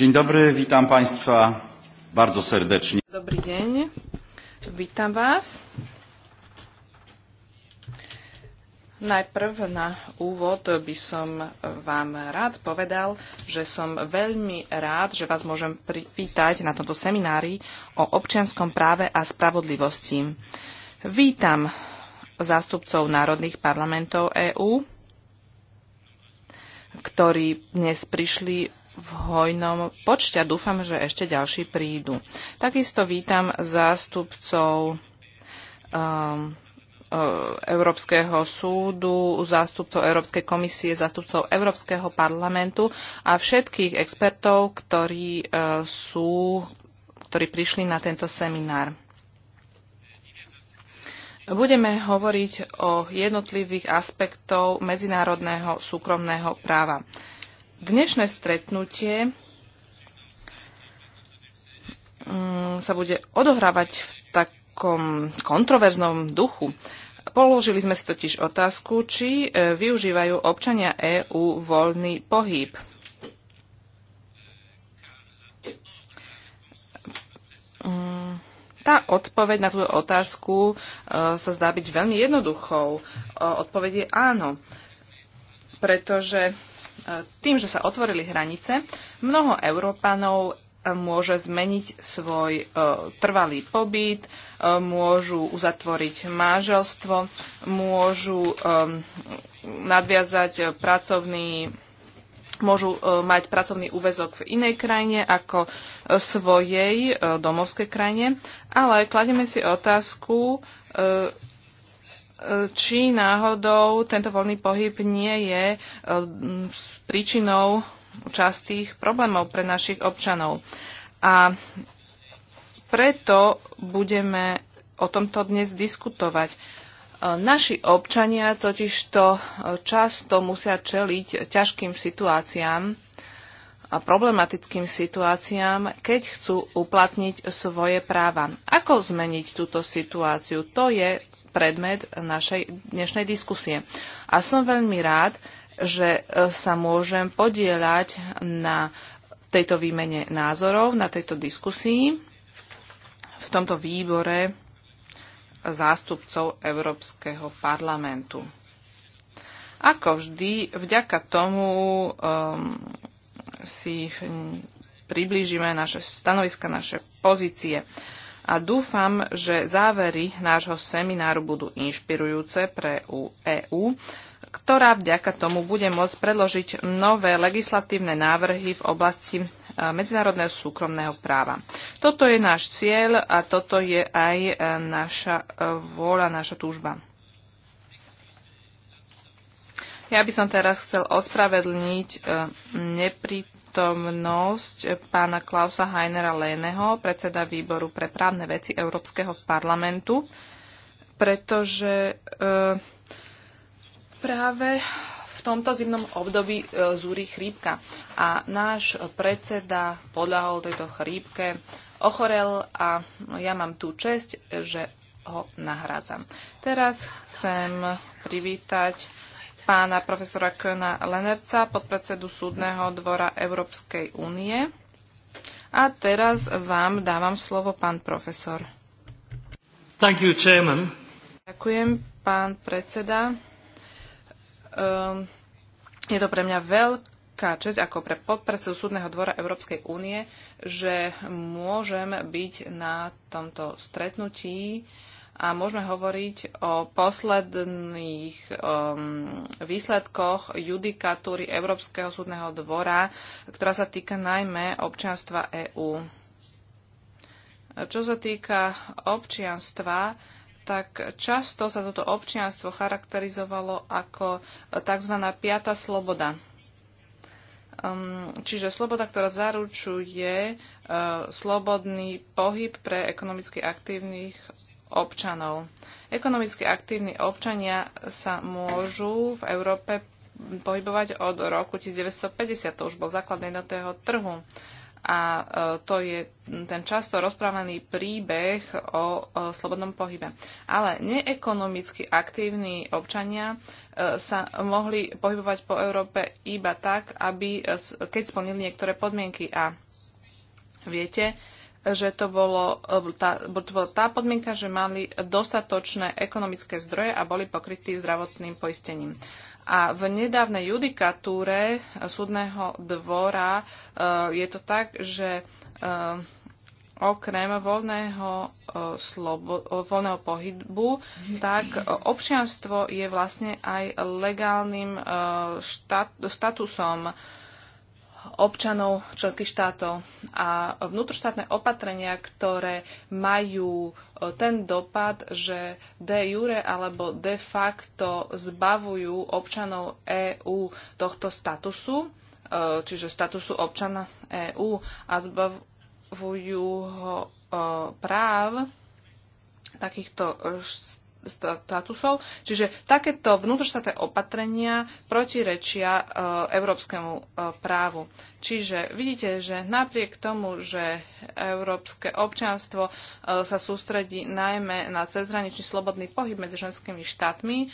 Dzień dobry, witam Państwa bardzo serdecznie. Dobrý deň, vítam vás. Najprv na úvod by som vám rád povedal, že som veľmi rád, že vás môžem privítať na tomto seminári o občianskom práve a spravodlivosti. Vítam zástupcov národných parlamentov EÚ, ktorí dnes prišli v hojnom počte a dúfam, že ešte ďalší prídu. Takisto vítam zástupcov um, uh, Európskeho súdu, zástupcov Európskej komisie, zástupcov Európskeho parlamentu a všetkých expertov, ktorí uh, sú, ktorí prišli na tento seminár. Budeme hovoriť o jednotlivých aspektov medzinárodného súkromného práva. Dnešné stretnutie mm, sa bude odohrávať v takom kontroverznom duchu. Položili sme si totiž otázku, či e, využívajú občania EÚ voľný pohyb. Mm, tá odpoveď na túto otázku e, sa zdá byť veľmi jednoduchou. E, odpoveď je áno, pretože tým, že sa otvorili hranice, mnoho Európanov e, môže zmeniť svoj e, trvalý pobyt, e, môžu uzatvoriť manželstvo, môžu nadviazať pracovný môžu mať pracovný úvezok v inej krajine ako svojej domovskej krajine, ale kladieme si otázku, či náhodou tento voľný pohyb nie je e, príčinou častých problémov pre našich občanov. A preto budeme o tomto dnes diskutovať. E, naši občania totižto e, často musia čeliť ťažkým situáciám a problematickým situáciám, keď chcú uplatniť svoje práva. Ako zmeniť túto situáciu? To je predmet našej dnešnej diskusie. A som veľmi rád, že e, sa môžem podieľať na tejto výmene názorov, na tejto diskusii v tomto výbore zástupcov Európskeho parlamentu. Ako vždy, vďaka tomu um, si priblížime naše stanoviska, naše pozície. Uh, a dúfam, že závery nášho semináru budú inšpirujúce pre EÚ, ktorá vďaka tomu bude môcť predložiť nové legislatívne návrhy v oblasti e, medzinárodného súkromného práva. Toto je náš cieľ a toto je aj e, naša e, vôľa, naša túžba. Ja by som teraz chcel ospravedlniť neprítomnosť prítomnosť pána Klausa Heinera Léneho, predseda výboru pre právne veci Európskeho parlamentu, pretože e, práve v tomto zimnom období e, zúri chrípka a náš predseda podľahol tejto chrípke, ochorel a ja mám tú čest, že ho nahrádzam. Teraz chcem privítať pána profesora Köna Lenerca, podpredsedu Súdneho dvora Európskej únie. A teraz vám dávam slovo, pán profesor. Thank you, chairman. Ďakujem, pán predseda. Ehm, je to pre mňa veľká čest ako pre podpredsedu Súdneho dvora Európskej únie, že môžem byť na tomto stretnutí a môžeme hovoriť o posledných um, výsledkoch judikatúry Európskeho súdneho dvora, ktorá sa týka najmä občianstva EÚ. Čo sa týka občianstva, tak často sa toto občianstvo charakterizovalo ako tzv. piata sloboda. Um, čiže sloboda, ktorá zaručuje uh, slobodný pohyb pre ekonomicky aktívnych občanov. Ekonomicky aktívni občania sa môžu v Európe pohybovať od roku 1950, to už bol základ jednotného trhu. A e, to je ten často rozprávaný príbeh o, o e, slobodnom pohybe. Ale neekonomicky aktívni občania e, sa mohli pohybovať po Európe iba tak, aby, keď splnili niektoré podmienky. A viete, že to, bolo, e, tá, to bola tá podmienka, že mali dostatočné ekonomické zdroje a boli pokrytí zdravotným poistením. A v nedávnej judikatúre súdneho dvora e, je to tak, že e, okrem voľného, slobo, voľného pohybu, tak občianstvo je vlastne aj legálnym štat, statusom občanov členských štátov. A vnútroštátne opatrenia, ktoré majú e, ten dopad, že de jure alebo de facto zbavujú občanov EÚ tohto statusu, e, čiže statusu občana EÚ a zbavujú ho e, práv takýchto statusov. Čiže takéto vnútroštátne opatrenia protirečia e, európskemu e, právu. Čiže vidíte, že napriek tomu, že európske občianstvo e, sa sústredí najmä na cezhraničný slobodný pohyb medzi ženskými štátmi,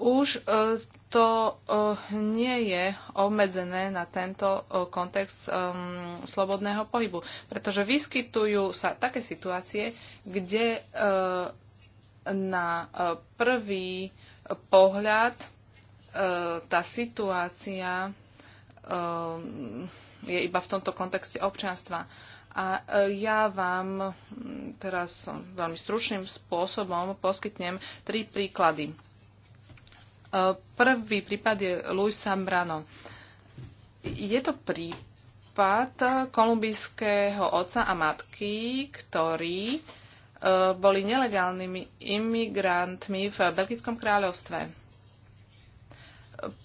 už to nie je obmedzené na tento kontext slobodného pohybu, pretože vyskytujú sa také situácie, kde na e, prvý pohľad e, tá situácia e, je iba v tomto kontexte občanstva. A ja vám teraz veľmi stručným spôsobom poskytnem tri príklady. Prvý prípad je Luis Sambrano. Je to prípad kolumbijského otca a matky, ktorý boli nelegálnymi imigrantmi v Belgickom kráľovstve.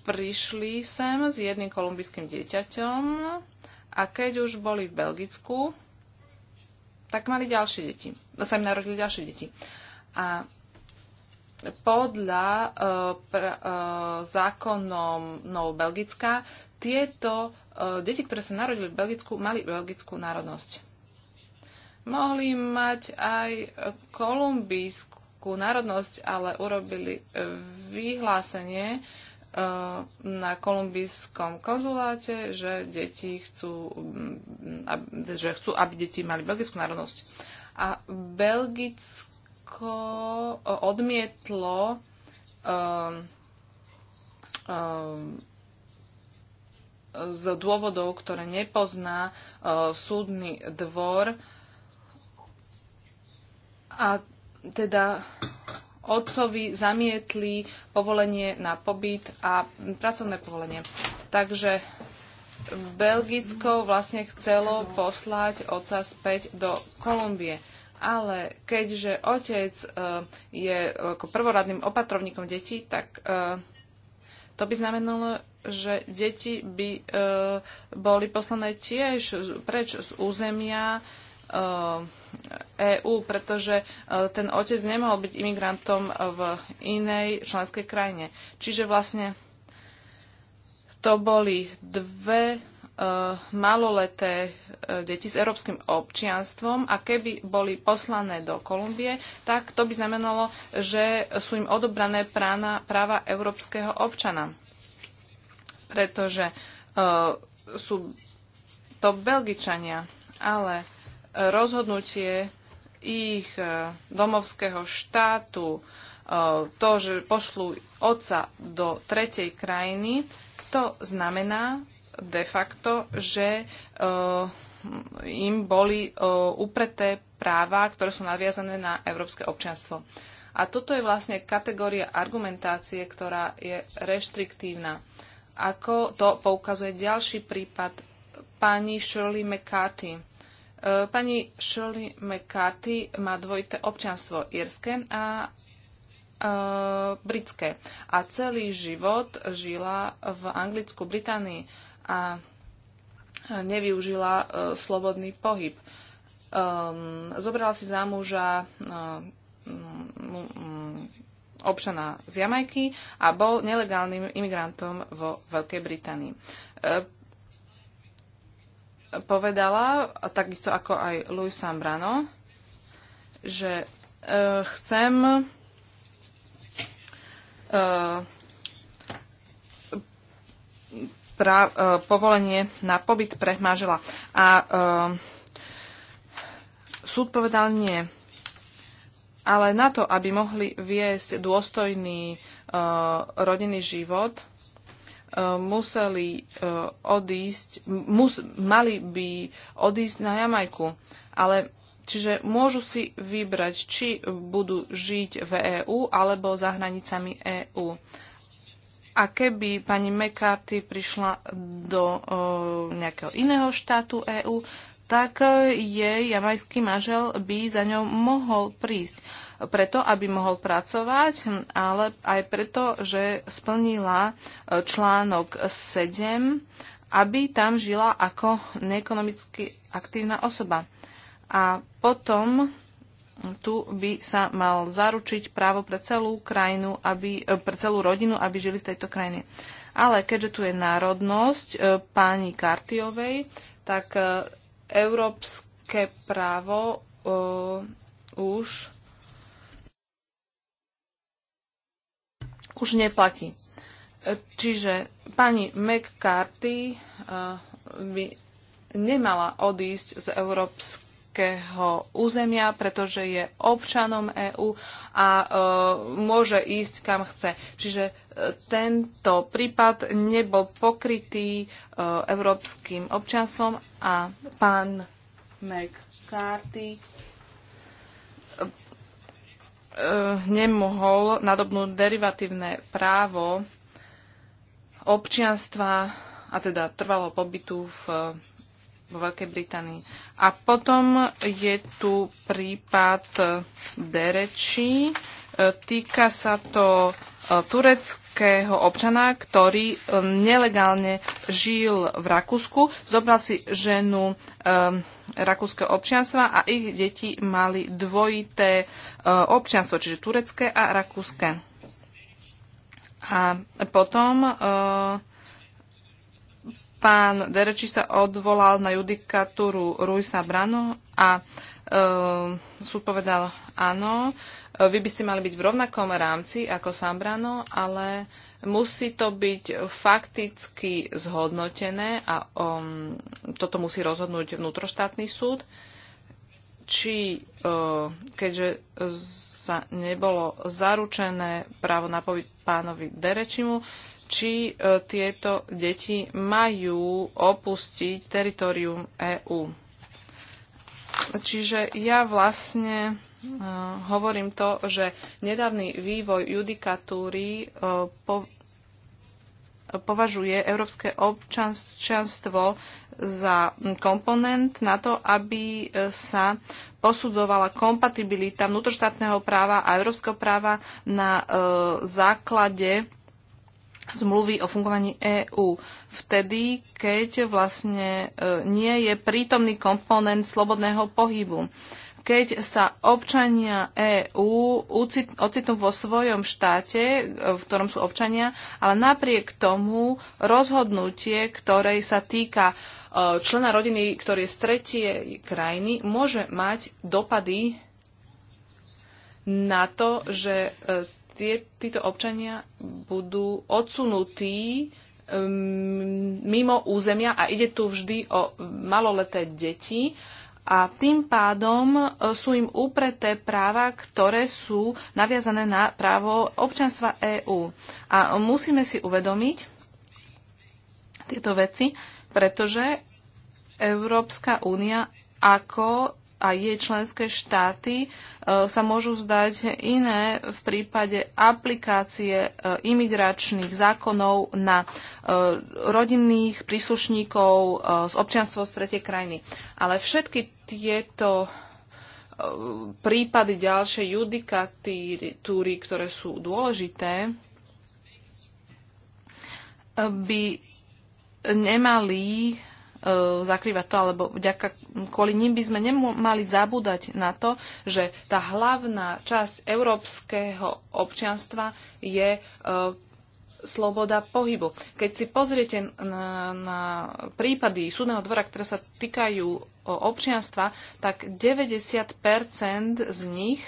Prišli sem s jedným kolumbijským dieťaťom a keď už boli v Belgicku, tak mali ďalšie deti. Sa im narodili ďalšie deti. A podľa uh, pra, uh, zákonom Novo Belgická tieto uh, deti, ktoré sa narodili v Belgicku, mali belgickú národnosť mohli mať aj kolumbijskú národnosť, ale urobili e, vyhlásenie e, na kolumbijskom konzuláte, že deti chcú, mm, že chcú, aby deti mali belgickú národnosť. A Belgicko e, odmietlo z dôvodov, ktoré nepozná súdny dvor, a teda otcovi zamietli povolenie na pobyt a pracovné povolenie. Takže Belgicko vlastne chcelo poslať otca späť do Kolumbie. Ale keďže otec e, je ako prvoradným opatrovníkom detí, tak e, to by znamenalo, že deti by e, boli poslané tiež preč z územia EÚ, eh, e pretože eh, ten otec nemohol byť imigrantom v inej členskej krajine. Čiže vlastne to boli dve eh, maloleté deti s európskym občianstvom a keby boli poslané do Kolumbie, tak to by znamenalo, že sú im odobrané prána, práva európskeho občana. Pretože uh, sú to Belgičania, ale rozhodnutie ich e, domovského štátu, e, to, že pošlú oca do tretej krajiny, to znamená de facto, že e, im boli upreté práva, ktoré sú nadviazané na európske občianstvo. A toto je vlastne kategória argumentácie, ktorá je reštriktívna. Ako to poukazuje ďalší prípad pani Shirley McCarthy E, pani Shirley McCarthy má dvojité občanstvo írske a e, britské. A celý život žila v Anglicku, Británii a nevyužila e, slobodný pohyb. E, zobrala si za muža e, občana z Jamajky a bol nelegálnym imigrantom vo Veľkej Británii e, povedala, a takisto ako aj Luis Sambrano, že uh, chcem uh, pra, uh, povolenie na pobyt pre manžela. A uh, súd povedal nie. Ale na to, aby mohli viesť dôstojný uh, rodinný život, museli e, odísť, mus, mali by odísť na Jamajku. Ale čiže môžu si vybrať, či budú žiť v EÚ alebo za hranicami EÚ. A keby pani McCarthy prišla do e, nejakého iného štátu EÚ, tak eh, jej jamajský manžel by za ňou mohol prísť. Preto, aby mohol pracovať, ale aj preto, že splnila eh, článok 7, aby tam žila ako neekonomicky aktívna osoba. A potom tu by sa mal zaručiť právo pre celú krajinu, aby, eh, pre celú rodinu, aby žili v tejto krajine. Ale keďže tu je národnosť páni pani Kartiovej, tak európske právo uh, už už neplatí. E, čiže pani McCarthy e, by nemala odísť z európskeho územia, pretože je občanom EÚ a môže ísť kam chce. Čiže tento prípad nebol pokrytý európskym občanstvom a pán McCarthy e, nemohol nadobnúť derivatívne právo občianstva a teda trvalého pobytu v, v Veľkej Británii. A potom je tu prípad Dereči. E, týka sa to E, tureckého občana, ktorý e, nelegálne žil v Rakúsku, zobral si ženu e, rakúskeho občianstva a ich deti mali dvojité občianstvo, čiže turecké a rakúske. A potom pán Dereči sa odvolal na judikatúru Ruisa Brano a uh, súd povedal áno, vy by ste mali byť v rovnakom rámci ako Sambrano, ale musí to byť fakticky zhodnotené a um, toto musí rozhodnúť vnútroštátny súd, či uh, keďže sa nebolo zaručené právo na pobyt pánovi Derečimu, či uh, tieto deti majú opustiť teritorium EÚ. Čiže ja vlastne hovorím to, že nedávny vývoj judikatúry e, po, považuje európske občanstvo za komponent na to, aby e, sa posudzovala kompatibilita vnútroštátneho práva a európskeho práva na uh, základe zmluvy o fungovaní EÚ. Vtedy, keď vlastne nie je prítomný komponent slobodného pohybu keď sa občania EÚ ocitnú vo svojom štáte, e, v ktorom sú občania, ale napriek tomu rozhodnutie, ktoré sa týka e, člena rodiny, ktorý je z tretie krajiny, môže mať dopady na to, že e, tie, títo občania budú odsunutí mimo územia a ide tu vždy o maloleté deti, a tým pádom e, sú im úpreté práva, ktoré sú naviazané na právo občanstva EÚ. A musíme si uvedomiť tieto veci, pretože Európska únia ako a jej členské štáty e, sa môžu zdať iné v prípade aplikácie e, imigračných zákonov na e, rodinných príslušníkov z občianstvo z tretej krajiny. Ale všetky tieto prípady ďalšej judikatúry, ktoré sú dôležité, by nemali E, zakrýva to, alebo vďaka, kvôli ním by sme nemali zabúdať na to, že tá hlavná časť európskeho občianstva je e, sloboda pohybu. Keď si pozriete na, na prípady súdneho dvora, ktoré sa týkajú občianstva, tak 90% z nich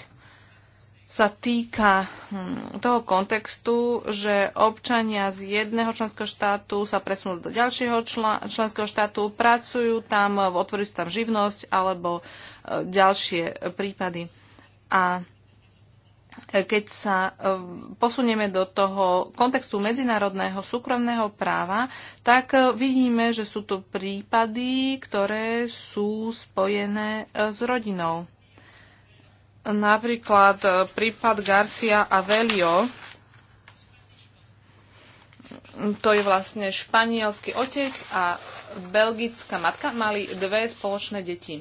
sa týka hm, toho kontextu, že občania z jedného členského štátu sa presunú do ďalšieho členského štátu, pracujú tam, otvorí sa tam živnosť alebo e, ďalšie prípady. A e, keď sa e, posunieme do toho kontextu medzinárodného súkromného práva, tak vidíme, že sú to prípady, ktoré sú spojené s rodinou. Napríklad e, prípad Garcia a Velio, to je vlastne španielský otec a belgická matka, mali dve spoločné deti.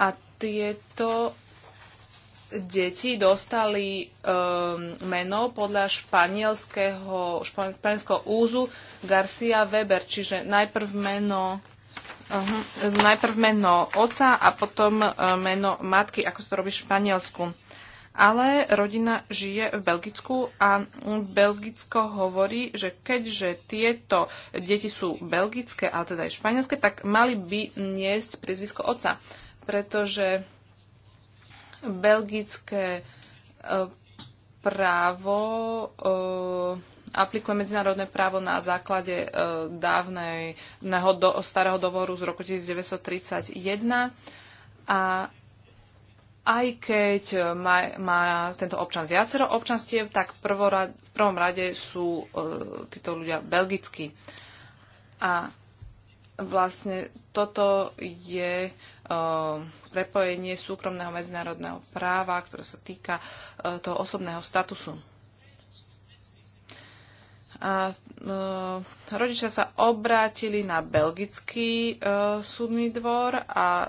A tieto deti dostali um, meno podľa španielského, španielského úzu Garcia Weber, čiže najprv meno Uh-huh. Najprv meno oca a potom e, meno matky, ako sa to robí v Španielsku. Ale rodina žije v Belgicku a Belgicko hovorí, že keďže tieto deti sú belgické, ale teda aj španielské, tak mali by niesť priezvisko oca, pretože belgické e, právo e, aplikuje medzinárodné právo na základe e, dávnej do, starého dohovoru z roku 1931 a aj keď má, má tento občan viacero občanstiev, tak prvorad, v prvom rade sú e, títo ľudia belgickí. A vlastne toto je e, prepojenie súkromného medzinárodného práva, ktoré sa týka e, toho osobného statusu. A e, rodičia sa obrátili na belgický e, súdny dvor a e,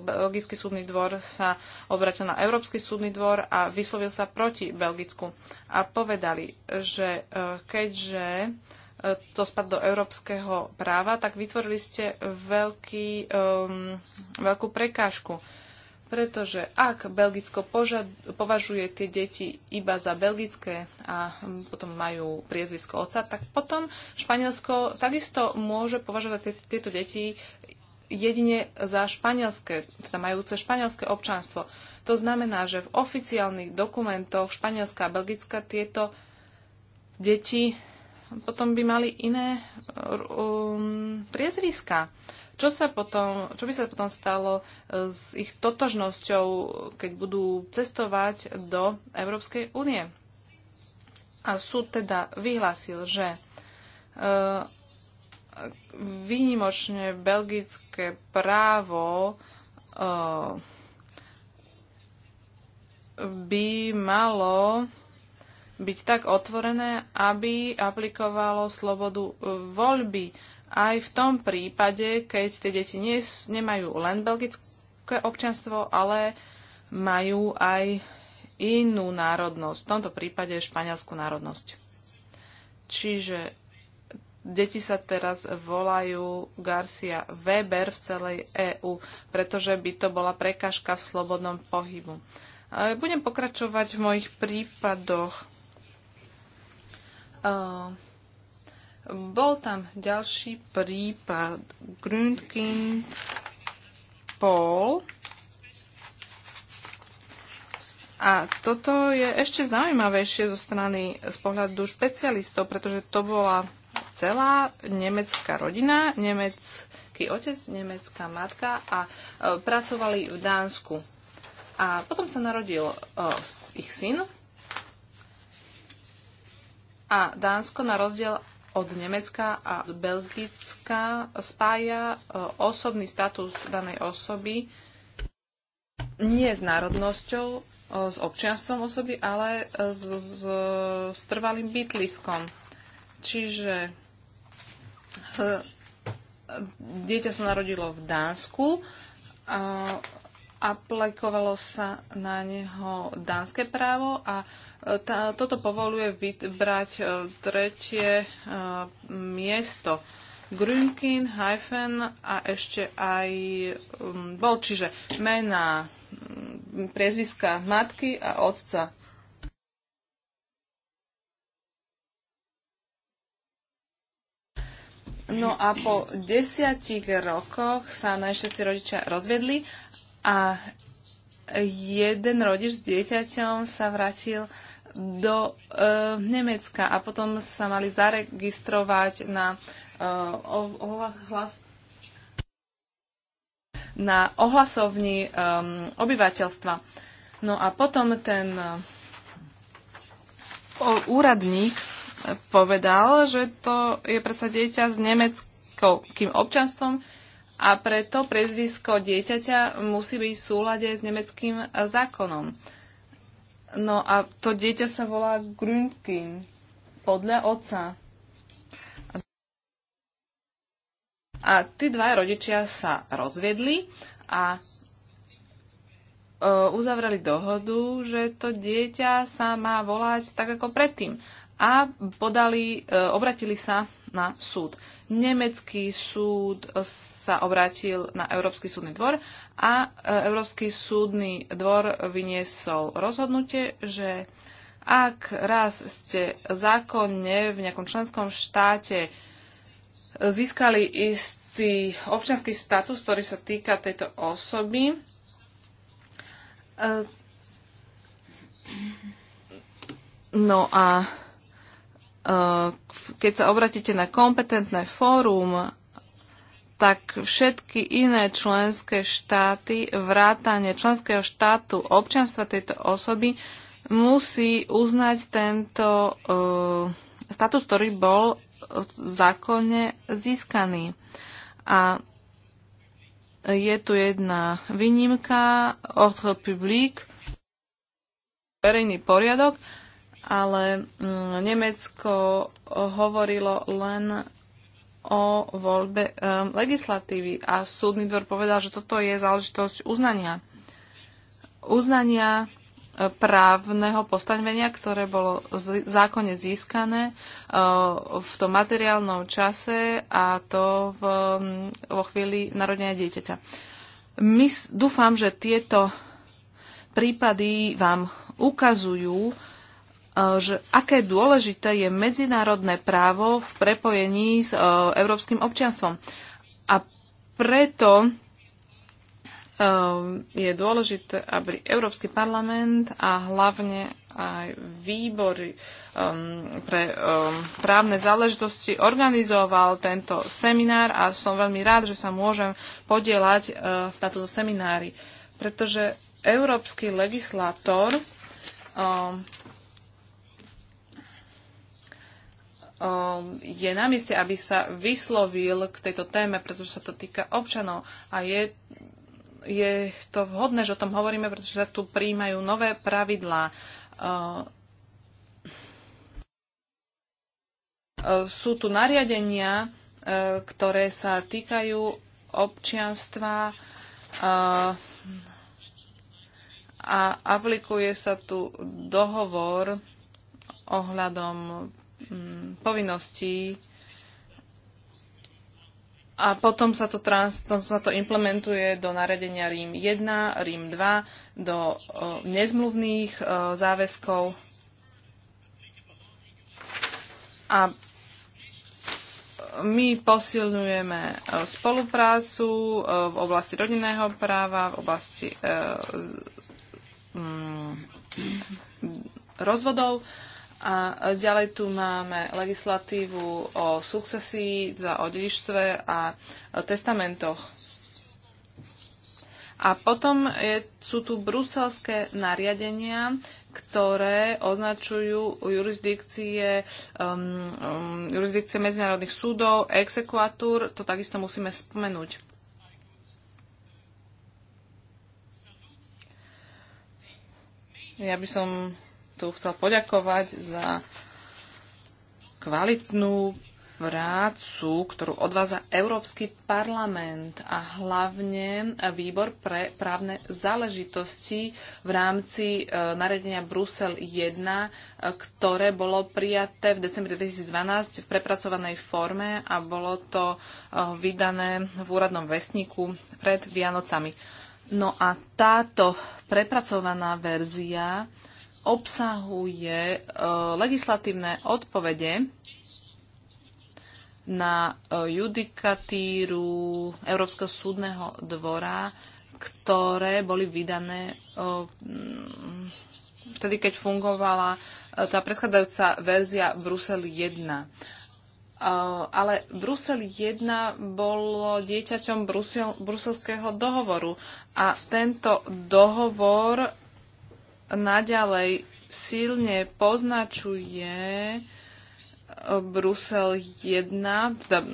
belgický súdny dvor sa obrátil na Európsky súdny dvor a vyslovil sa proti Belgicku. A povedali, že e, keďže e, to spad do európskeho práva, tak vytvorili ste veľký, um, e, veľkú prekážku. E, pretože ak Belgicko považuje tie deti iba za belgické a potom majú priezvisko oca, tak potom Španielsko takisto môže považovať tieto deti jedine za španielské, teda majúce španielské občanstvo. To znamená, že v oficiálnych dokumentoch Španielska a Belgická tieto deti potom by mali iné um, priezviska. Čo, sa potom, čo by sa potom stalo eh, s ich totožnosťou, keď budú cestovať do Európskej únie? A súd teda vyhlásil, že eh, výnimočne belgické právo eh, by malo byť tak otvorené, aby aplikovalo slobodu voľby aj v tom prípade, keď tie deti nie, nemajú len belgické občanstvo, ale majú aj inú národnosť, v tomto prípade španielskú národnosť. Čiže deti sa teraz volajú Garcia Weber v celej EÚ, pretože by to bola prekažka v slobodnom pohybu. E, budem pokračovať v mojich prípadoch. Uh bol tam ďalší prípad Grundkind Paul. A toto je ešte zaujímavejšie zo strany z pohľadu špecialistov, pretože to bola celá nemecká rodina, nemecký otec, nemecká matka a e, pracovali v Dánsku. A potom sa narodil e, ich syn a Dánsko na rozdiel od Nemecka a Belgicka spája e, osobný status danej osoby nie s národnosťou, e, s občianstvom osoby, ale e, s, s, s trvalým bytliskom. Čiže dieťa sa narodilo v Dánsku, a aplikovalo sa na neho dánske právo a e, tá, toto povoluje vybrať e, tretie uh, miesto. Grünkin, Hyphen a ešte aj um, bol, čiže mená, um, priezviska matky a otca. No a po desiatich rokoch sa najšťastie rodičia rozvedli a jeden rodič s dieťaťom sa vrátil do e, Nemecka a potom sa mali zaregistrovať na, e, o, ohlas, na ohlasovni e, obyvateľstva. No a potom ten e, o, úradník povedal, že to je predsa dieťa s nemeckým občanstvom, a preto prezvisko dieťaťa musí byť v súlade s nemeckým zákonom. No a to dieťa sa volá Grünkin, podľa otca. A tí dva rodičia sa rozvedli a e, uzavreli dohodu, že to dieťa sa má volať tak ako predtým. A podali, e, obratili sa na súd. Nemecký súd sa obrátil na Európsky súdny dvor a e, Európsky súdny dvor vyniesol rozhodnutie, že ak raz ste zákonne v nejakom členskom štáte získali istý občanský status, ktorý sa týka tejto osoby, e, no a Eh, keď sa obratíte na kompetentné fórum, tak všetky iné členské štáty, vrátanie členského štátu občanstva tejto osoby musí uznať tento uh, status, ktorý bol zákonne získaný. A je tu jedna výnimka, ordre public, verejný poriadok, ale mm, Nemecko hovorilo len o voľbe um, legislatívy a súdny dvor povedal, že toto je záležitosť uznania. Uznania e, právneho postavenia, ktoré bolo v zákone získané e, v tom materiálnom čase a to v, mm, vo chvíli narodenia dieťaťa. My dúfam, že tieto prípady vám ukazujú, E, že aké dôležité je medzinárodné právo v prepojení s e, európskym občianstvom. A preto e, je dôležité, aby Európsky parlament a hlavne aj výbory pre právne záležitosti organizoval tento seminár a som veľmi rád, že sa môžem podielať v táto tomto seminári, pretože európsky legislátor Ehm, je na mieste, aby sa vyslovil k tejto téme, pretože sa to týka občanov a je, je to vhodné, že o tom hovoríme, pretože sa tu príjmajú nové pravidlá. Ehm, sú tu nariadenia, ehm, ktoré sa týkajú občianstva a aplikuje sa tu dohovor ohľadom Mm, povinností a potom sa to, trans, to, sa to implementuje do naredenia Rím 1, Rím 2, do o, nezmluvných o, záväzkov. A my posilňujeme e, spoluprácu e, v oblasti rodinného práva, v oblasti o, e, o, mm, rozvodov. A ďalej tu máme legislatívu o sukcesii, za o dedičstve a testamentoch. A potom je, sú tu bruselské nariadenia, ktoré označujú jurisdikcie, um, um, jurisdikcie medzinárodných súdov, exekuatúr, to takisto musíme spomenúť. Ja by som tu chcel poďakovať za kvalitnú prácu, ktorú odváza Európsky parlament a hlavne Výbor pre právne záležitosti v rámci e, nariadenia Brusel 1, e, ktoré bolo prijaté v decembri 2012 v prepracovanej forme a bolo to e, vydané v úradnom vestníku pred Vianocami. No a táto prepracovaná verzia obsahuje e, legislatívne odpovede na e, judikatíru Európskeho súdneho dvora, ktoré boli vydané e, vtedy, keď fungovala tá predchádzajúca verzia Brusel 1 ale Brusel 1 bolo dieťaťom Brusel, bruselského dohovoru a tento dohovor naďalej silne poznačuje eh, Brusel 1, teda, um,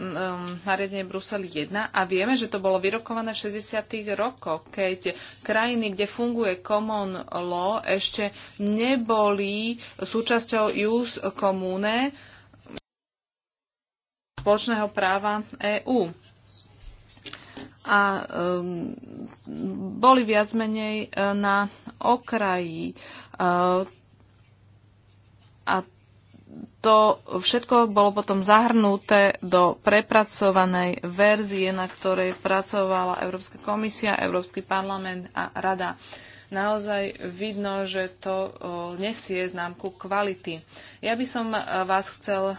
nariadenie Brusel 1 a vieme, že to bolo vyrokované v 60. rokoch, keď krajiny, kde funguje common law, ešte neboli súčasťou jus komune spoločného práva EÚ a um, boli viac menej e, na okraji. E, a to všetko bolo potom zahrnuté do prepracovanej verzie, na ktorej pracovala Európska komisia, Európsky parlament a Rada. Naozaj vidno, že to e, nesie známku kvality. Ja by som vás chcel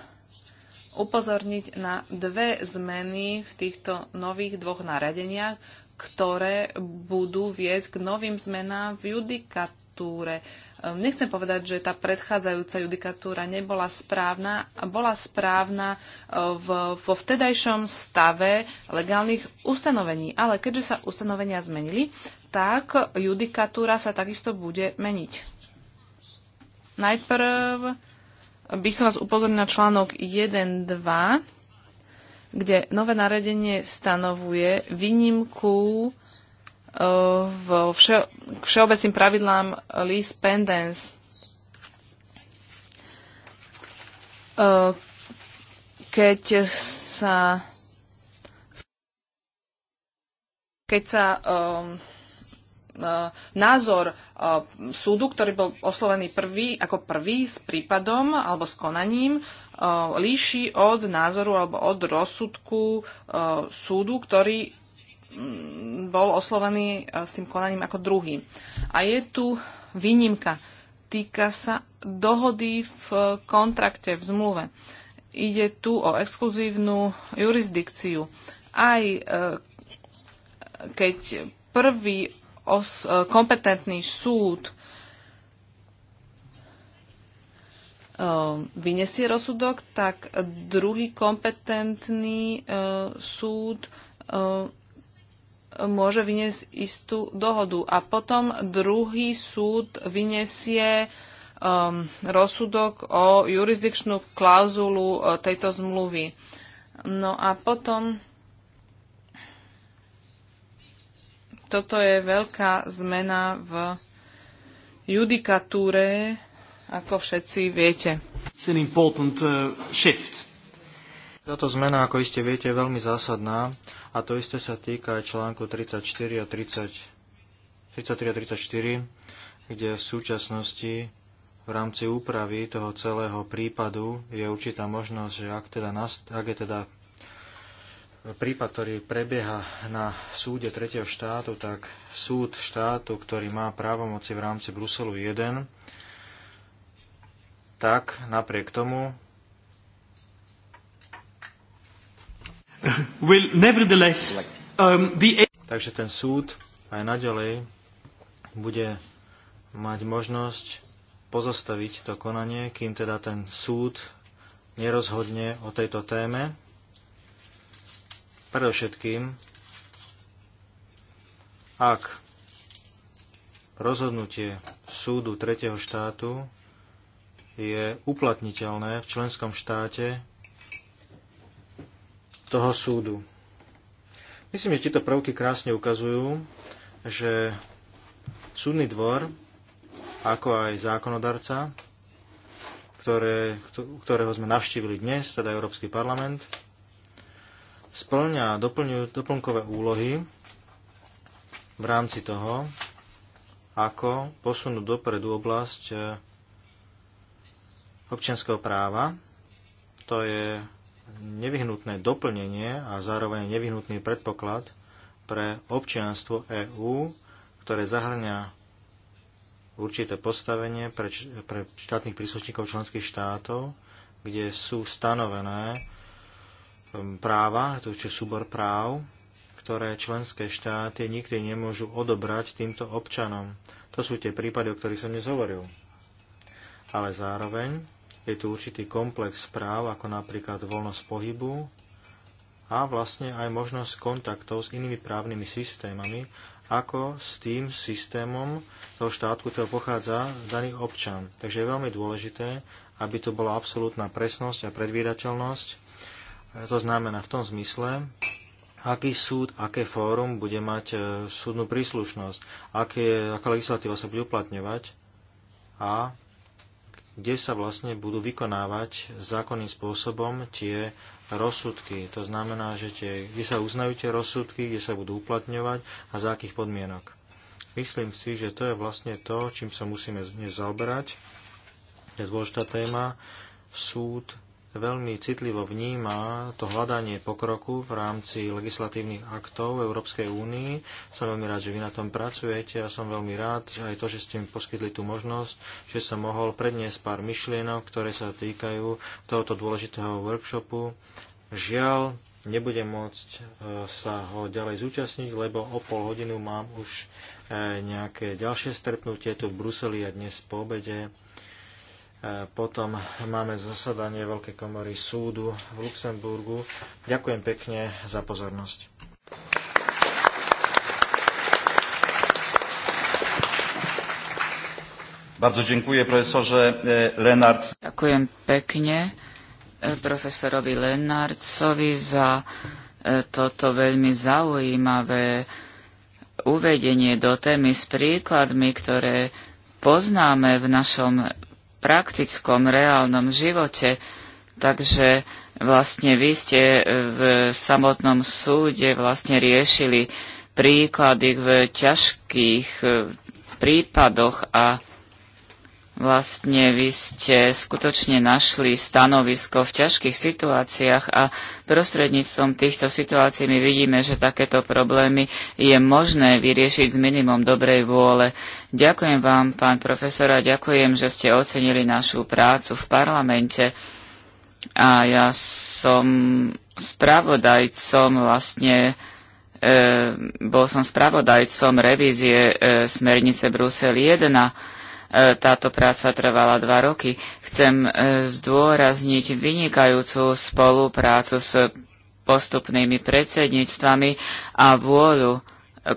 upozorniť na dve zmeny v týchto nových dvoch naradeniach, ktoré budú viesť k novým zmenám v judikatúre. Ehm, nechcem povedať, že tá predchádzajúca judikatúra nebola správna. Bola správna ehm, v, vo vtedajšom stave legálnych ustanovení. Ale keďže sa ustanovenia zmenili, tak judikatúra sa takisto bude meniť. Najprv by som vás upozoril na článok 1.2, kde nové naredenie stanovuje výnimku e, v vše, k všeobecným pravidlám lease pendence. Keď sa keď sa um, E, názor e, súdu, ktorý bol oslovený prvý, ako prvý s prípadom alebo s konaním, e, líši od názoru alebo od rozsudku súdu, ktorý mm, bol oslovený s tým konaním ako druhý. A je tu výnimka. Týka sa dohody v kontrakte, v zmluve. Ide tu o exkluzívnu jurisdikciu. Aj keď prvý os, e, kompetentný súd e, vyniesie rozsudok, tak druhý kompetentný e, súd môže vyniesť istú dohodu. A potom druhý súd vyniesie um, rozsudok o jurisdikčnú klauzulu tejto zmluvy. No a potom Toto je veľká zmena v judikatúre, ako všetci viete. It's an important uh, shift. Táto zmena, ako iste viete, je veľmi zásadná a to isté sa týka aj článku 34 a 30, 33 a 34, kde v súčasnosti v rámci úpravy toho celého prípadu je určitá možnosť, že ak, teda, ak je teda prípad, ktorý prebieha na súde tretieho štátu, tak súd štátu, ktorý má právomoci v rámci Bruselu 1, tak napriek tomu will nevertheless um, be... Takže ten súd aj naďalej bude mať možnosť pozastaviť to konanie, kým teda ten súd nerozhodne o tejto téme Predovšetkým, ak rozhodnutie súdu tretieho štátu je uplatniteľné v členskom štáte toho súdu. Myslím, že tieto prvky krásne ukazujú, že súdny dvor, ako aj zákonodarca, ktoré, ktorého sme navštívili dnes, teda Európsky parlament, splňa doplnkové úlohy v rámci toho, ako posunúť dopredu oblasť e, občianského práva. To je nevyhnutné doplnenie a zároveň nevyhnutný predpoklad pre občianstvo EÚ, ktoré zahrňa určité postavenie pre, pre štátnych príslušníkov členských štátov, kde sú stanovené Um, práva, to je súbor práv, ktoré členské štáty nikdy nemôžu odobrať týmto občanom. To sú tie prípady, o ktorých som dnes hovoril. Ale zároveň je tu určitý komplex práv, ako napríklad voľnosť pohybu a vlastne aj možnosť kontaktov s inými právnymi systémami, ako s tým systémom toho štátku ktorého pochádza daný občan. Takže je veľmi dôležité, aby tu bola absolútna presnosť a predvídateľnosť to znamená v tom zmysle, aký súd, aké fórum bude mať e, súdnu príslušnosť, aké, aká legislatíva sa bude uplatňovať a kde sa vlastne budú vykonávať zákonným spôsobom tie rozsudky. To znamená, že tie, kde sa uznajú tie rozsudky, kde sa budú uplatňovať a za akých podmienok. Myslím si, že to je vlastne to, čím sa musíme dnes zaoberať. Je dôležitá téma. Súd veľmi citlivo vníma to hľadanie pokroku v rámci legislatívnych aktov Európskej únii. Som veľmi rád, že vy na tom pracujete a som veľmi rád že aj to, že ste mi poskytli tú možnosť, že som mohol predniesť pár myšlienok, ktoré sa týkajú tohoto dôležitého workshopu. Žiaľ, nebudem môcť e, sa ho ďalej zúčastniť, lebo o pol hodinu mám už e, nejaké ďalšie stretnutie tu v Bruseli a dnes po obede potom máme zasadanie Veľkej komory súdu v Luxemburgu. Ďakujem pekne za pozornosť. Bardzo dziękuję profesorze e, Lenarc. Ďakujem pekne e, profesorovi Lenarcowi za e, toto veľmi zaujímavé uvedenie do témy s príkladmi, ktoré poznáme v našom praktickom, reálnom živote. Takže vlastne vy ste e, v samotnom súde vlastne riešili príklady v ťažkých e, prípadoch a Vlastne vy ste skutočne našli stanovisko v ťažkých situáciách a prostredníctvom týchto situácií my vidíme, že takéto problémy je možné vyriešiť s minimum dobrej vôle. Ďakujem vám, pán profesor, a ďakujem, že ste ocenili našu prácu v parlamente. A ja som spravodajcom vlastne e, bol som spravodajcom revízie e, smernice Brusel 1 E, táto práca trvala dva roky. Chcem e, zdôrazniť vynikajúcu spoluprácu s postupnými predsedníctvami a vôľu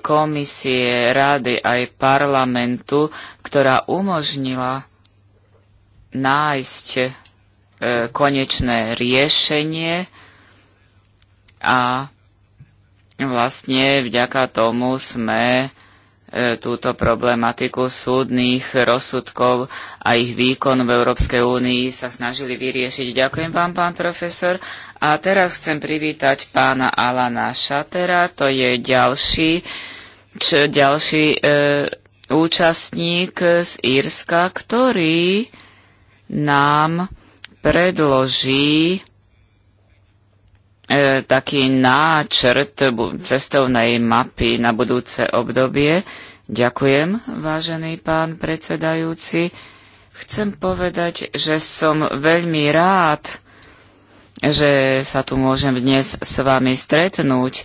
komisie, rady aj parlamentu, ktorá umožnila nájsť e, konečné riešenie a vlastne vďaka tomu sme E, túto problematiku súdnych rozsudkov a ich výkon v Európskej únii sa snažili vyriešiť. Ďakujem vám, pán profesor. A teraz chcem privítať pána Alana Šatera, to je ďalší, č, ďalší e, účastník z Írska, ktorý nám predloží e, taký náčrt cestovnej mapy na budúce obdobie. Ďakujem, vážený pán predsedajúci. Chcem povedať, že som veľmi rád, že sa tu môžem dnes s vami stretnúť. E,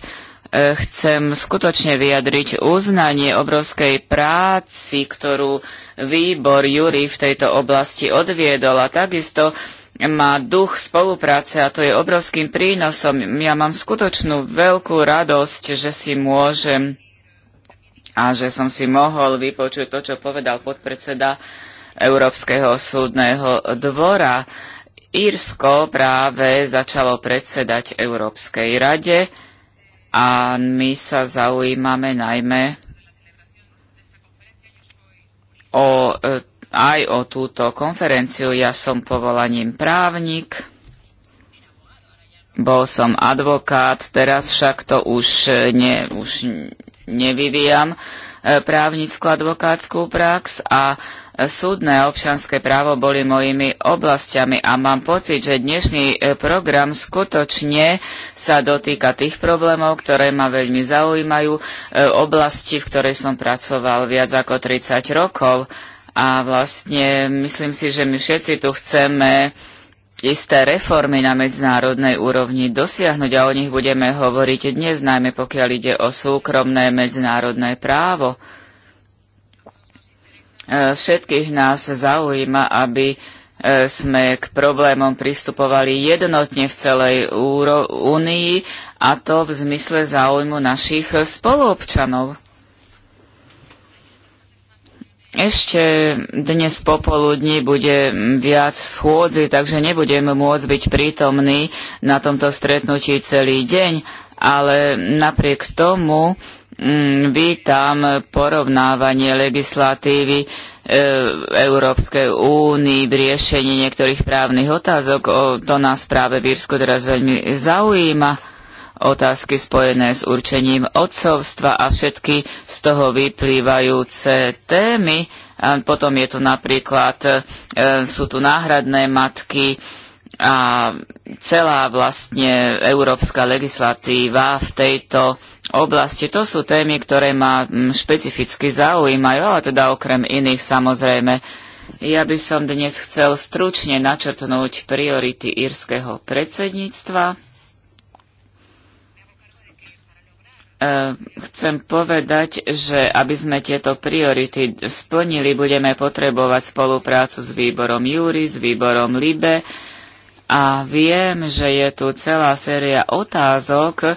chcem skutočne vyjadriť uznanie obrovskej práci, ktorú výbor Júri v tejto oblasti odviedol a takisto má duch spolupráce a to je obrovským prínosom. Ja mám skutočnú veľkú radosť, že si môžem a že som si mohol vypočuť to, čo povedal podpredseda Európskeho súdneho dvora. Írsko práve začalo predsedať Európskej rade a my sa zaujímame najmä o e, aj o túto konferenciu. Ja som povolaním právnik, bol som advokát, teraz však to už, ne, už nevyvíjam e, právnickú advokátskú prax a súdne a občanské právo boli mojimi oblastiami a mám pocit, že dnešný e, program skutočne sa dotýka tých problémov, ktoré ma veľmi zaujímajú, e, oblasti, v ktorej som pracoval viac ako 30 rokov a vlastne myslím si, že my všetci tu chceme isté reformy na medzinárodnej úrovni dosiahnuť a o nich budeme hovoriť dnes, najmä pokiaľ ide o súkromné medzinárodné právo. E, všetkých nás zaujíma, aby e, sme k problémom pristupovali jednotne v celej únii a to v zmysle záujmu našich spoluobčanov. Ešte dnes popoludní bude viac schôdzi, takže nebudem môcť byť prítomný na tomto stretnutí celý deň, ale napriek tomu mm, vítam porovnávanie legislatívy e, Európskej únii v riešení niektorých právnych otázok. O, to nás práve v teraz veľmi zaujíma otázky spojené s určením otcovstva a všetky z toho vyplývajúce témy. A potom je tu napríklad, e, sú tu náhradné matky a celá vlastne európska legislatíva v tejto oblasti. To sú témy, ktoré ma špecificky zaujímajú, ale teda okrem iných samozrejme. Ja by som dnes chcel stručne načrtnúť priority írskeho predsedníctva Eh, chcem povedať, že aby sme tieto priority splnili, budeme potrebovať spoluprácu s výborom Júri, s výborom Libe a viem, že je tu celá séria otázok, eh,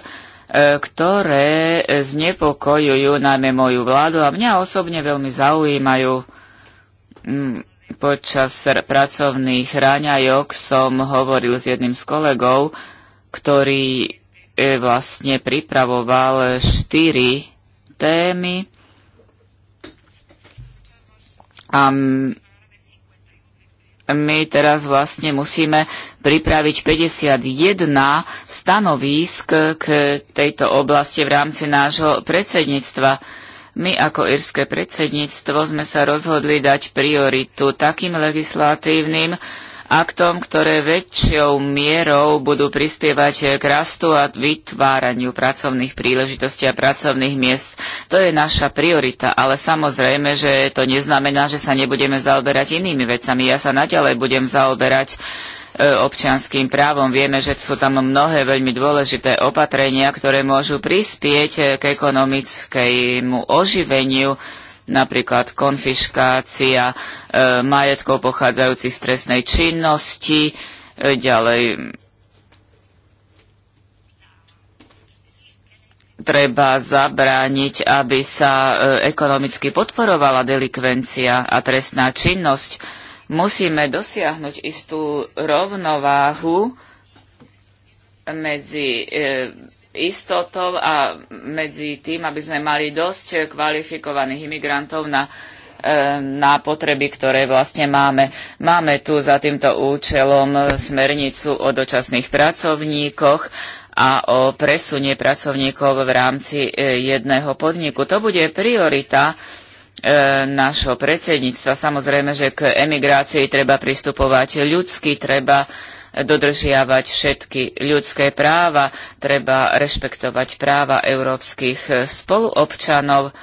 ktoré znepokojujú najmä moju vládu a mňa osobne veľmi zaujímajú. Mm, počas pracovných ráňajok som hovoril s jedným z kolegov, ktorý E, vlastne pripravoval štyri témy a my teraz vlastne musíme pripraviť 51 stanovísk k tejto oblasti v rámci nášho predsedníctva. My ako írske predsedníctvo sme sa rozhodli dať prioritu takým legislatívnym, aktom, ktoré väčšou mierou budú prispievať k rastu a vytváraniu pracovných príležitostí a pracovných miest. To je naša priorita, ale samozrejme, že to neznamená, že sa nebudeme zaoberať inými vecami. Ja sa naďalej budem zaoberať e, občianským právom. Vieme, že sú tam mnohé veľmi dôležité opatrenia, ktoré môžu prispieť e, k ekonomickému oživeniu napríklad konfiškácia e, majetkov pochádzajúcich z trestnej činnosti, e, ďalej treba zabrániť, aby sa e, ekonomicky podporovala delikvencia a trestná činnosť. Musíme dosiahnuť istú rovnováhu medzi e, istotou a medzi tým, aby sme mali dosť kvalifikovaných imigrantov na, na potreby, ktoré vlastne máme. Máme tu za týmto účelom smernicu o dočasných pracovníkoch a o presunie pracovníkov v rámci e, jedného podniku. To bude priorita e, našho predsedníctva. Samozrejme, že k emigrácii treba pristupovať ľudsky, treba dodržiavať všetky ľudské práva, treba rešpektovať práva európskych eh, spoluobčanov.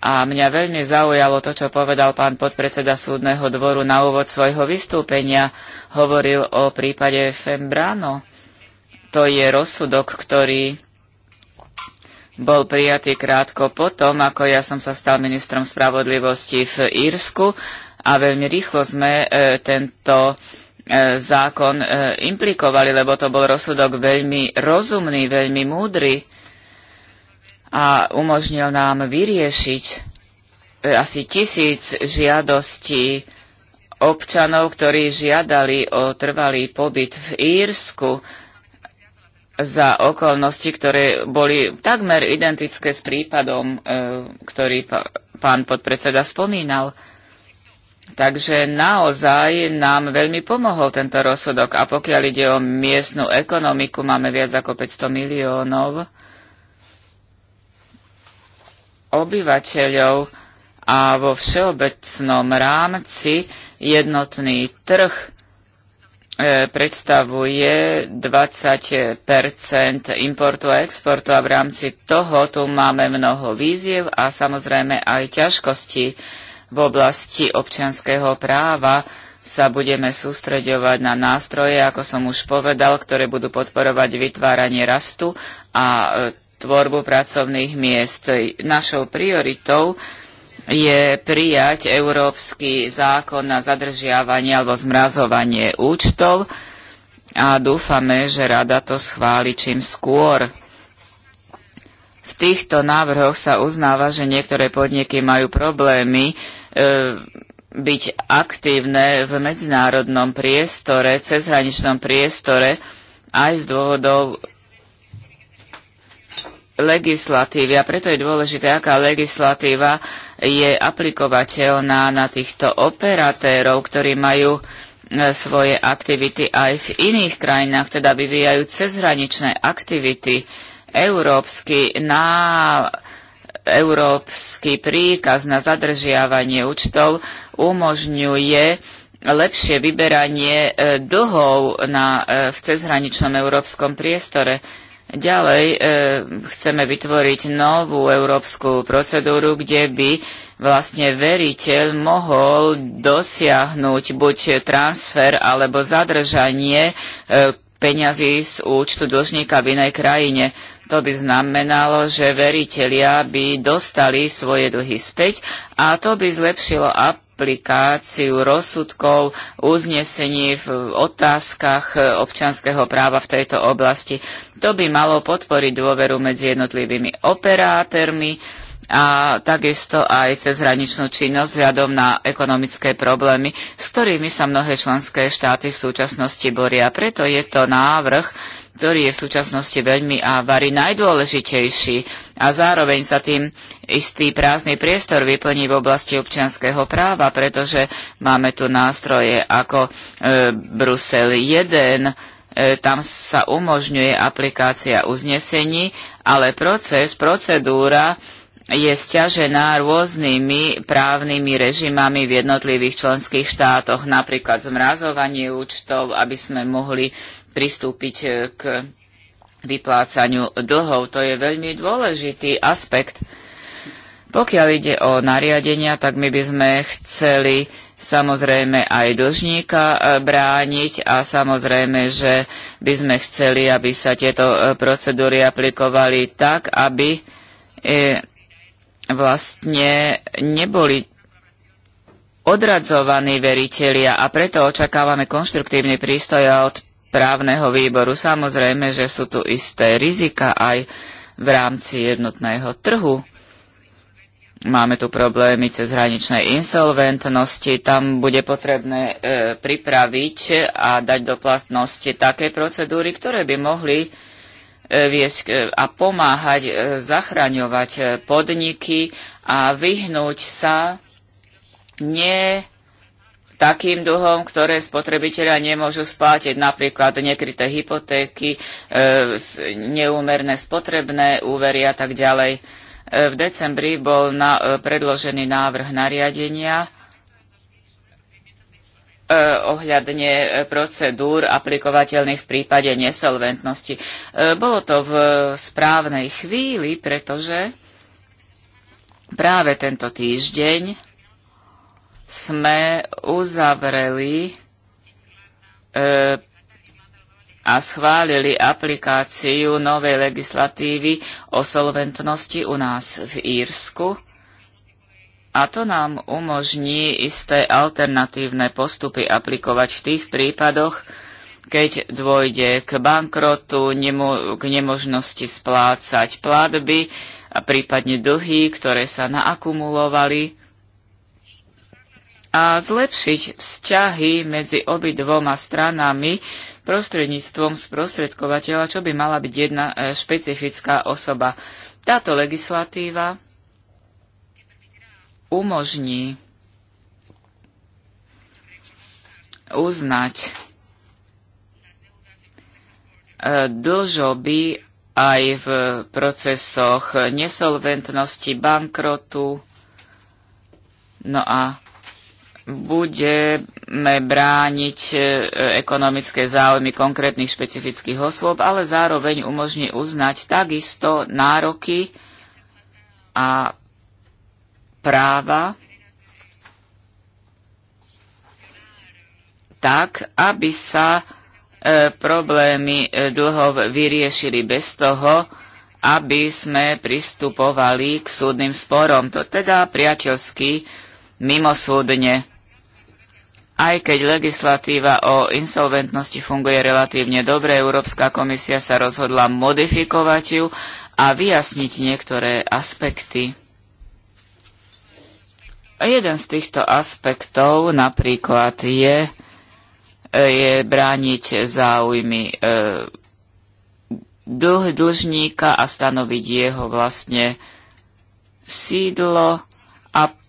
A mňa veľmi zaujalo to, čo povedal pán podpredseda súdneho dvoru na úvod svojho vystúpenia. Hovoril o prípade Fembrano. To je rozsudok, ktorý bol prijatý krátko potom, ako ja som sa stal ministrom spravodlivosti v Írsku a veľmi rýchlo sme e, tento E, zákon e, implikovali, lebo to bol rozsudok veľmi rozumný, veľmi múdry a umožnil nám vyriešiť e, asi tisíc žiadostí občanov, ktorí žiadali o trvalý pobyt v Írsku za okolnosti, ktoré boli takmer identické s prípadom, ktorý pán podpredseda spomínal. Takže naozaj nám veľmi pomohol tento rozsudok. A pokiaľ ide o miestnu ekonomiku, máme viac ako 500 miliónov obyvateľov a vo všeobecnom rámci jednotný trh e, predstavuje 20 importu a exportu a v rámci toho tu máme mnoho víziev a samozrejme aj ťažkosti v oblasti občianského práva sa budeme sústreďovať na nástroje, ako som už povedal, ktoré budú podporovať vytváranie rastu a e, tvorbu pracovných miest. Našou prioritou je prijať európsky zákon na zadržiavanie alebo zmrazovanie účtov a dúfame, že rada to schváli čím skôr. V týchto návrhoch sa uznáva, že niektoré podniky majú problémy, E, byť aktívne v medzinárodnom priestore, cezhraničnom priestore, aj z dôvodov legislatívy. A preto je dôležité, aká legislatíva je aplikovateľná na týchto operatérov, ktorí majú e, svoje aktivity aj v iných krajinách, teda vyvíjajú cezhraničné aktivity. Európsky na európsky príkaz na zadržiavanie účtov umožňuje lepšie vyberanie e, dlhov na, e, v cezhraničnom európskom priestore. Ďalej e, chceme vytvoriť novú európsku procedúru, kde by vlastne veriteľ mohol dosiahnuť buď transfer alebo zadržanie e, peňazí z účtu dlžníka v inej krajine. To by znamenalo, že veritelia by dostali svoje dlhy späť a to by zlepšilo aplikáciu rozsudkov, uznesení v otázkach e, občanského práva v tejto oblasti. To by malo podporiť dôveru medzi jednotlivými operátormi a takisto aj cez hraničnú činnosť vzhľadom na ekonomické problémy, s ktorými sa mnohé členské štáty v súčasnosti boria. Preto je to návrh, ktorý je v súčasnosti veľmi a varí najdôležitejší a zároveň sa tým istý prázdny priestor vyplní v oblasti občianského práva, pretože máme tu nástroje ako e, Brusel 1, e, tam sa umožňuje aplikácia uznesení, ale proces, procedúra je stiažená rôznymi právnymi režimami v jednotlivých členských štátoch, napríklad zmrazovanie účtov, aby sme mohli pristúpiť e, k vyplácaniu dlhov. To je veľmi dôležitý aspekt. Pokiaľ ide o nariadenia, tak my by sme chceli samozrejme aj dlžníka e, brániť a samozrejme, že by sme chceli, aby sa tieto e, procedúry aplikovali tak, aby vlastne neboli odradzovaní veritelia a preto očakávame konštruktívny prístoj od právneho výboru. Samozrejme, že sú tu isté rizika aj v rámci jednotného trhu. Máme tu problémy cez hraničnej insolventnosti, tam bude potrebné e, pripraviť a dať do platnosti také procedúry, ktoré by mohli e, viesť a pomáhať e, zachraňovať podniky a vyhnúť sa nie takým dlhom, ktoré spotrebitelia nemôžu splátiť, napríklad nekryté hypotéky, e, neúmerné spotrebné úvery a tak ďalej. E, v decembri bol na, e, predložený návrh nariadenia ohľadne procedúr aplikovateľných v prípade nesolventnosti. Bolo to v správnej chvíli, pretože práve tento týždeň sme uzavreli e, a schválili aplikáciu novej legislatívy o solventnosti u nás v Írsku. A to nám umožní isté alternatívne postupy aplikovať v tých prípadoch, keď dôjde k bankrotu, nemo k nemožnosti splácať platby a prípadne dlhy, ktoré sa naakumulovali a zlepšiť vzťahy medzi obi dvoma stranami prostredníctvom sprostredkovateľa, čo by mala byť jedna e, špecifická osoba. Táto legislatíva umožní uznať e, dlžoby aj v procesoch nesolventnosti, bankrotu. No a budeme brániť e, ekonomické záujmy konkrétnych špecifických osôb, ale zároveň umožní uznať takisto nároky a práva tak, aby sa e, problémy e, dlhov vyriešili bez toho, aby sme pristupovali k súdnym sporom, to teda priateľsky, mimosúdne. Aj keď legislatíva o insolventnosti funguje relatívne dobre, Európska komisia sa rozhodla modifikovať ju a vyjasniť niektoré aspekty. Jeden z týchto aspektov napríklad je, je brániť záujmy e, dlh dlžníka a stanoviť jeho vlastne sídlo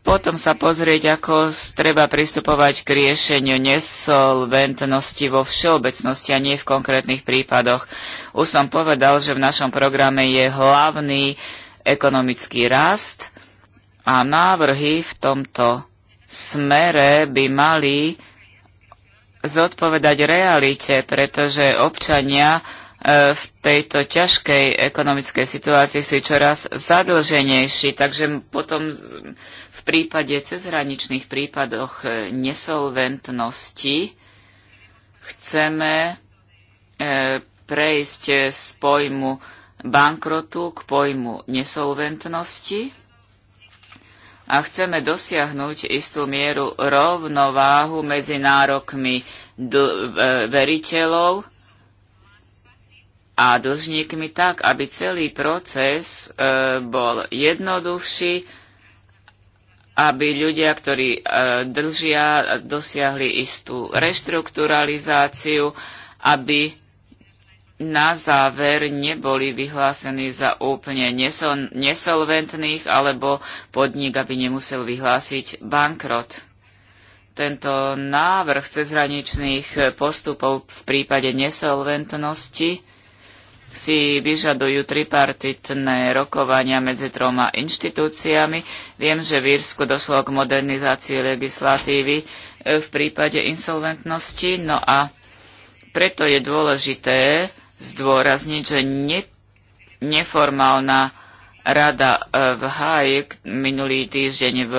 potom sa pozrieť, ako treba pristupovať k riešeniu nesolventnosti vo všeobecnosti a nie v konkrétnych prípadoch. Už som povedal, že v našom programe je hlavný ekonomický rast a návrhy v tomto smere by mali zodpovedať realite, pretože občania E, v tejto ťažkej ekonomickej situácii sú čoraz zadlženejší, takže potom v prípade cezhraničných prípadoch e, nesolventnosti chceme e, prejsť z pojmu bankrotu k pojmu nesolventnosti a chceme dosiahnuť istú mieru rovnováhu medzi nárokmi veriteľov, a dlžníkmi tak, aby celý proces e, bol jednoduchší, aby ľudia, ktorí e, držia, dosiahli istú reštrukturalizáciu, aby na záver neboli vyhlásení za úplne nesol, nesolventných, alebo podnik, aby nemusel vyhlásiť bankrot. Tento návrh cezhraničných postupov v prípade nesolventnosti si vyžadujú tripartitné rokovania medzi troma inštitúciami. Viem, že v Írsku došlo k modernizácii legislatívy e, v prípade insolventnosti, no a preto je dôležité zdôrazniť, že ne, neformálna rada e, v Haji minulý týždeň v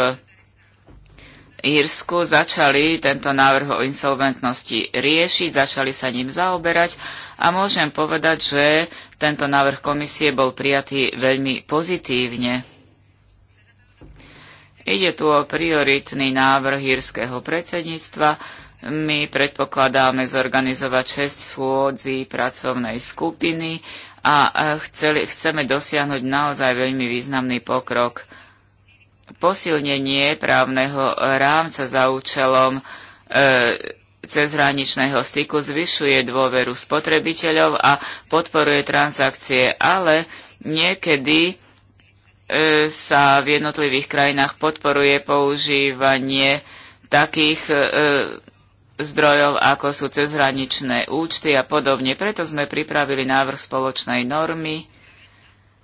Írsku začali tento návrh o insolventnosti riešiť, začali sa ním zaoberať a môžem povedať, že tento návrh komisie bol prijatý veľmi pozitívne. Ide tu o prioritný návrh írskeho predsedníctva. My predpokladáme zorganizovať 6 schôdzí pracovnej skupiny a chceli, chceme dosiahnuť naozaj veľmi významný pokrok posilnenie právneho rámca za účelom e, cezhraničného styku zvyšuje dôveru spotrebiteľov a podporuje transakcie, ale niekedy e, sa v jednotlivých krajinách podporuje používanie takých e, zdrojov, ako sú cezhraničné účty a podobne. Preto sme pripravili návrh spoločnej normy,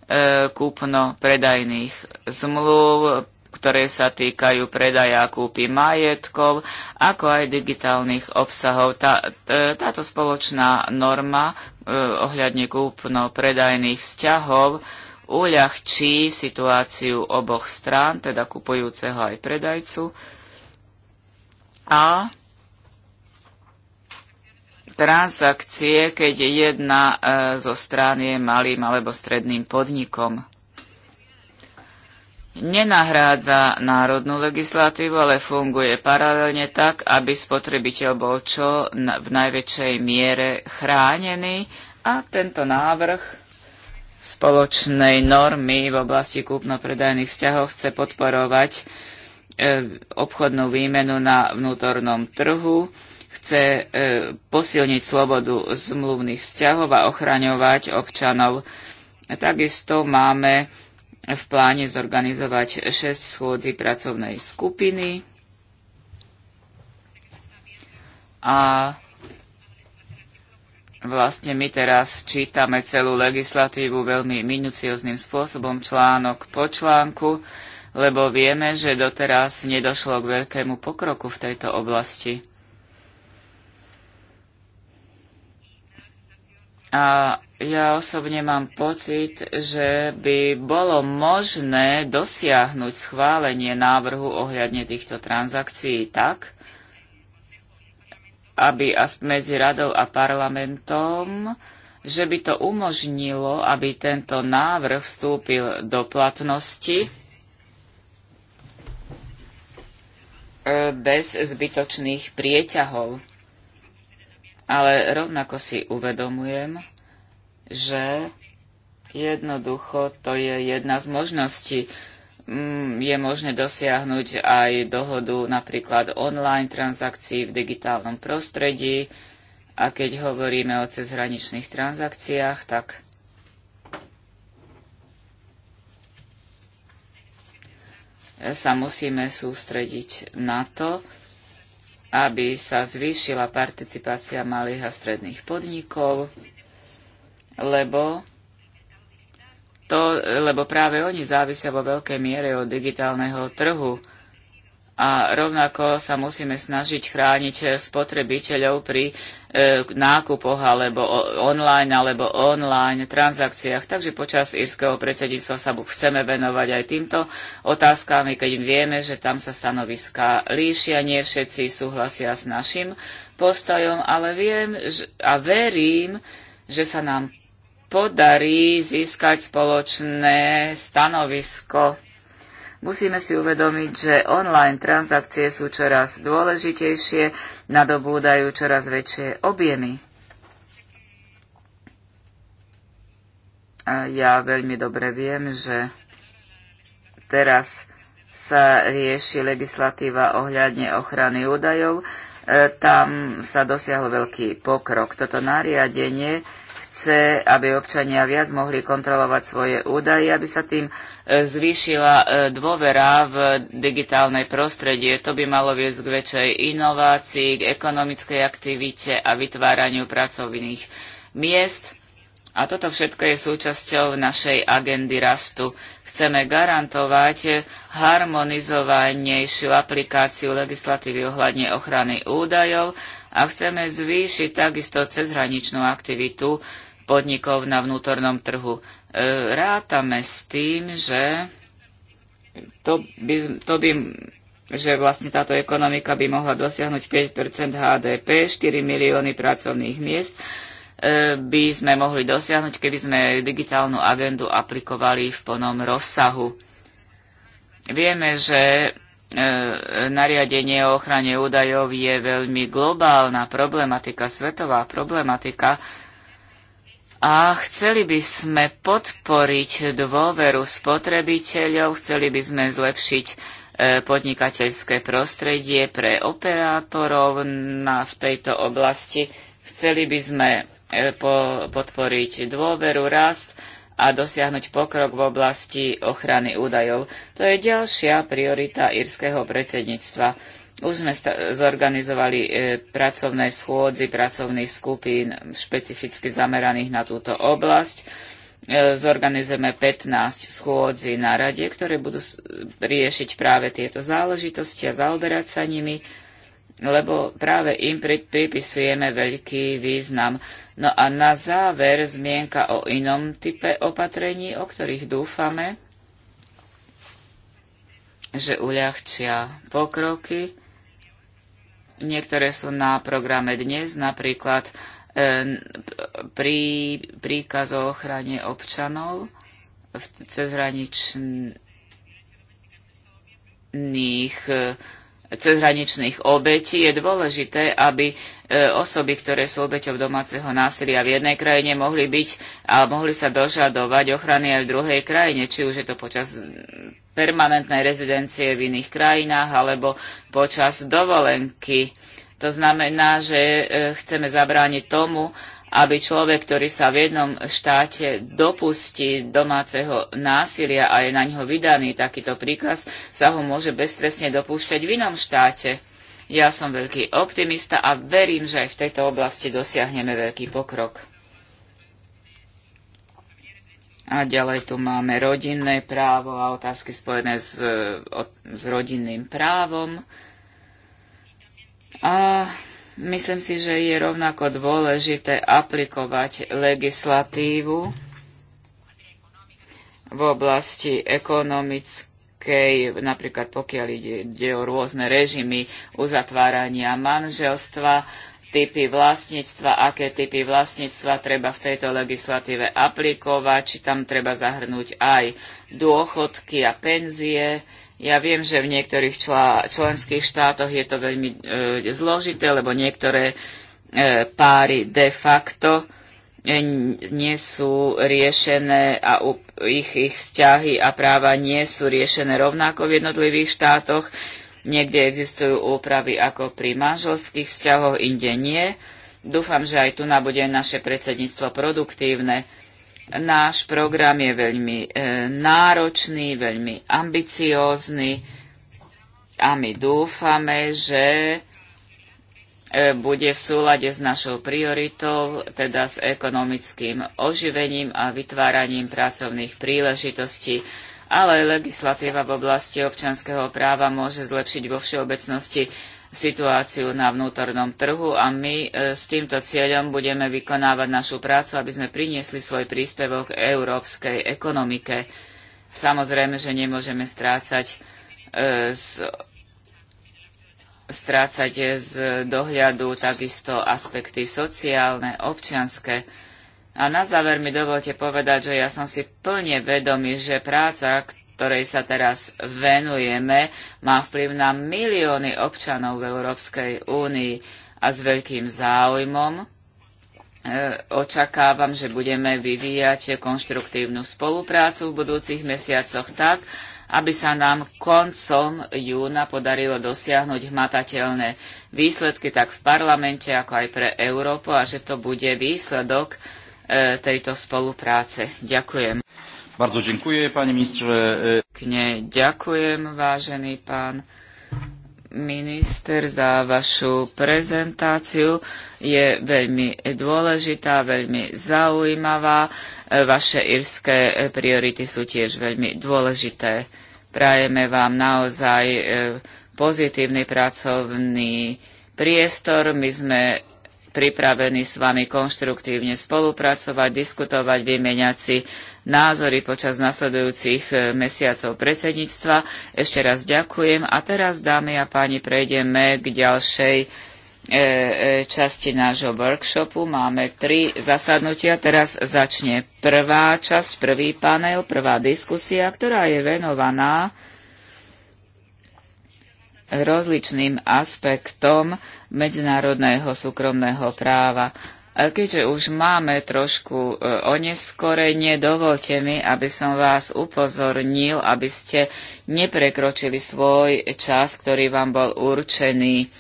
E, kúpno-predajných zmluv, ktoré sa týkajú predaja a kúpy majetkov, ako aj digitálnych obsahov. Tá, e, táto spoločná norma e, ohľadne kúpno-predajných vzťahov uľahčí situáciu oboch strán, teda kupujúceho aj predajcu, a transakcie, keď jedna e, zo strán je malým alebo stredným podnikom. Nenahrádza národnú legislatívu, ale funguje paralelne tak, aby spotrebiteľ bol čo v najväčšej miere chránený a tento návrh spoločnej normy v oblasti kúpno-predajných vzťahov chce podporovať e, obchodnú výmenu na vnútornom trhu, chce e, posilniť slobodu zmluvných vzťahov a ochraňovať občanov. Takisto máme v pláne zorganizovať 6 schôdzi pracovnej skupiny a Vlastne my teraz čítame celú legislatívu veľmi minucióznym spôsobom, článok po článku, lebo vieme, že doteraz nedošlo k veľkému pokroku v tejto oblasti. A ja osobne mám pocit, že by bolo možné dosiahnuť schválenie návrhu ohľadne týchto transakcií tak, aby medzi radou a parlamentom, že by to umožnilo, aby tento návrh vstúpil do platnosti e, bez zbytočných prieťahov ale rovnako si uvedomujem, že jednoducho to je jedna z možností. Mm, je možné dosiahnuť aj dohodu napríklad online transakcií v digitálnom prostredí. A keď hovoríme o cezhraničných transakciách, tak sa musíme sústrediť na to, aby sa zvýšila participácia malých a stredných podnikov, lebo, to, lebo práve oni závisia vo veľkej miere od digitálneho trhu a rovnako sa musíme snažiť chrániť eh, spotrebiteľov pri e, nákupoch alebo online alebo online transakciách. Takže počas írskeho predsedníctva sa chceme venovať aj týmto otázkami, keď vieme, že tam sa stanoviska líšia, nie všetci súhlasia s našim postojom, ale viem a verím, že sa nám podarí získať spoločné stanovisko Musíme si uvedomiť, že online transakcie sú čoraz dôležitejšie, nadobúdajú čoraz väčšie objemy. Ja veľmi dobre viem, že teraz sa rieši legislatíva ohľadne ochrany údajov. E, tam sa dosiahol veľký pokrok. Toto nariadenie chce, aby občania viac mohli kontrolovať svoje údaje, aby sa tým e, zvýšila e, dôvera v digitálnej prostredie. To by malo viesť k väčšej inovácii, k ekonomickej aktivite a vytváraniu pracovných miest. A toto všetko je súčasťou našej agendy rastu. Chceme garantovať harmonizovanejšiu aplikáciu legislatívy ohľadne ochrany údajov, a chceme zvýšiť takisto cezhraničnú aktivitu podnikov na vnútornom trhu. E, rátame s tým, že to by, to by že vlastne táto ekonomika by mohla dosiahnuť 5 HDP, 4 milióny pracovných miest e, by sme mohli dosiahnuť, keby sme digitálnu agendu aplikovali v plnom rozsahu. Vieme, že E, nariadenie o ochrane údajov je veľmi globálna problematika, svetová problematika a chceli by sme podporiť dôveru spotrebiteľov, chceli by sme zlepšiť e, podnikateľské prostredie pre operátorov na, v tejto oblasti. Chceli by sme e, podporiť dôveru, rast, a dosiahnuť pokrok v oblasti ochrany údajov. To je ďalšia priorita írskeho predsedníctva. Už sme zorganizovali e, pracovné schôdzi pracovných skupín špecificky zameraných na túto oblasť. E, zorganizujeme 15 schôdzi na rade, ktoré budú riešiť práve tieto záležitosti a zaoberať sa nimi, lebo práve im pripisujeme veľký význam. No a na záver zmienka o inom type opatrení, o ktorých dúfame, že uľahčia pokroky. Niektoré sú na programe dnes, napríklad e, pri príkaz o ochrane občanov v cezhraničných e, cezhraničných obetí, je dôležité, aby e, osoby, ktoré sú obeťou domáceho násilia v jednej krajine, mohli byť a mohli sa dožadovať ochrany aj v druhej krajine, či už je to počas permanentnej rezidencie v iných krajinách alebo počas dovolenky. To znamená, že e, chceme zabrániť tomu, aby človek, ktorý sa v jednom štáte dopustí domáceho násilia a je na ňo vydaný takýto príkaz, sa ho môže beztrestne dopúšťať v inom štáte. Ja som veľký optimista a verím, že aj v tejto oblasti dosiahneme veľký pokrok. A ďalej tu máme rodinné právo a otázky spojené s, e, s rodinným právom. A Myslím si, že je rovnako dôležité aplikovať legislatívu v oblasti ekonomickej, napríklad pokiaľ ide, ide o rôzne režimy uzatvárania manželstva, typy vlastníctva, aké typy vlastníctva treba v tejto legislatíve aplikovať, či tam treba zahrnúť aj dôchodky a penzie, ja viem, že v niektorých členských štátoch je to veľmi e, zložité, lebo niektoré e, páry de facto e, nie sú riešené a u, ich, ich vzťahy a práva nie sú riešené rovnako v jednotlivých štátoch. Niekde existujú úpravy ako pri manželských vzťahoch, inde nie. Dúfam, že aj tu nabude naše predsedníctvo produktívne. Náš program je veľmi e, náročný, veľmi ambiciózny a my dúfame, že e, bude v súlade s našou prioritou, teda s ekonomickým oživením a vytváraním pracovných príležitostí. Ale legislatíva v oblasti občanského práva môže zlepšiť vo všeobecnosti situáciu na vnútornom trhu a my e, s týmto cieľom budeme vykonávať našu prácu, aby sme priniesli svoj príspevok európskej ekonomike. Samozrejme, že nemôžeme strácať e, z, strácať z dohľadu takisto aspekty sociálne, občianske. A na záver mi dovolte povedať, že ja som si plne vedomý, že práca, ktorej sa teraz venujeme, má vplyv na milióny občanov v Európskej únii a s veľkým záujmom e, očakávam, že budeme vyvíjať konštruktívnu spoluprácu v budúcich mesiacoch tak, aby sa nám koncom júna podarilo dosiahnuť hmatateľné výsledky tak v parlamente, ako aj pre Európu a že to bude výsledok e, tejto spolupráce. Ďakujem. Bardzo dziękuję, panie ministrze. Nie, ďakujem, vážený pan minister, za vašu prezentáciu. Je veľmi dôležitá, veľmi zaujímavá. Vaše irské priority sú tiež veľmi dôležité. Prajeme vám naozaj e, pozitívny pracovný priestor. My sme pripravení s vami konštruktívne spolupracovať, diskutovať, vymeniať si názory počas nasledujúcich e, mesiacov predsedníctva. Ešte raz ďakujem a teraz, dámy a páni, prejdeme k ďalšej e, e, časti nášho workshopu. Máme tri zasadnutia. Teraz začne prvá časť, prvý panel, prvá diskusia, ktorá je venovaná rozličným aspektom medzinárodného súkromného práva. Keďže už máme trošku e, oneskorenie, dovolte mi, aby som vás upozornil, aby ste neprekročili svoj čas, ktorý vám bol určený,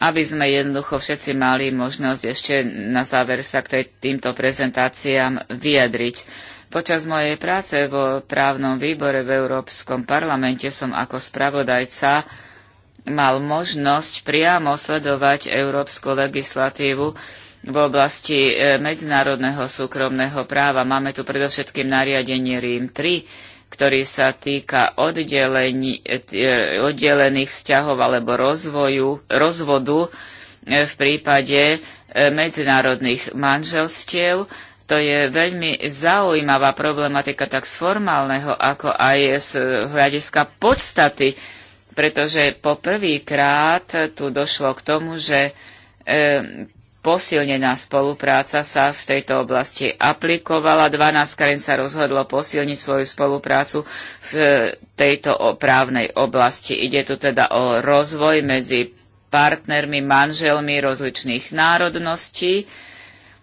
aby sme jednoducho všetci mali možnosť ešte na záver sa k tej, týmto prezentáciám vyjadriť. Počas mojej práce vo právnom výbore v Európskom parlamente som ako spravodajca mal možnosť priamo sledovať európsku legislatívu v oblasti e, medzinárodného súkromného práva. Máme tu predovšetkým nariadenie RIM 3, ktorý sa týka e, e, oddelených vzťahov alebo rozvoju, rozvodu v prípade medzinárodných manželstiev. To je veľmi zaujímavá problematika tak z formálneho, ako aj z hľadiska podstaty pretože poprvýkrát tu došlo k tomu, že e, posilnená spolupráca sa v tejto oblasti aplikovala. 12 krajín sa rozhodlo posilniť svoju spoluprácu v e, tejto právnej oblasti. Ide tu teda o rozvoj medzi partnermi, manželmi rozličných národností.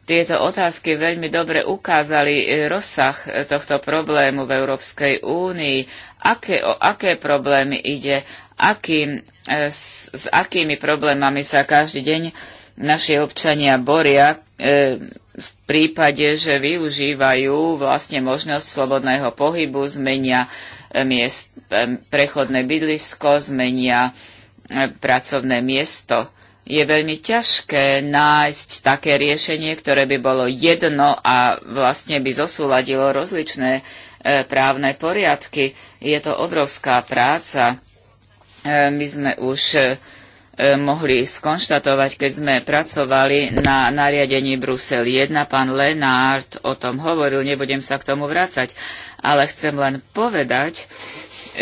Tieto otázky veľmi dobre ukázali e, rozsah e, tohto problému v Európskej únii aké, o aké problémy ide, akým, e, s, s akými problémami sa každý deň naši občania boria e, v prípade, že využívajú vlastne možnosť slobodného pohybu, zmenia e, miest, e, prechodné bydlisko, zmenia pracovné miesto. Je veľmi ťažké nájsť také riešenie, ktoré by bolo jedno a vlastne by zosúladilo rozličné E, právne poriadky. Je to obrovská práca. E, my sme už e, mohli skonštatovať, keď sme pracovali na nariadení Brusel 1. Pán Lenard o tom hovoril, nebudem sa k tomu vrácať, ale chcem len povedať,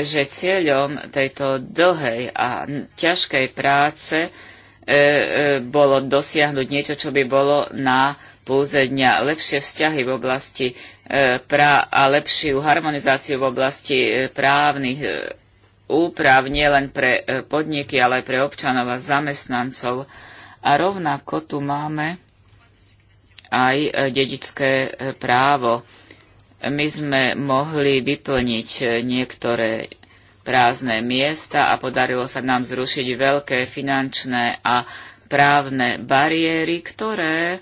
že cieľom tejto dlhej a ťažkej práce e, e, bolo dosiahnuť niečo, čo by bolo na pôzenia, lepšie vzťahy v oblasti e, pra a lepšiu harmonizáciu v oblasti e, právnych e, úprav nielen pre podniky, ale aj pre občanov a zamestnancov. A rovnako tu máme aj dedické právo. My sme mohli vyplniť niektoré prázdne miesta a podarilo sa nám zrušiť veľké finančné a právne bariéry, ktoré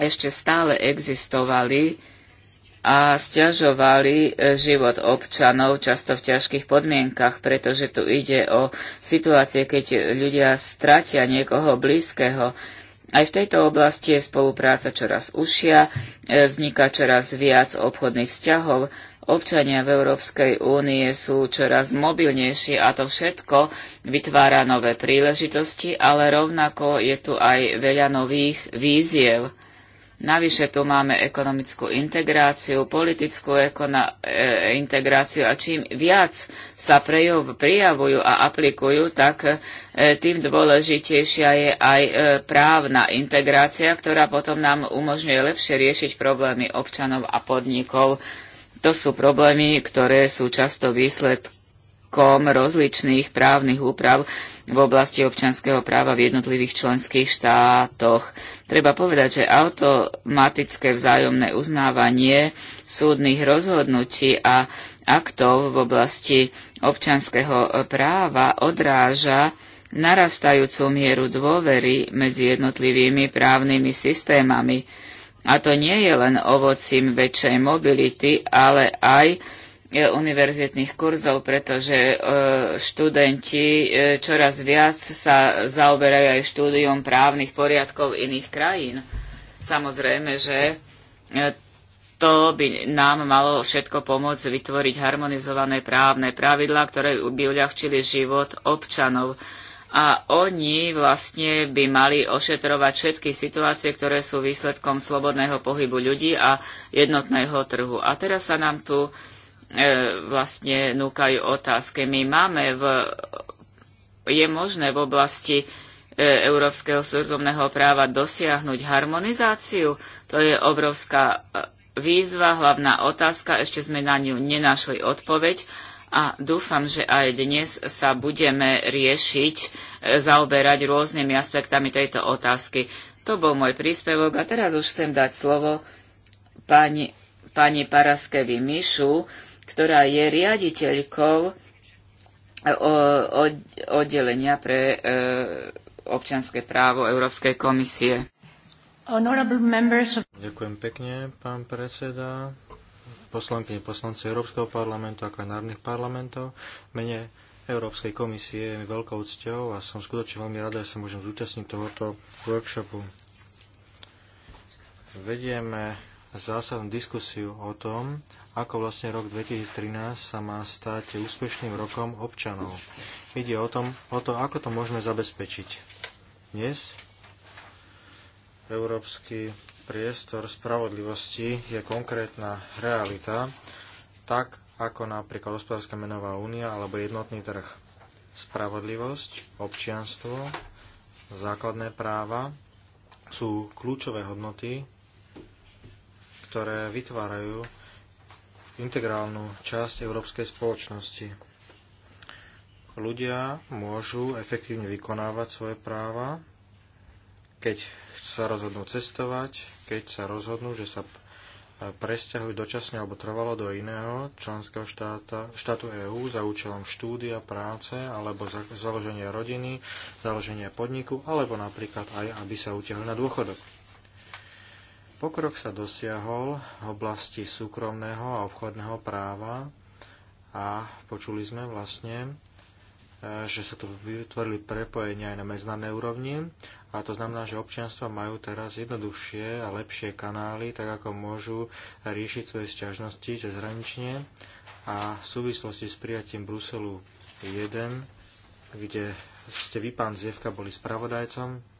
ešte stále existovali a stiažovali e, život občanov často v ťažkých podmienkach, pretože tu ide o situácie, keď ľudia stratia niekoho blízkeho. Aj v tejto oblasti je spolupráca čoraz užšia, e, vzniká čoraz viac obchodných vzťahov, občania v Európskej únie sú čoraz mobilnejší a to všetko vytvára nové príležitosti, ale rovnako je tu aj veľa nových víziev Navyše tu máme ekonomickú integráciu, politickú ekona, e, integráciu a čím viac sa prijavujú a aplikujú, tak e, tým dôležitejšia je aj e, právna integrácia, ktorá potom nám umožňuje lepšie riešiť problémy občanov a podnikov. To sú problémy, ktoré sú často výsledkom rozličných právnych úprav v oblasti občanského práva v jednotlivých členských štátoch. Treba povedať, že automatické vzájomné uznávanie súdnych rozhodnutí a aktov v oblasti občanského práva odráža narastajúcu mieru dôvery medzi jednotlivými právnymi systémami. A to nie je len ovocím väčšej mobility, ale aj E, univerzitných kurzov, pretože e, študenti e, čoraz viac sa zaoberajú aj štúdium právnych poriadkov iných krajín. Samozrejme, že to by nám malo všetko pomôcť vytvoriť harmonizované právne pravidlá, ktoré by uľahčili život občanov. A oni vlastne by mali ošetrovať všetky situácie, ktoré sú výsledkom slobodného pohybu ľudí a jednotného trhu. A teraz sa nám tu E, vlastne núkajú otázke. My máme v, je možné v oblasti e, európskeho súkromného práva dosiahnuť harmonizáciu? To je obrovská e, výzva, hlavná otázka, ešte sme na ňu nenašli odpoveď a dúfam, že aj dnes sa budeme riešiť, zaoberať rôznymi aspektami tejto otázky. To bol môj príspevok a teraz už chcem dať slovo pani, pani Paraskevi Mišu, ktorá je riaditeľkou e, oddelenia pre e, občianske právo Európskej komisie. Ďakujem pekne, pán predseda, poslankyne poslanci Európskeho parlamentu a aj parlamentov. Mene Európskej komisie je mi veľkou cťou a som skutočne veľmi rada, že sa môžem zúčastniť tohoto workshopu. Vedieme zásadnú diskusiu o tom, ako vlastne rok 2013 sa má stať úspešným rokom občanov. Ide o, tom, o to, ako to môžeme zabezpečiť. Dnes európsky priestor spravodlivosti je konkrétna realita, tak ako napríklad hospodárska menová únia alebo jednotný trh. Spravodlivosť, občianstvo, základné práva sú kľúčové hodnoty, ktoré vytvárajú integrálnu časť európskej spoločnosti. Ľudia môžu efektívne vykonávať svoje práva, keď sa rozhodnú cestovať, keď sa rozhodnú, že sa presťahujú dočasne alebo trvalo do iného členského štáta, štátu EÚ za účelom štúdia, práce alebo za, založenia rodiny, založenia podniku alebo napríklad aj, aby sa utiahli na dôchodok. Pokrok sa dosiahol v oblasti súkromného a obchodného práva a počuli sme vlastne, e, že sa tu vytvorili prepojenia aj na medzinárodnej úrovni a to znamená, že občianstva majú teraz jednoduchšie a lepšie kanály, tak ako môžu riešiť svoje sťažnosti cezhranične a v súvislosti s prijatím Bruselu 1, kde ste vy, pán Zievka, boli spravodajcom,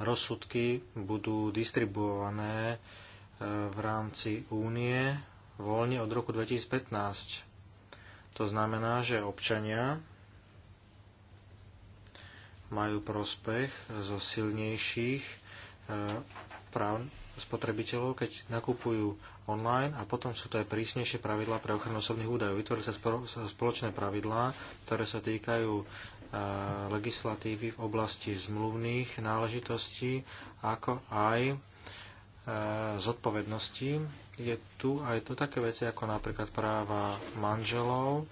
rozsudky budú distribuované e, v rámci únie voľne od roku 2015. To znamená, že občania majú prospech zo silnejších e, práv spotrebiteľov, keď nakupujú online a potom sú to aj prísnejšie pravidlá pre ochranu osobných údajov. Vytvorili sa spoločné pravidlá, ktoré sa týkajú legislatívy v oblasti zmluvných náležitostí, ako aj zodpovednosti. Je tu aj tu také veci ako napríklad práva manželov.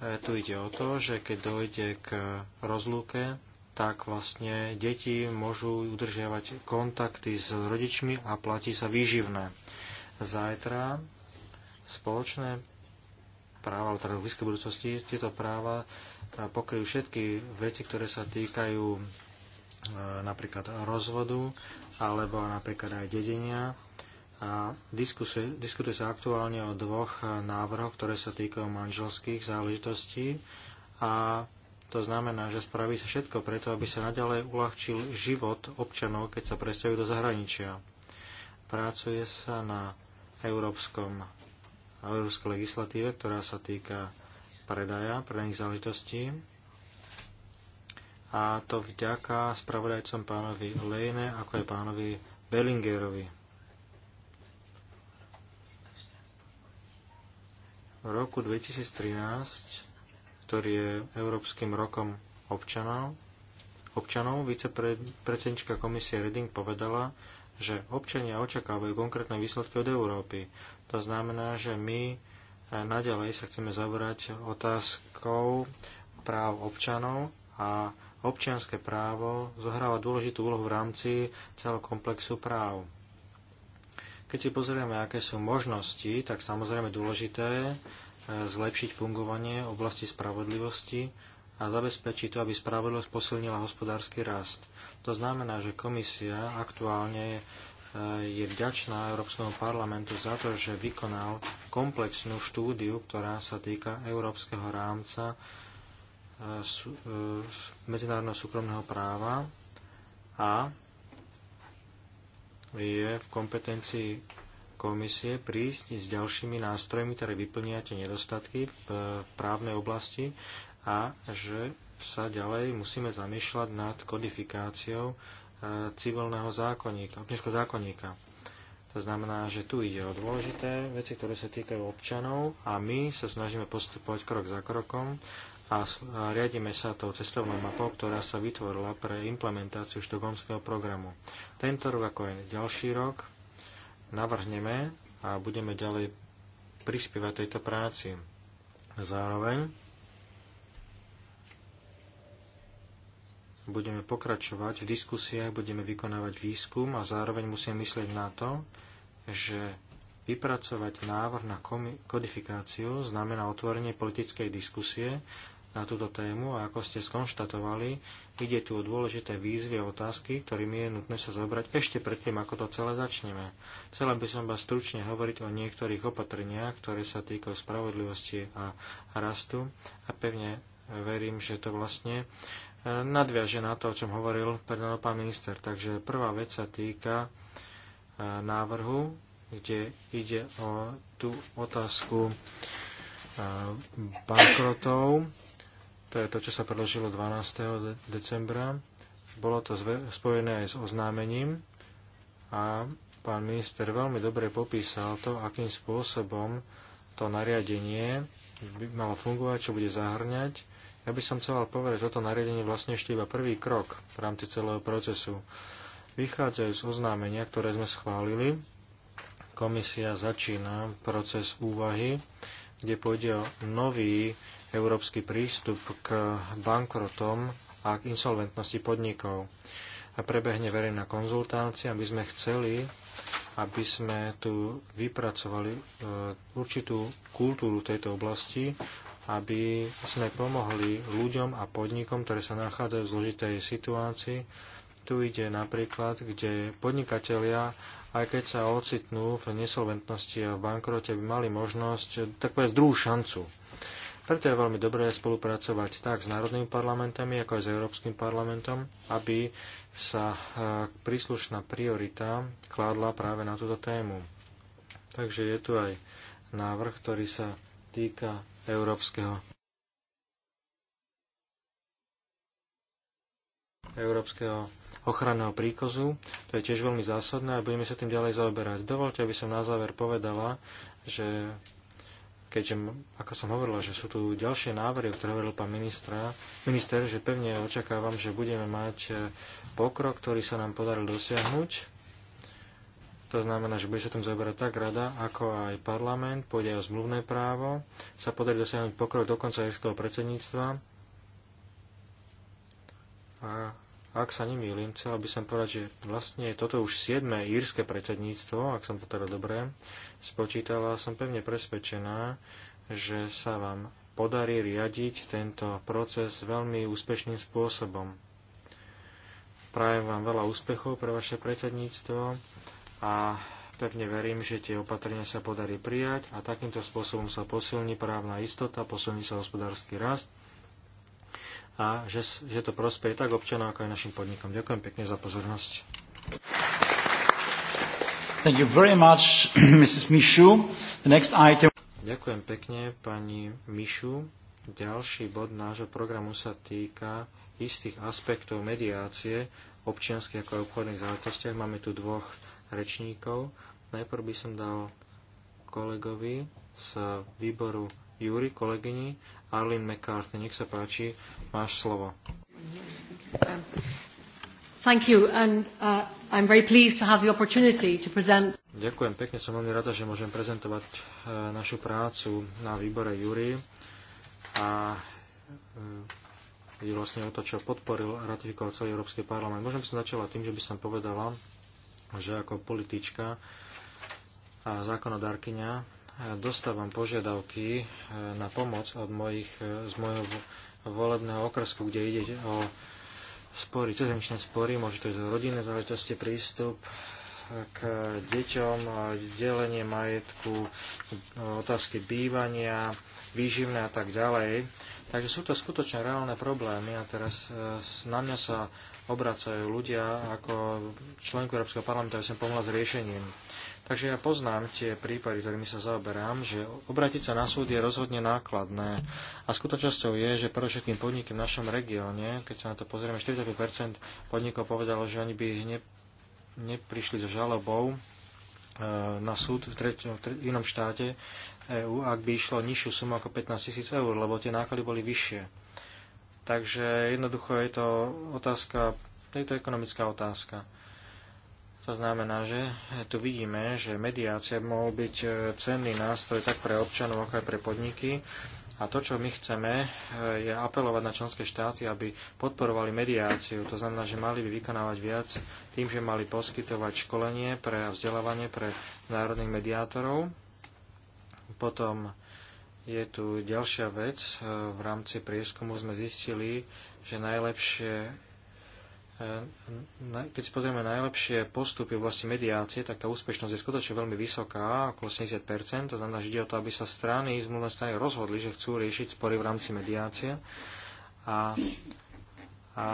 E, tu ide o to, že keď dojde k rozlúke, tak vlastne deti môžu udržiavať kontakty s rodičmi a platí sa výživné. Zajtra spoločné práva, alebo teda v blízkej budúcnosti tieto práva pokryjú všetky veci, ktoré sa týkajú e, napríklad rozvodu alebo napríklad aj dedenia. A diskusuje, diskutuje sa aktuálne o dvoch návrhoch, ktoré sa týkajú manželských záležitostí. A to znamená, že spraví sa všetko preto, aby sa naďalej uľahčil život občanov, keď sa presťahujú do zahraničia. Pracuje sa na európskom, európskej legislatíve, ktorá sa týka predaja, predajných záležitostí. A to vďaka spravodajcom pánovi Lejne, ako aj pánovi Bellingerovi. V roku 2013, ktorý je Európskym rokom občanov, občanov vicepredsednička komisie Reding povedala, že občania očakávajú konkrétne výsledky od Európy. To znamená, že my naďalej sa chceme zaoberať otázkou práv občanov a občianské právo zohráva dôležitú úlohu v rámci celého komplexu práv. Keď si pozrieme, aké sú možnosti, tak samozrejme dôležité e, zlepšiť fungovanie oblasti spravodlivosti a zabezpečiť to, aby spravodlivosť posilnila hospodársky rast. To znamená, že komisia aktuálne je vďačná Európskemu parlamentu za to, že vykonal komplexnú štúdiu, ktorá sa týka európskeho rámca e, e, medzinárodného súkromného práva a je v kompetencii komisie prísť s ďalšími nástrojmi, ktoré vyplnia tie nedostatky v právnej oblasti a že sa ďalej musíme zamýšľať nad kodifikáciou E, civilného zákonníka, občianského zákonníka. To znamená, že tu ide o dôležité veci, ktoré sa týkajú občanov a my sa snažíme postupovať krok za krokom a riadíme sa tou cestovnou mapou, ktorá sa vytvorila pre implementáciu štokholmského programu. Tento rok, ako aj ďalší rok, navrhneme a budeme ďalej prispievať tejto práci. Zároveň budeme pokračovať v diskusiách, budeme vykonávať výskum a zároveň musíme myslieť na to, že vypracovať návrh na kodifikáciu znamená otvorenie politickej diskusie na túto tému a ako ste skonštatovali, ide tu o dôležité výzvy a otázky, ktorými je nutné sa zobrať ešte predtým, ako to celé začneme. Chcela by som vás stručne hovoriť o niektorých opatreniach, ktoré sa týkajú spravodlivosti a rastu a pevne verím, že to vlastne nadviaže na to, o čom hovoril prednodol pán minister. Takže prvá vec sa týka e, návrhu, kde ide o tú otázku e, bankrotov. To je to, čo sa predložilo 12. decembra. Bolo to spojené aj s oznámením a pán minister veľmi dobre popísal to, akým spôsobom to nariadenie by malo fungovať, čo bude zahrňať. Ja by som chcel povedať, že toto nariadenie vlastne ešte iba prvý krok v rámci celého procesu. Vychádzajú z oznámenia, ktoré sme schválili. Komisia začína proces úvahy, kde pôjde o nový európsky prístup k bankrotom a k insolventnosti podnikov. A prebehne verejná konzultácia, aby sme chceli, aby sme tu vypracovali e, určitú kultúru tejto oblasti aby sme pomohli ľuďom a podnikom, ktoré sa nachádzajú v zložitej situácii. Tu ide napríklad, kde podnikatelia, aj keď sa ocitnú v nesolventnosti a v bankrote, by mali možnosť, tak povedať, druhú šancu. Preto je veľmi dobré spolupracovať tak s národnými parlamentami, ako aj s Európskym parlamentom, aby sa e, príslušná priorita kládla práve na túto tému. Takže je tu aj návrh, ktorý sa týka európskeho európskeho ochranného príkozu. To je tiež veľmi zásadné a budeme sa tým ďalej zaoberať. Dovolte, aby som na záver povedala, že keďže, ako som hovorila, že sú tu ďalšie návrhy, o ktoré hovoril pán ministra, minister, že pevne očakávam, že budeme mať e, pokrok, ktorý sa nám podaril dosiahnuť to znamená, že bude sa tom zaoberať tak rada, ako aj parlament, pôjde aj o zmluvné právo, sa podarí dosiahnuť pokrok do konca irského predsedníctva. A ak sa nemýlim, chcel by som povedať, že vlastne toto už 7. írske predsedníctvo, ak som to teda dobre spočítala, som pevne presvedčená, že sa vám podarí riadiť tento proces veľmi úspešným spôsobom. Prajem vám veľa úspechov pre vaše predsedníctvo a pevne verím, že tie opatrenia sa podarí prijať a takýmto spôsobom sa posilní právna istota, posilní sa hospodársky rast a že, že to prospeje tak občanom, ako aj našim podnikom. Ďakujem pekne za pozornosť. Thank you very much, Mrs. Mishu. The next item... Ďakujem pekne, pani Mišu. Ďalší bod nášho programu sa týka istých aspektov mediácie občianských ako aj obchodných záležitostiach. Máme tu dvoch rečníkov. Najprv by som dal kolegovi z výboru Júri, kolegyni Arlene McCarthy. Nech sa páči, máš slovo. Thank you and uh, I'm very pleased to have the opportunity to present Ďakujem pekne, som veľmi rada, že môžem prezentovať uh, našu prácu na výbore Júri a je uh, vlastne o to, čo podporil a ratifikoval celý Európsky parlament. Možno by som začala tým, že by som povedala, že ako politička a zákonodárkyňa eh, dostávam požiadavky eh, na pomoc od mojich, eh, z môjho volebného okresku, kde ide o spory, cezhraničné spory, môže to ísť o rodinné záležitosti, prístup k deťom, delenie majetku, otázky bývania, výživné a tak ďalej. Takže sú to skutočne reálne problémy a teraz e, na mňa sa obracajú ľudia ako členku Európskeho parlamentu, aby som pomohla s riešením. Takže ja poznám tie prípady, ktorými sa zaoberám, že obratiť sa na súd je rozhodne nákladné. A skutočnosťou je, že pre všetkým podnikom v našom regióne, keď sa na to pozrieme, 45% podnikov povedalo, že oni by ne, neprišli so žalobou e, na súd v, treť, v inom štáte EÚ, ak by išlo nižšiu sumu ako 15 tisíc eur, lebo tie náklady boli vyššie. Takže jednoducho je to otázka, je to ekonomická otázka. To znamená, že tu vidíme, že mediácia mohol byť e, cenný nástroj tak pre občanov, ako aj pre podniky. A to, čo my chceme, e, je apelovať na členské štáty, aby podporovali mediáciu. To znamená, že mali by vykonávať viac tým, že mali poskytovať školenie pre vzdelávanie pre národných mediátorov. Potom je tu ďalšia vec. V rámci prieskumu sme zistili, že najlepšie eh, keď si pozrieme najlepšie postupy v oblasti mediácie, tak tá úspešnosť je skutočne veľmi vysoká, okolo 80%. To znamená, že ide o to, aby sa strany, zmluvné strany rozhodli, že chcú riešiť spory v rámci mediácie. A, a,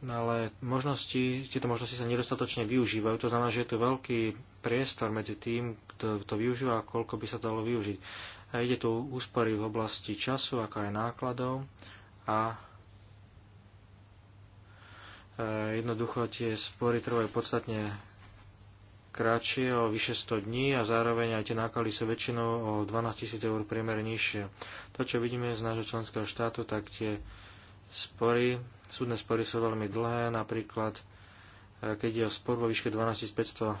ale možnosti, tieto možnosti sa nedostatočne využívajú. To znamená, že je tu veľký priestor medzi tým, kto to využíva a koľko by sa dalo využiť. A ide tu úspory v oblasti času, ako aj nákladov a e, jednoducho tie spory trvajú podstatne kratšie, o vyše 100 dní a zároveň aj tie náklady sú väčšinou o 12 tisíc eur priemer nižšie. To, čo vidíme z nášho členského štátu, tak tie spory, súdne spory sú veľmi dlhé, napríklad e, keď je o spor vo výške 12 500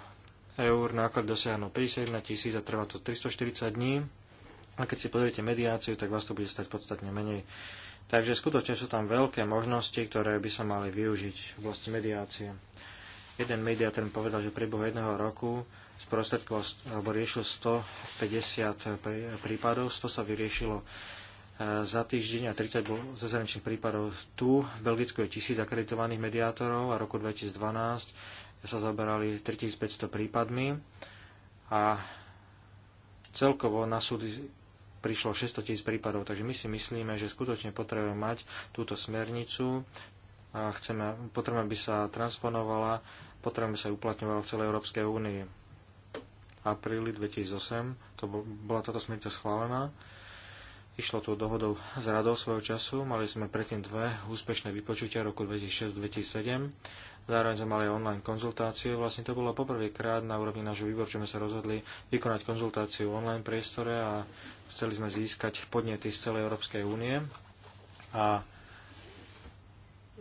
eur, náklad dosiahnu 51 tisíc a trvá to 340 dní. A keď si pozriete mediáciu, tak vás to bude stať podstatne menej. Takže skutočne sú tam veľké možnosti, ktoré by sa mali využiť v oblasti mediácie. Jeden mediátor mi povedal, že priebehu jedného roku sprostredkoval alebo riešil 150 prípadov, 100 sa vyriešilo e, za týždeň a 30 bol zahraničných prípadov tu. V Belgicku je tisíc akreditovaných mediátorov a roku 2012 sa zaberali 3500 prípadmi a celkovo na súdy prišlo 600 tisíc prípadov, takže my si myslíme, že skutočne potrebujeme mať túto smernicu, a chceme, potrebujeme, aby sa transponovala, potrebujeme, aby sa uplatňovala v celej Európskej únii. V apríli 2008 to bol, bola táto smernica schválená. Išlo tu dohodou s radou svojho času. Mali sme predtým dve úspešné vypočutia roku 2006-2007 Zároveň sme mali online konzultácie. Vlastne to bolo poprvýkrát na úrovni nášho výboru, čo sme sa rozhodli vykonať konzultáciu v online priestore a chceli sme získať podnety z celej Európskej únie. A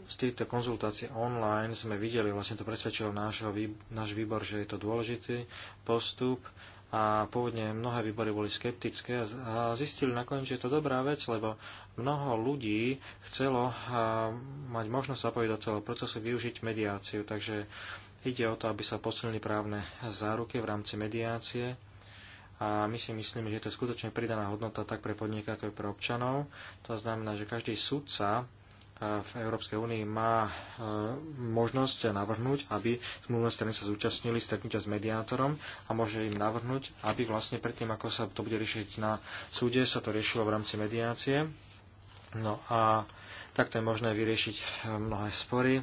z týchto konzultácií online sme videli, vlastne to presvedčilo náš výbor, že je to dôležitý postup a pôvodne mnohé výbory boli skeptické a zistili nakoniec, že je to dobrá vec, lebo mnoho ľudí chcelo mať možnosť zapojiť do celého procesu, využiť mediáciu. Takže ide o to, aby sa posunili právne záruky v rámci mediácie a my si myslíme, že je to skutočne pridaná hodnota tak pre podnik, ako aj pre občanov. To znamená, že každý sudca v Európskej únii má e, možnosť navrhnúť, aby zmluvné strany sa zúčastnili stretnutia s mediátorom a môže im navrhnúť, aby vlastne predtým, ako sa to bude riešiť na súde, sa to riešilo v rámci mediácie. No a takto je možné vyriešiť e, mnohé spory.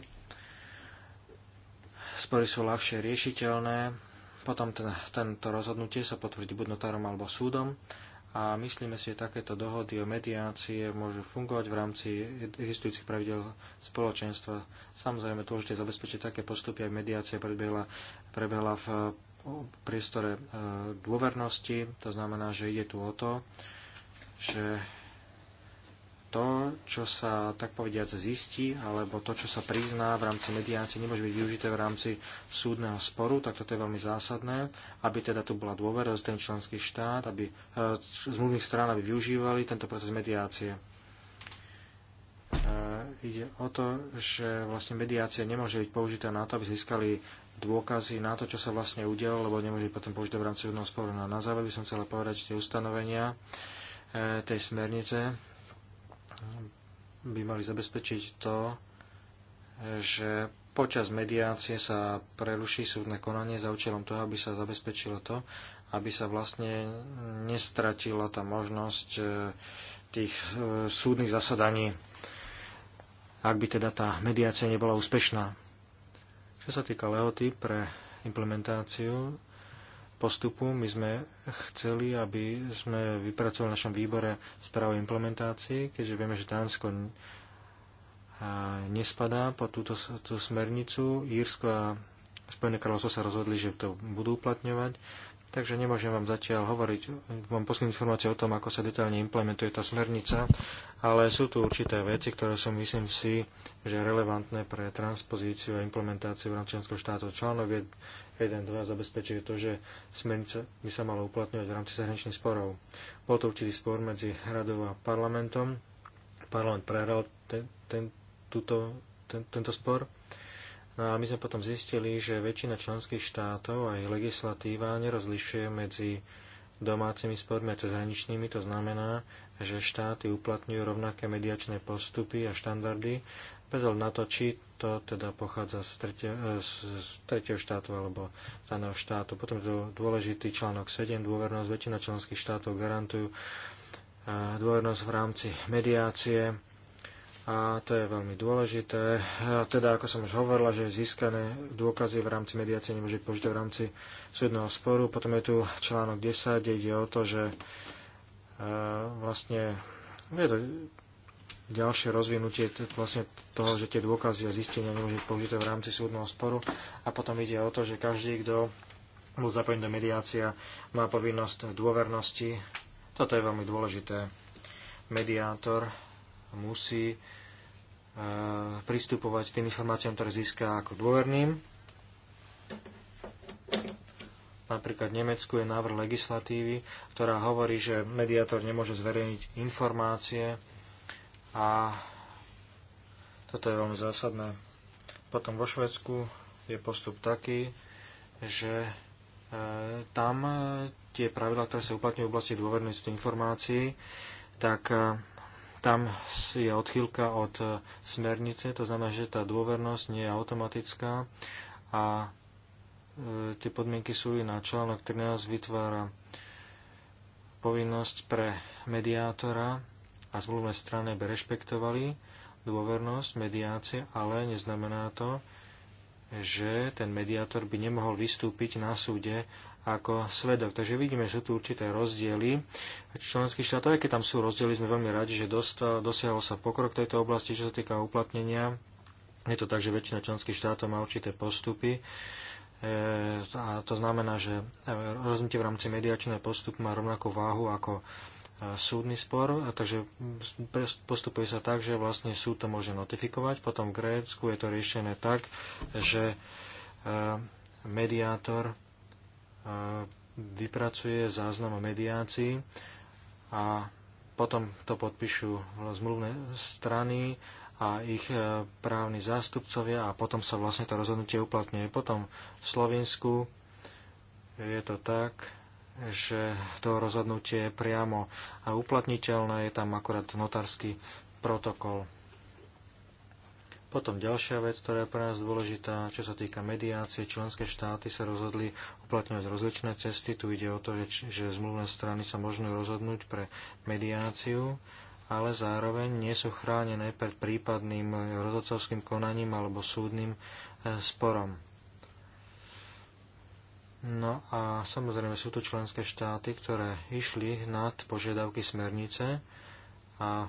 Spory sú ľahšie riešiteľné. Potom ten, tento rozhodnutie sa potvrdí buď notárom alebo súdom a myslíme si, že takéto dohody o mediácie môžu fungovať v rámci existujúcich pravidel spoločenstva. Samozrejme, dôležité zabezpečiť také postupy, aby mediácia prebehla, prebehla v priestore e, dôvernosti. To znamená, že ide tu o to, že to, čo sa tak povediac zistí, alebo to, čo sa prizná v rámci mediácie, nemôže byť využité v rámci súdneho sporu, tak toto je veľmi zásadné, aby teda tu bola dôvera z ten členský štát, aby e, zmluvných strán aby využívali tento proces mediácie. E, ide o to, že vlastne mediácia nemôže byť použitá na to, aby získali dôkazy na to, čo sa vlastne udialo, lebo nemôže byť potom použité v rámci súdneho sporu. No, na záver by som chcela povedať, že tie ustanovenia e, tej smernice by mali zabezpečiť to, že počas mediácie sa preruší súdne konanie za účelom toho, aby sa zabezpečilo to, aby sa vlastne nestratila tá možnosť e, tých e, súdnych zasadaní, ak by teda tá mediácia nebola úspešná. Čo sa týka lehoty pre implementáciu, postupu. My sme chceli, aby sme vypracovali v našom výbore správu implementácii, keďže vieme, že Dánsko nespadá pod túto, túto smernicu. Írsko a Spojené kráľovstvo sa rozhodli, že to budú uplatňovať. Takže nemôžem vám zatiaľ hovoriť, vám poskytnúť informácie o tom, ako sa detailne implementuje tá smernica, ale sú tu určité veci, ktoré som myslím si, že relevantné pre transpozíciu a implementáciu v rámci členského štátu. Článok je 1.2 zabezpečuje to, že smernica by sa mala uplatňovať v rámci zahraničných sporov. Bol to určitý spor medzi radou a parlamentom. Parlament prehral ten, ten, túto, ten, tento spor. No a my sme potom zistili, že väčšina členských štátov a ich legislatíva nerozlišuje medzi domácimi spormi a cezhraničnými. To znamená, že štáty uplatňujú rovnaké mediačné postupy a štandardy bezol na to, či to teda pochádza z, tretie, e, z tretieho štátu alebo z daného štátu. Potom je to dôležitý článok 7, dôvernosť. Väčšina členských štátov garantujú e, dôvernosť v rámci mediácie a to je veľmi dôležité. A e, teda, ako som už hovorila, že získané dôkazy v rámci mediácie nemôže byť použité v rámci súdneho sporu. Potom je tu článok 10, kde ide o to, že vlastne je to ďalšie rozvinutie vlastne toho, že tie dôkazy a zistenia nemôžu byť použité v rámci súdneho sporu. A potom ide o to, že každý, kto bol zapojený do mediácia, má povinnosť dôvernosti. Toto je veľmi dôležité. Mediátor musí e, pristupovať k tým informáciám, ktoré získa ako dôverným. Napríklad v Nemecku je návrh legislatívy, ktorá hovorí, že mediátor nemôže zverejniť informácie, a toto je veľmi zásadné. Potom vo Švedsku je postup taký, že e, tam e, tie pravidlá, ktoré sa uplatňujú v oblasti dôvernosti informácií, tak e, tam je odchýlka od smernice, to znamená, že tá dôvernosť nie je automatická a tie podmienky sú i na článok 13 vytvára povinnosť pre mediátora a zmluvné strany by rešpektovali dôvernosť mediácie, ale neznamená to, že ten mediátor by nemohol vystúpiť na súde ako svedok. Takže vidíme, že sú tu určité rozdiely členských štát, Aj keď tam sú rozdiely, sme veľmi radi, že dostal, dosiahol sa pokrok v tejto oblasti, čo sa týka uplatnenia. Je to tak, že väčšina členských štátov má určité postupy. E, a to znamená, že e, rozhodnutie v rámci mediačného postupu má rovnakú váhu ako súdny spor, a takže postupuje sa tak, že vlastne súd to môže notifikovať. Potom v Grécku je to riešené tak, že e, mediátor e, vypracuje záznam o mediácii a potom to podpíšu zmluvné strany a ich e, právni zástupcovia a potom sa vlastne to rozhodnutie uplatňuje. Potom v Slovensku je to tak, že to rozhodnutie je priamo a uplatniteľné, je tam akurát notársky protokol. Potom ďalšia vec, ktorá je pre nás dôležitá, čo sa týka mediácie, členské štáty sa rozhodli uplatňovať rozličné cesty. Tu ide o to, že, že zmluvné strany sa môžu rozhodnúť pre mediáciu, ale zároveň nie sú chránené pred prípadným rozhodcovským konaním alebo súdnym eh, sporom. No a samozrejme sú tu členské štáty, ktoré išli nad požiadavky smernice a e,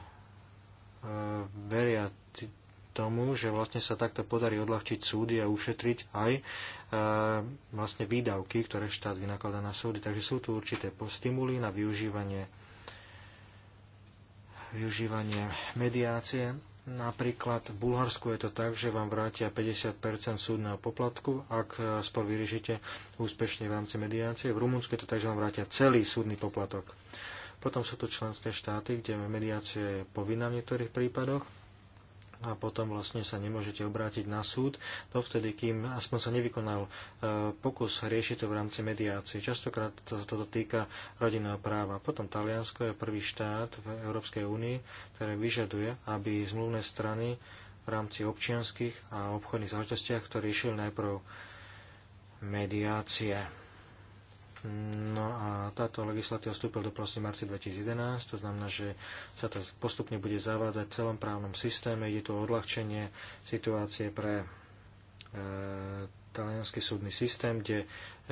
veria tomu, že vlastne sa takto podarí odľahčiť súdy a ušetriť aj e, vlastne výdavky, ktoré štát vynakladá na súdy. Takže sú tu určité stimuly na využívanie, využívanie mediácie Napríklad v Bulharsku je to tak, že vám vrátia 50 súdneho poplatku, ak e, spor vyriešite úspešne v rámci mediácie. V Rumunsku je to tak, že vám vrátia celý súdny poplatok. Potom sú tu členské štáty, kde mediácia je povinná v niektorých prípadoch a potom vlastne sa nemôžete obrátiť na súd, dovtedy, kým aspoň sa nevykonal e, pokus riešiť to v rámci mediácie. Častokrát to, toto týka rodinného práva. Potom Taliansko je prvý štát v Európskej únii, ktoré vyžaduje, aby zmluvné strany v rámci občianských a obchodných záležitostiach to riešili najprv mediácie. No a táto legislatíva vstúpil do prosti marci 2011, to znamená, že sa to postupne bude zavádzať v celom právnom systéme. Ide tu o odľahčenie situácie pre e, talianský súdny systém, kde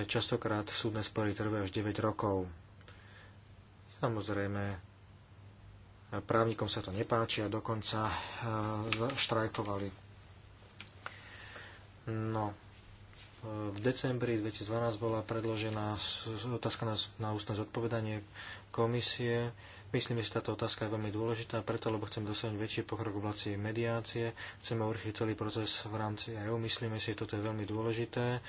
častokrát súdne spory trvajú až 9 rokov. Samozrejme, právnikom sa to nepáči a dokonca e, štrajkovali. No, v decembri 2012 bola predložená otázka na, na ústne zodpovedanie komisie. Myslím, že táto otázka je veľmi dôležitá, preto, lebo chcem dosiahnuť väčší pokrok v oblasti mediácie, chceme urychliť celý proces v rámci EU, myslíme si, že toto je veľmi dôležité.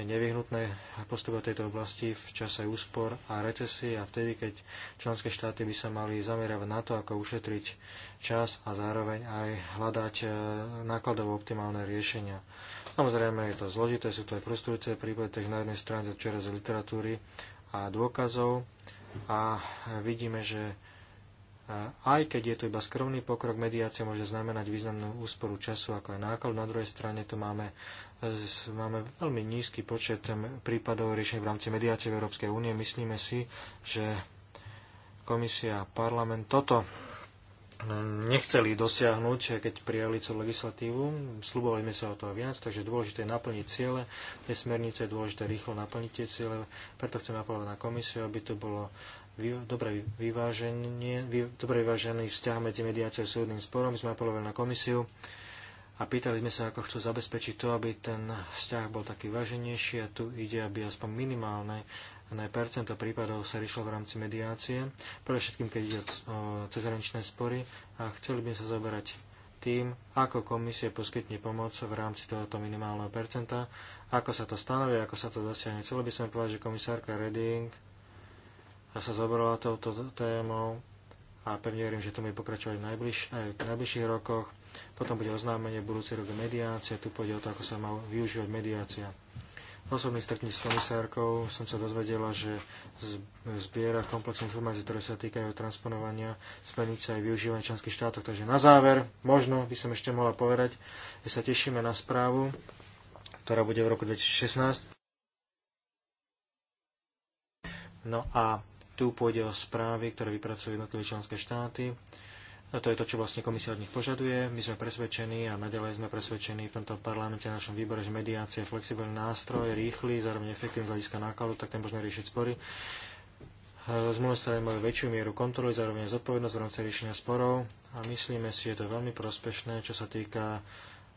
Je nevyhnutné postupovať tejto oblasti v čase úspor a recesie a vtedy, keď členské štáty by sa mali zamerať na to, ako ušetriť čas a zároveň aj hľadať e, nákladovo optimálne riešenia. Samozrejme je to zložité, sú to aj frustrujúce prípady, tak na jednej strane to čeraz z literatúry a dôkazov a vidíme, že e, aj keď je tu iba skromný pokrok, mediácia môže znamenať významnú úsporu času ako aj náklad. Na druhej strane tu máme, e, máme veľmi nízky počet prípadov riešených v rámci mediácie v Európskej únie. Myslíme si, že komisia a parlament toto nechceli dosiahnuť, keď prijali celú legislatívu. Slubovali sme sa o toho viac, takže dôležité je naplniť ciele tej smernice, je dôležité rýchlo naplniť tie ciele, preto chcem apelovať na komisiu, aby to bolo dobre, vyváženie, dobre vyvážený vzťah medzi mediáciou a súdnym sporom. My sme apelovali na komisiu a pýtali sme sa, ako chcú zabezpečiť to, aby ten vzťah bol taký váženejší a tu ide, aby aspoň minimálne percento prípadov sa riešilo v rámci mediácie, pre všetkým, keď ide o cezhraničné spory a chceli by sa zoberať tým, ako komisie poskytne pomoc v rámci tohoto minimálneho percenta, ako sa to stanovia, ako sa to dosiahne. Chcelo by som povedať, že komisárka Reding sa zobrala touto témou a pevne verím, že to bude pokračovať v, najbliž, aj v najbližších rokoch. Potom bude oznámenie budúci rok mediácie, tu pôjde o to, ako sa má využívať mediácia osobných stretnutí s komisárkou som sa dozvedela, že zbiera komplex informácií, ktoré sa týkajú transponovania smernice aj využívania členských štátov. Takže na záver, možno by som ešte mohla povedať, že sa tešíme na správu, ktorá bude v roku 2016. No a tu pôjde o správy, ktoré vypracujú jednotlivé členské štáty a to je to, čo vlastne komisia od nich požaduje. My sme presvedčení a nadalej sme presvedčení v tomto parlamente a našom výbore, že mediácia je flexibilný nástroj, rýchly, zároveň efektívny z hľadiska nákladu, tak ten možno riešiť spory. Z mojej strany majú väčšiu mieru kontroly, zároveň zodpovednosť v rámci riešenia sporov a myslíme si, že je to veľmi prospešné, čo sa týka eh,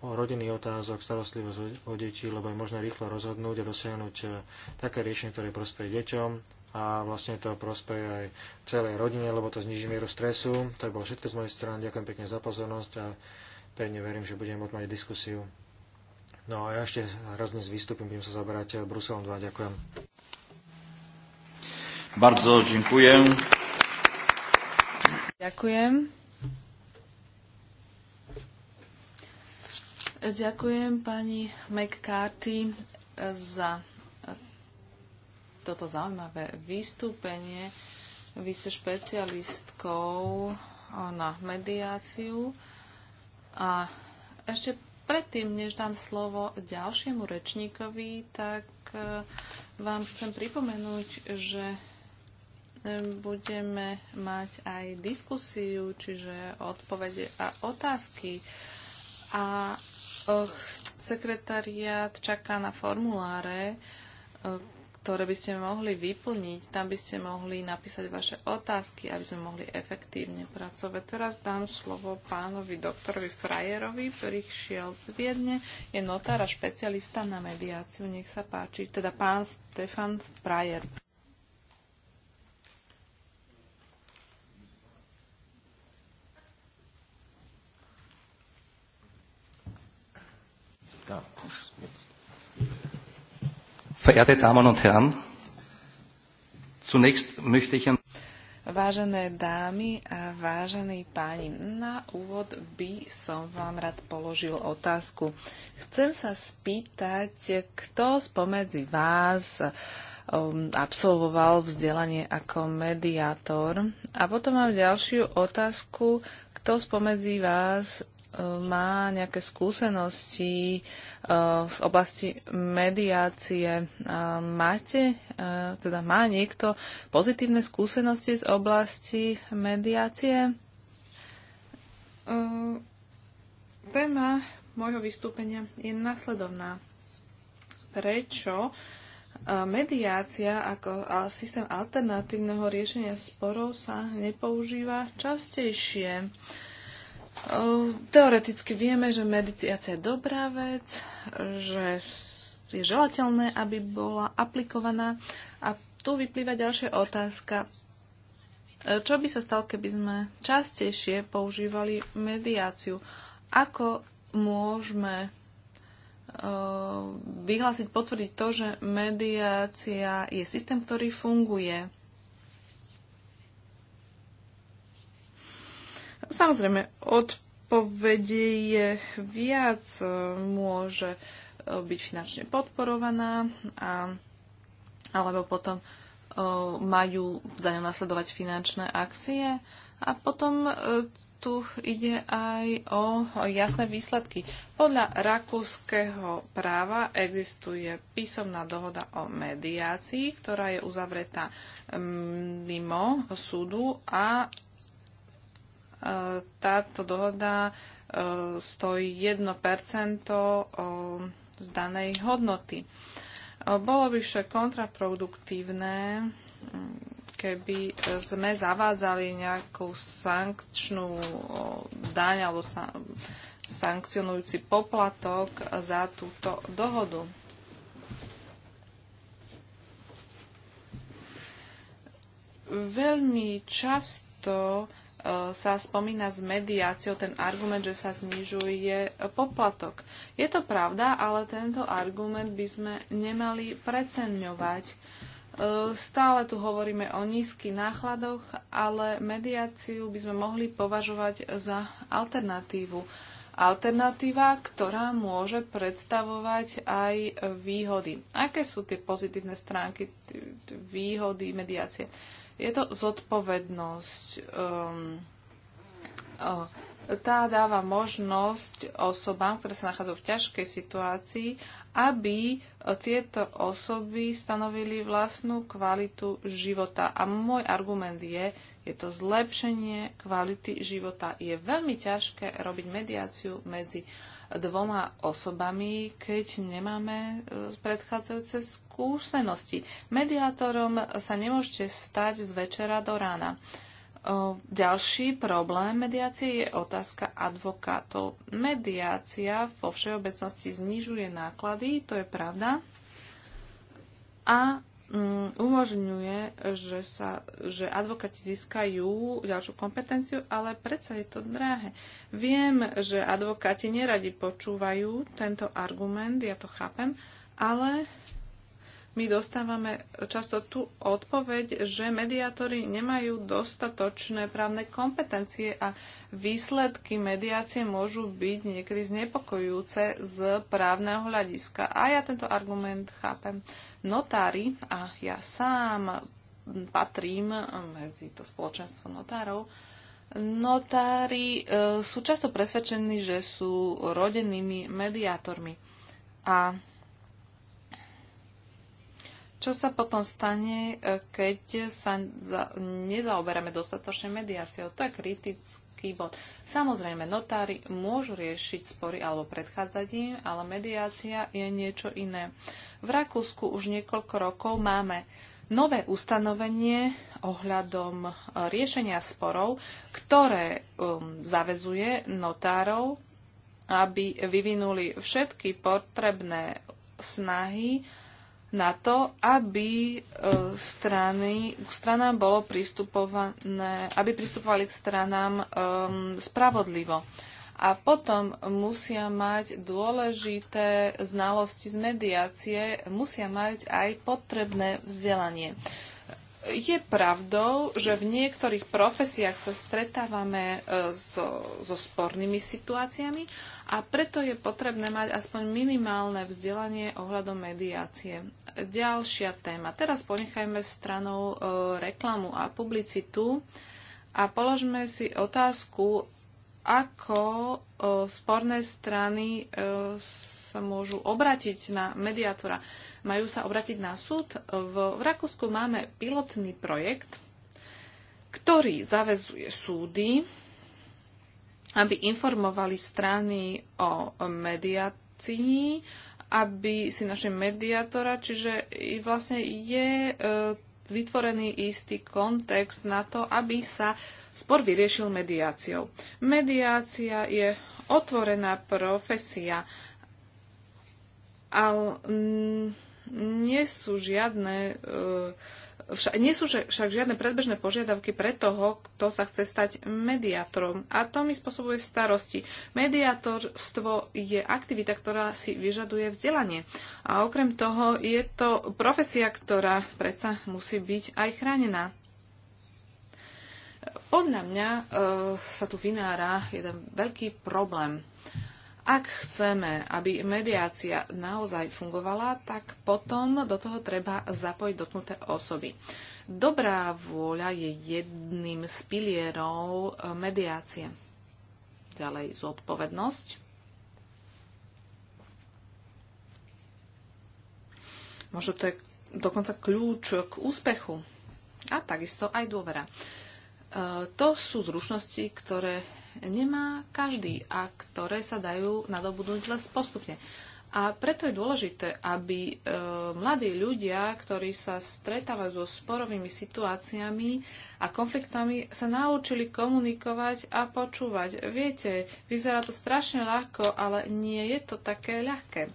rodinných otázok, starostlivosť o deti, lebo je možné rýchlo rozhodnúť a dosiahnuť eh, také riešenie, ktoré prospeje deťom, a vlastne to prospeje aj celej rodine, lebo to zniží mieru stresu. To je bolo všetko z mojej strany. Ďakujem pekne za pozornosť a pevne verím, že budeme môcť mať diskusiu. No a ja ešte raz dnes vystúpim, budem sa zaberať Bruselom 2. Ďakujem. Bardzo ďakujem. Ďakujem. Ďakujem pani McCarthy za toto zaujímavé vystúpenie. Vy ste špecialistkou eh, na mediáciu a ešte predtým, než dám slovo ďalšiemu rečníkovi, tak eh, vám chcem pripomenúť, že eh, budeme mať aj diskusiu, čiže odpovede a otázky. A sekretariát čaká na formuláre, ktoré by ste mohli vyplniť, tam by ste mohli napísať vaše otázky, aby sme mohli efektívne pracovať. Teraz dám slovo pánovi doktorovi Frajerovi, šiel z Viedne, je notár a špecialista na mediáciu, nech sa páči, teda pán Stefan Frajer. už Verehrte Damen und Herren, zunächst möchte ich Vážené dámy a vážení páni, na úvod by som vám rád položil otázku. Chcem sa spýtať, kto spomedzi vás um, absolvoval vzdelanie ako mediátor. A potom mám ďalšiu otázku, kto spomedzi vás má nejaké skúsenosti eh, z oblasti mediácie. Máte, eh, teda má niekto pozitívne skúsenosti z oblasti mediácie? Eh, téma môjho vystúpenia je nasledovná. Prečo mediácia ako systém alternatívneho riešenia sporov sa nepoužíva častejšie? Eh, teoreticky vieme, že meditácia je dobrá vec, že je želateľné, aby bola aplikovaná. A tu vyplýva ďalšia otázka. Eh, čo by sa stalo, keby sme častejšie používali mediáciu? Ako môžeme eh, vyhlásiť, potvrdiť to, že mediácia je systém, ktorý funguje? Samozrejme, odpovedie je viac, e, môže e, byť finančne podporovaná, a, alebo potom e, majú za ňou nasledovať finančné akcie a potom tu ide aj o jasné výsledky. Podľa rakúskeho práva existuje písomná dohoda o mediácii, ktorá je uzavretá mimo súdu a táto dohoda e, stojí 1% e, z danej hodnoty. E, bolo by však kontraproduktívne, mm, keby sme zavádzali nejakú sankčnú daň alebo sankcionujúci poplatok za túto dohodu. Veľmi často sa spomína s mediáciou ten argument, že sa znižuje poplatok. Je to pravda, ale tento argument by sme nemali preceňovať. E, stále tu hovoríme o nízkych nákladoch, ale mediáciu by sme mohli považovať za alternatívu. Alternatíva, ktorá môže predstavovať aj výhody. Aké sú tie pozitívne stránky, výhody mediácie? Je to zodpovednosť. Um, um, tá dáva možnosť osobám, ktoré sa nachádzajú v ťažkej situácii, aby tieto osoby stanovili vlastnú kvalitu života. A môj argument je, je to zlepšenie kvality života. Je veľmi ťažké robiť mediáciu medzi dvoma osobami, keď nemáme e, predchádzajúce skúsenosti. Mediátorom sa nemôžete stať z večera do rána. Ďalší problém mediácie je otázka advokátov. Mediácia vo všeobecnosti znižuje náklady, to je pravda, a mm, umožňuje, že, sa, že advokáti získajú ďalšiu kompetenciu, ale predsa je to drahé. Viem, že advokáti neradi počúvajú tento argument, ja to chápem, ale my dostávame často tú odpoveď, že mediátori nemajú dostatočné právne kompetencie a výsledky mediácie môžu byť niekedy znepokojujúce z právneho hľadiska. A ja tento argument chápem. Notári, a ja sám patrím medzi to spoločenstvo notárov, notári e, sú často presvedčení, že sú rodenými mediátormi. A čo sa potom stane, e, keď sa nezaoberáme dostatočne mediáciou? To je kritický bod. Samozrejme, notári môžu riešiť spory alebo predchádzať im, ale mediácia je niečo iné. V Rakúsku už niekoľko rokov máme nové ustanovenie ohľadom e, riešenia sporov, ktoré um, zavezuje notárov, aby vyvinuli všetky potrebné snahy, na to, aby e, strany, k stranám bolo pristupované, aby pristupovali k stranám um, spravodlivo. A potom musia mať dôležité znalosti z mediácie, musia mať aj potrebné vzdelanie. Je pravdou, že v niektorých profesiách sa stretávame e, so, so spornými situáciami a preto je potrebné mať aspoň minimálne vzdelanie ohľadom mediácie. Ďalšia téma. Teraz ponechajme stranou e, reklamu a publicitu a položme si otázku, ako e, sporné strany sa môžu obratiť na mediátora, majú sa obratiť na súd. V, v Rakúsku máme pilotný projekt, ktorý zavezuje súdy, aby informovali strany o mediácii, aby si našli mediátora, čiže vlastne je e, vytvorený istý kontext na to, aby sa spor vyriešil mediáciou. Mediácia je otvorená profesia ale mm, nie sú žiadne e, Vša, nie sú však žiadne predbežné požiadavky pre toho, kto sa chce stať mediátorom. A to mi spôsobuje starosti. Mediátorstvo je aktivita, ktorá si vyžaduje vzdelanie. A okrem toho je to profesia, ktorá predsa musí byť aj chránená. Podľa mňa e, sa tu vynára jeden veľký problém ak chceme, aby mediácia naozaj fungovala, tak potom do toho treba zapojiť dotknuté osoby. Dobrá vôľa je jedným z pilierov eh, mediácie. Ďalej zodpovednosť. Možno to je dokonca kľúč k úspechu. A takisto aj dôvera. Eh, to sú zručnosti, ktoré nemá každý a ktoré sa dajú nadobudnúť len postupne. A preto je dôležité, aby e, mladí ľudia, ktorí sa stretávajú so sporovými situáciami a konfliktami, sa naučili komunikovať a počúvať. Viete, vyzerá to strašne ľahko, ale nie je to také ľahké.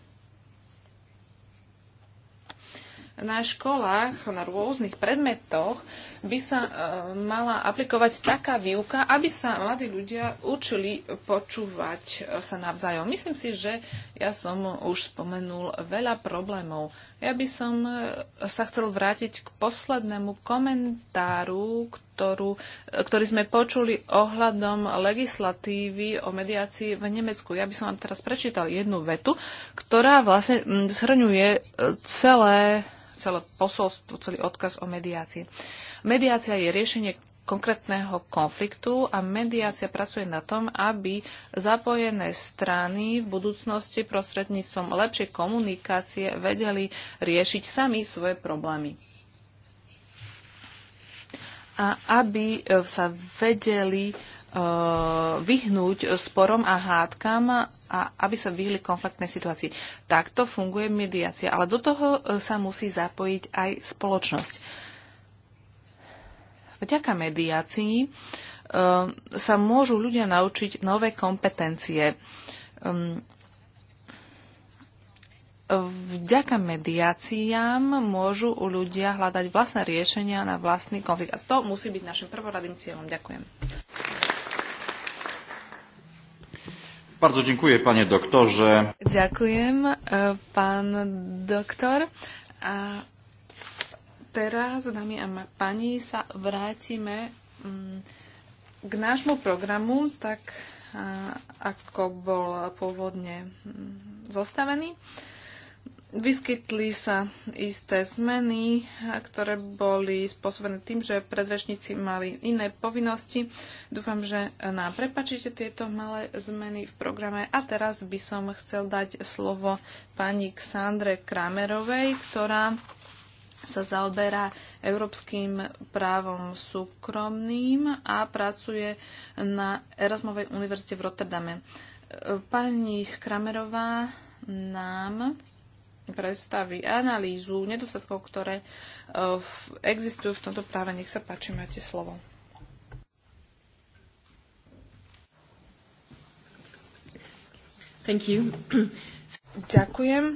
na školách, na rôznych predmetoch by sa e, mala aplikovať taká výuka, aby sa mladí ľudia učili počúvať e, sa navzájom. Myslím si, že ja som už spomenul veľa problémov. Ja by som e, sa chcel vrátiť k poslednému komentáru, ktorú, e, ktorý sme počuli ohľadom legislatívy o mediácii v Nemecku. Ja by som vám teraz prečítal jednu vetu, ktorá vlastne zhrňuje celé celé posolstvo, celý odkaz o mediácii. Mediácia je riešenie konkrétneho konfliktu a mediácia pracuje na tom, aby zapojené strany v budúcnosti prostredníctvom lepšej komunikácie vedeli riešiť sami svoje problémy. A aby e, sa vedeli Eh, vyhnúť sporom a hádkam a aby sa vyhli konfliktnej situácii. Takto funguje mediácia, ale do toho eh, sa musí zapojiť aj spoločnosť. Vďaka mediácii eh, sa môžu ľudia naučiť nové kompetencie. Ehm, vďaka mediáciám môžu u ľudia hľadať vlastné riešenia na vlastný konflikt. A to musí byť našim prvoradým cieľom. Ďakujem. Bardzo dziękuję, panie doktorze. Ďakujem, e, pán doktor. A teraz, nami a pani, sa vrátime mm, k nášmu programu, tak ako bol pôvodne mm, zostavený. Vyskytli sa isté zmeny, ktoré boli spôsobené tým, že predrečníci mali iné povinnosti. Dúfam, že nám prepačíte tieto malé zmeny v programe. A teraz by som chcel dať slovo pani Ksandre Kramerovej, ktorá sa zaoberá európskym právom súkromným a pracuje na Erasmovej univerzite v Rotterdame. Pani Kramerová nám predstaví analýzu nedostatkov, ktoré e, existujú v tomto práve. Nech sa páči, máte slovo. Thank you. Ďakujem.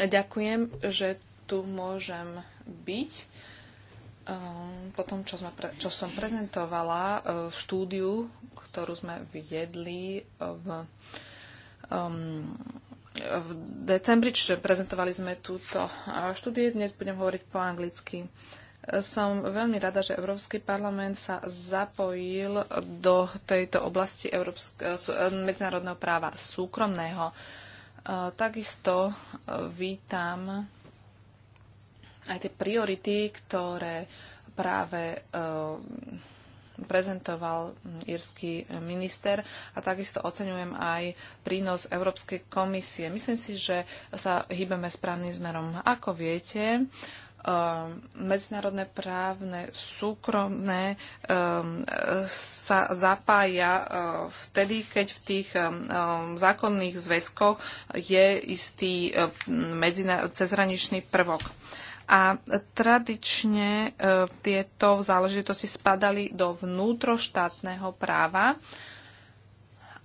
Ďakujem, že tu môžem byť. E, po tom, čo, sme, čo som prezentovala e, štúdiu, ktorú sme viedli v um, v decembri, čiže prezentovali sme túto štúdie. Dnes budem hovoriť po anglicky. Som veľmi rada, že Európsky parlament sa zapojil do tejto oblasti Európsk- e, medzinárodného práva súkromného. E, takisto e, vítam aj tie priority, ktoré práve prezentoval mm, írsky e, minister a takisto oceňujem aj prínos Európskej komisie. Myslím si, že sa hýbeme správnym zmerom, Ako viete, e, medzinárodné právne, súkromné e, sa zapája vtedy, keď v tých zákonných zväzkoch je istý cezhraničný prvok. A tradične e, tieto záležitosti spadali do vnútroštátneho práva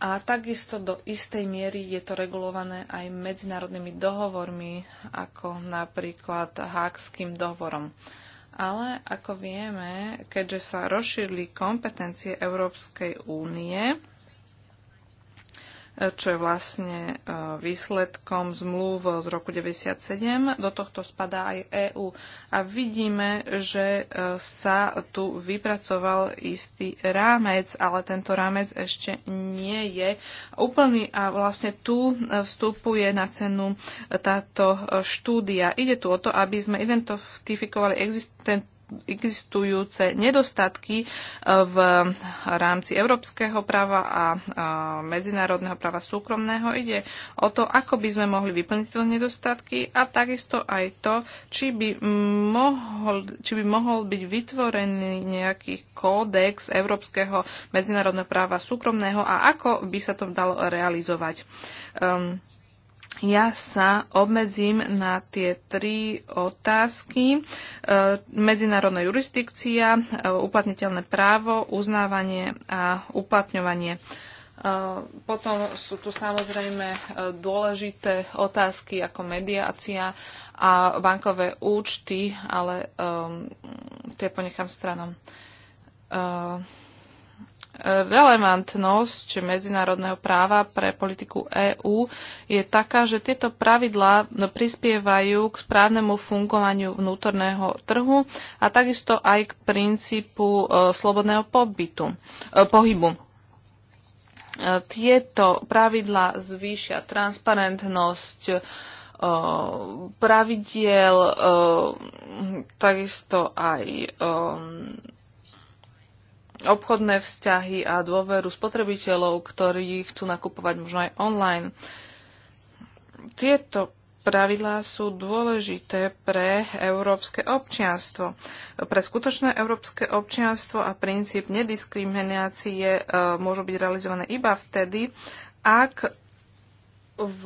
a takisto do istej miery je to regulované aj medzinárodnými dohovormi, ako napríklad Hákským dohovorom. Ale ako vieme, keďže sa rozšírili kompetencie Európskej únie, čo je vlastne e, výsledkom zmluv z roku 97. Do tohto spadá aj EÚ. A vidíme, že e, sa tu vypracoval istý rámec, ale tento rámec ešte nie je úplný a vlastne tu e, vstupuje na cenu táto štúdia. Ide tu o to, aby sme identifikovali existenciu existujúce nedostatky e, v rámci európskeho práva a medzinárodného práva súkromného. Ide o to, ako by sme mohli vyplniť tieto nedostatky a takisto aj to, či by mohol, či by mohol byť vytvorený nejaký kódex európskeho medzinárodného práva súkromného a ako by sa to dalo realizovať. Um, ja sa obmedzím na tie tri otázky. E, medzinárodná jurisdikcia, e, uplatniteľné právo, uznávanie a uplatňovanie. E, potom sú tu samozrejme dôležité otázky ako mediácia a bankové účty, ale tie ponechám stranom. Uh, relevantnosť medzinárodného práva pre politiku EÚ je taká, že tieto pravidlá prispievajú k správnemu fungovaniu vnútorného trhu a takisto aj k princípu e, slobodného pobytu, e, pohybu. E, tieto pravidlá zvýšia transparentnosť pravidiel, takisto aj obchodné vzťahy a dôveru spotrebiteľov, ktorí chcú nakupovať možno aj online. Tieto pravidlá sú dôležité pre európske občianstvo. Pre skutočné európske občianstvo a princíp nediskriminácie e, môžu byť realizované iba vtedy, ak v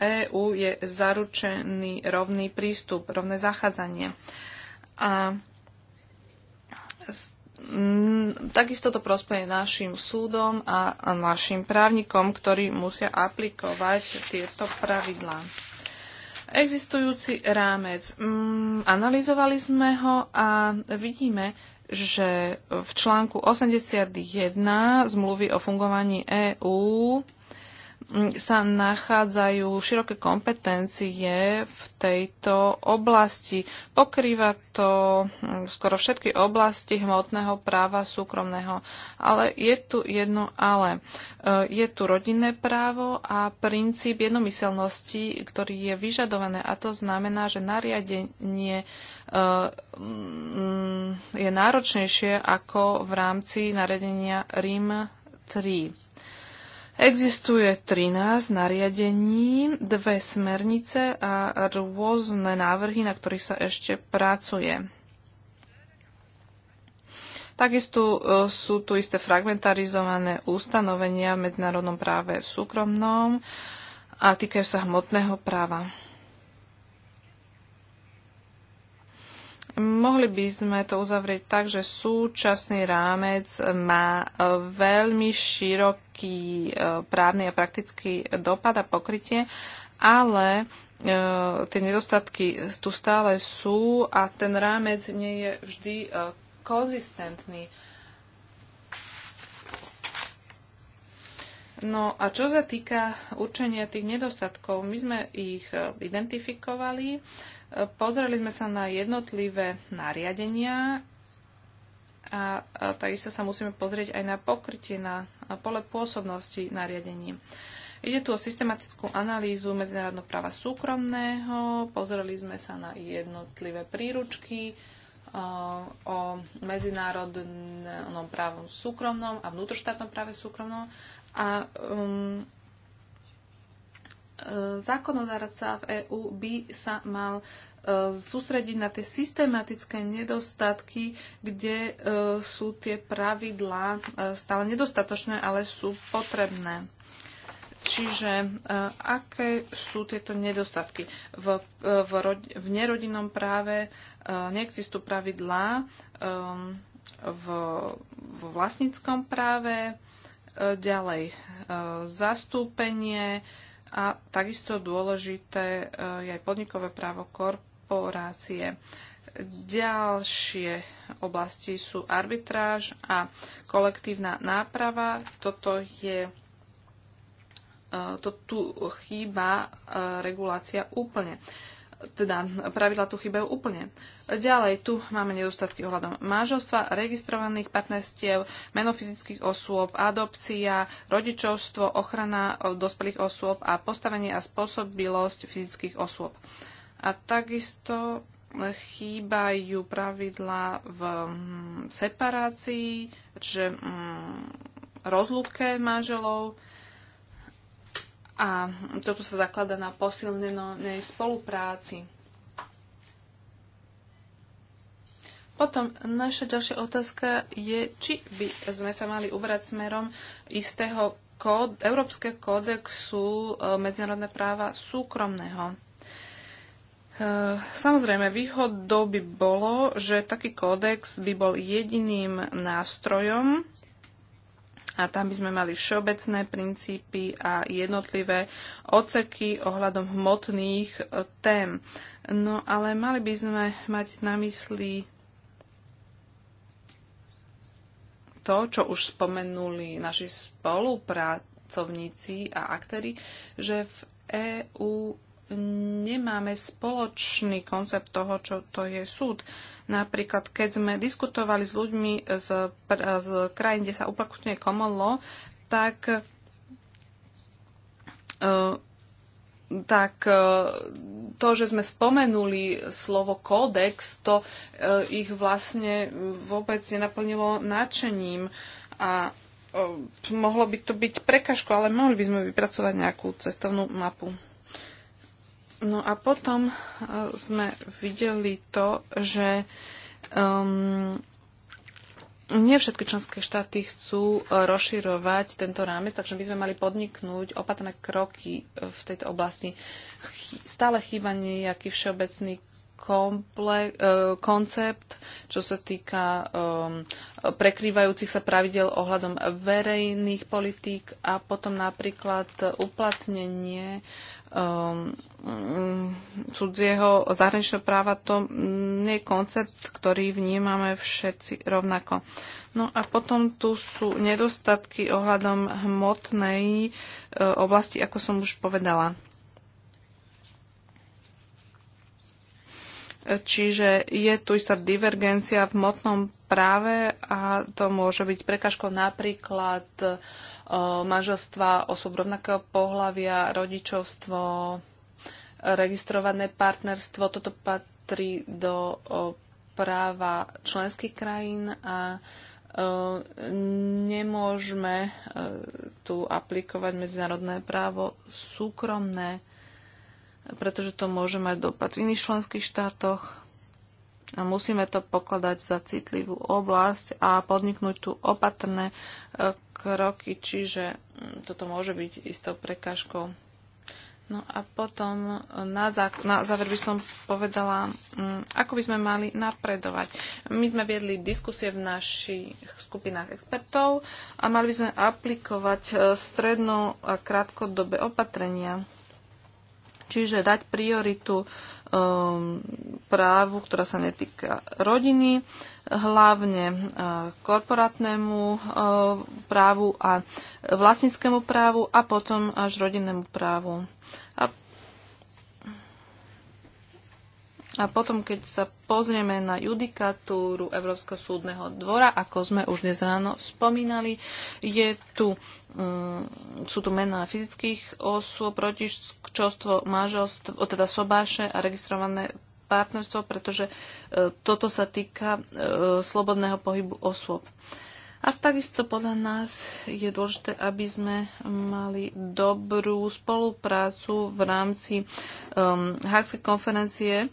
EÚ je zaručený rovný prístup, rovné zachádzanie. A Mm, takisto to prospeje našim súdom a našim právnikom, ktorí musia aplikovať tieto pravidlá. Existujúci rámec. Mm, Analizovali sme ho a vidíme, že v článku 81 zmluvy o fungovaní EÚ sa nachádzajú široké kompetencie v tejto oblasti. Pokrýva to hm, skoro všetky oblasti hmotného práva súkromného. Ale je tu jedno ale. E, je tu rodinné právo a princíp jednomyselnosti, ktorý je vyžadované. A to znamená, že nariadenie e, hm, je náročnejšie ako v rámci nariadenia RIM 3. Existuje 13 nariadení, dve smernice a rôzne návrhy, na ktorých sa ešte pracuje. Takisto e, sú tu isté fragmentarizované ustanovenia v medzinárodnom práve v súkromnom a týkajú sa hmotného práva. Mohli by sme to uzavrieť tak, že súčasný rámec má e, veľmi široký e, právny a praktický dopad a pokrytie, ale e, tie nedostatky tu stále sú a ten rámec nie je vždy konzistentný. No a čo sa týka určenia tých nedostatkov, my sme ich identifikovali Pozreli sme sa na jednotlivé nariadenia a, a takisto sa musíme pozrieť aj na pokrytie na, na pole pôsobnosti nariadení. Ide tu o systematickú analýzu medzinárodného práva súkromného, pozreli sme sa na jednotlivé príručky e, o medzinárodnom právom súkromnom a vnútroštátnom práve súkromnom a um, E, zákonodárca v EÚ by sa mal e, sústrediť na tie systematické nedostatky, kde e, sú tie pravidlá stále nedostatočné, ale sú potrebné. Čiže aké sú tieto nedostatky? V, v, v nerodinnom práve neexistujú pravidlá, v, v vlastníckom práve, ďalej zastúpenie, a takisto dôležité eh, je aj podnikové právo korporácie. Ďalšie oblasti sú arbitráž a kolektívna náprava. Toto je eh, to tu chýba eh, regulácia úplne teda pravidla tu chýbajú úplne. Ďalej, tu máme nedostatky ohľadom manželstva, registrovaných partnerstiev, meno fyzických osôb, adopcia, rodičovstvo, ochrana e, dospelých osôb a postavenie a spôsobilosť fyzických osôb. A takisto e, chýbajú pravidla v mm, separácii, čiže mm, rozlúke manželov, a toto sa zaklada na posilnenej spolupráci. Potom naša ďalšia otázka je, či by sme sa mali ubrať smerom istého kód, Európskeho kódexu e, medzinárodné práva súkromného. E, samozrejme, výhodou by bolo, že taký kódex by bol jediným nástrojom, a tam by sme mali všeobecné princípy a jednotlivé oceky ohľadom hmotných e, tém. No ale mali by sme mať na mysli to, čo už spomenuli naši spolupracovníci a aktéry, že v EÚ nemáme spoločný koncept toho, čo to je súd. Napríklad, keď sme diskutovali s ľuďmi z, z krajín, kde sa uplatňuje komolo, tak, eh, tak eh, to, že sme spomenuli slovo kódex, to eh, ich vlastne vôbec nenaplnilo náčením a mohlo by to byť prekažko, ale mohli by sme vypracovať nejakú cestovnú mapu. No a potom e, sme videli to, že um, nie všetky členské štáty chcú e, rozširovať tento rámec, takže by sme mali podniknúť opatrné kroky e, v tejto oblasti. Stále chýba nejaký všeobecný komple- e, koncept, čo sa týka um, prekrývajúcich sa pravidel ohľadom verejných politík a potom napríklad uplatnenie um, mm, cudzieho zahraničného práva. To nie je koncept, ktorý vnímame všetci rovnako. No a potom tu sú nedostatky ohľadom hmotnej e, oblasti, ako som už povedala. Čiže je tu istá divergencia v motnom práve a to môže byť prekažkou napríklad e, manželstva osob rovnakého pohľavia, rodičovstvo, registrované partnerstvo. Toto patrí do práva členských krajín a e, nemôžeme e, tu aplikovať medzinárodné právo súkromné pretože to môže mať dopad v iných členských štátoch a musíme to pokladať za citlivú oblasť a podniknúť tu opatrné e, kroky, čiže mm, toto môže byť istou prekážkou. No a potom e, na, zá- na záver by som povedala, mm, ako by sme mali napredovať. My sme viedli diskusie v našich skupinách expertov a mali by sme aplikovať e, stredno a krátkodobé opatrenia Čiže dať prioritu um, právu, ktorá sa netýka rodiny, hlavne uh, korporátnemu uh, právu a vlastníckému právu a potom až rodinnému právu. A potom, keď sa pozrieme na judikatúru Európskeho súdneho dvora, ako sme už dnes ráno spomínali, je tu, um, sú tu mená fyzických osôb, rodičovstvo, manželstvo, teda sobáše a registrované partnerstvo, pretože uh, toto sa týka uh, slobodného pohybu osôb. A takisto podľa nás je dôležité, aby sme mali dobrú spoluprácu v rámci um, Hagskej konferencie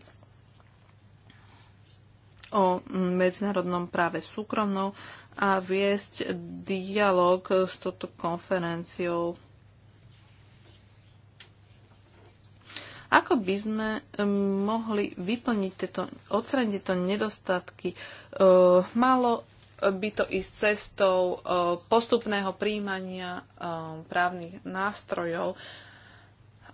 o medzinárodnom práve súkromnou a viesť dialog s touto konferenciou. Ako by sme eh, mohli vyplniť tieto, odstrániť tieto nedostatky? E, malo by to ísť cestou e, postupného príjmania e, právnych nástrojov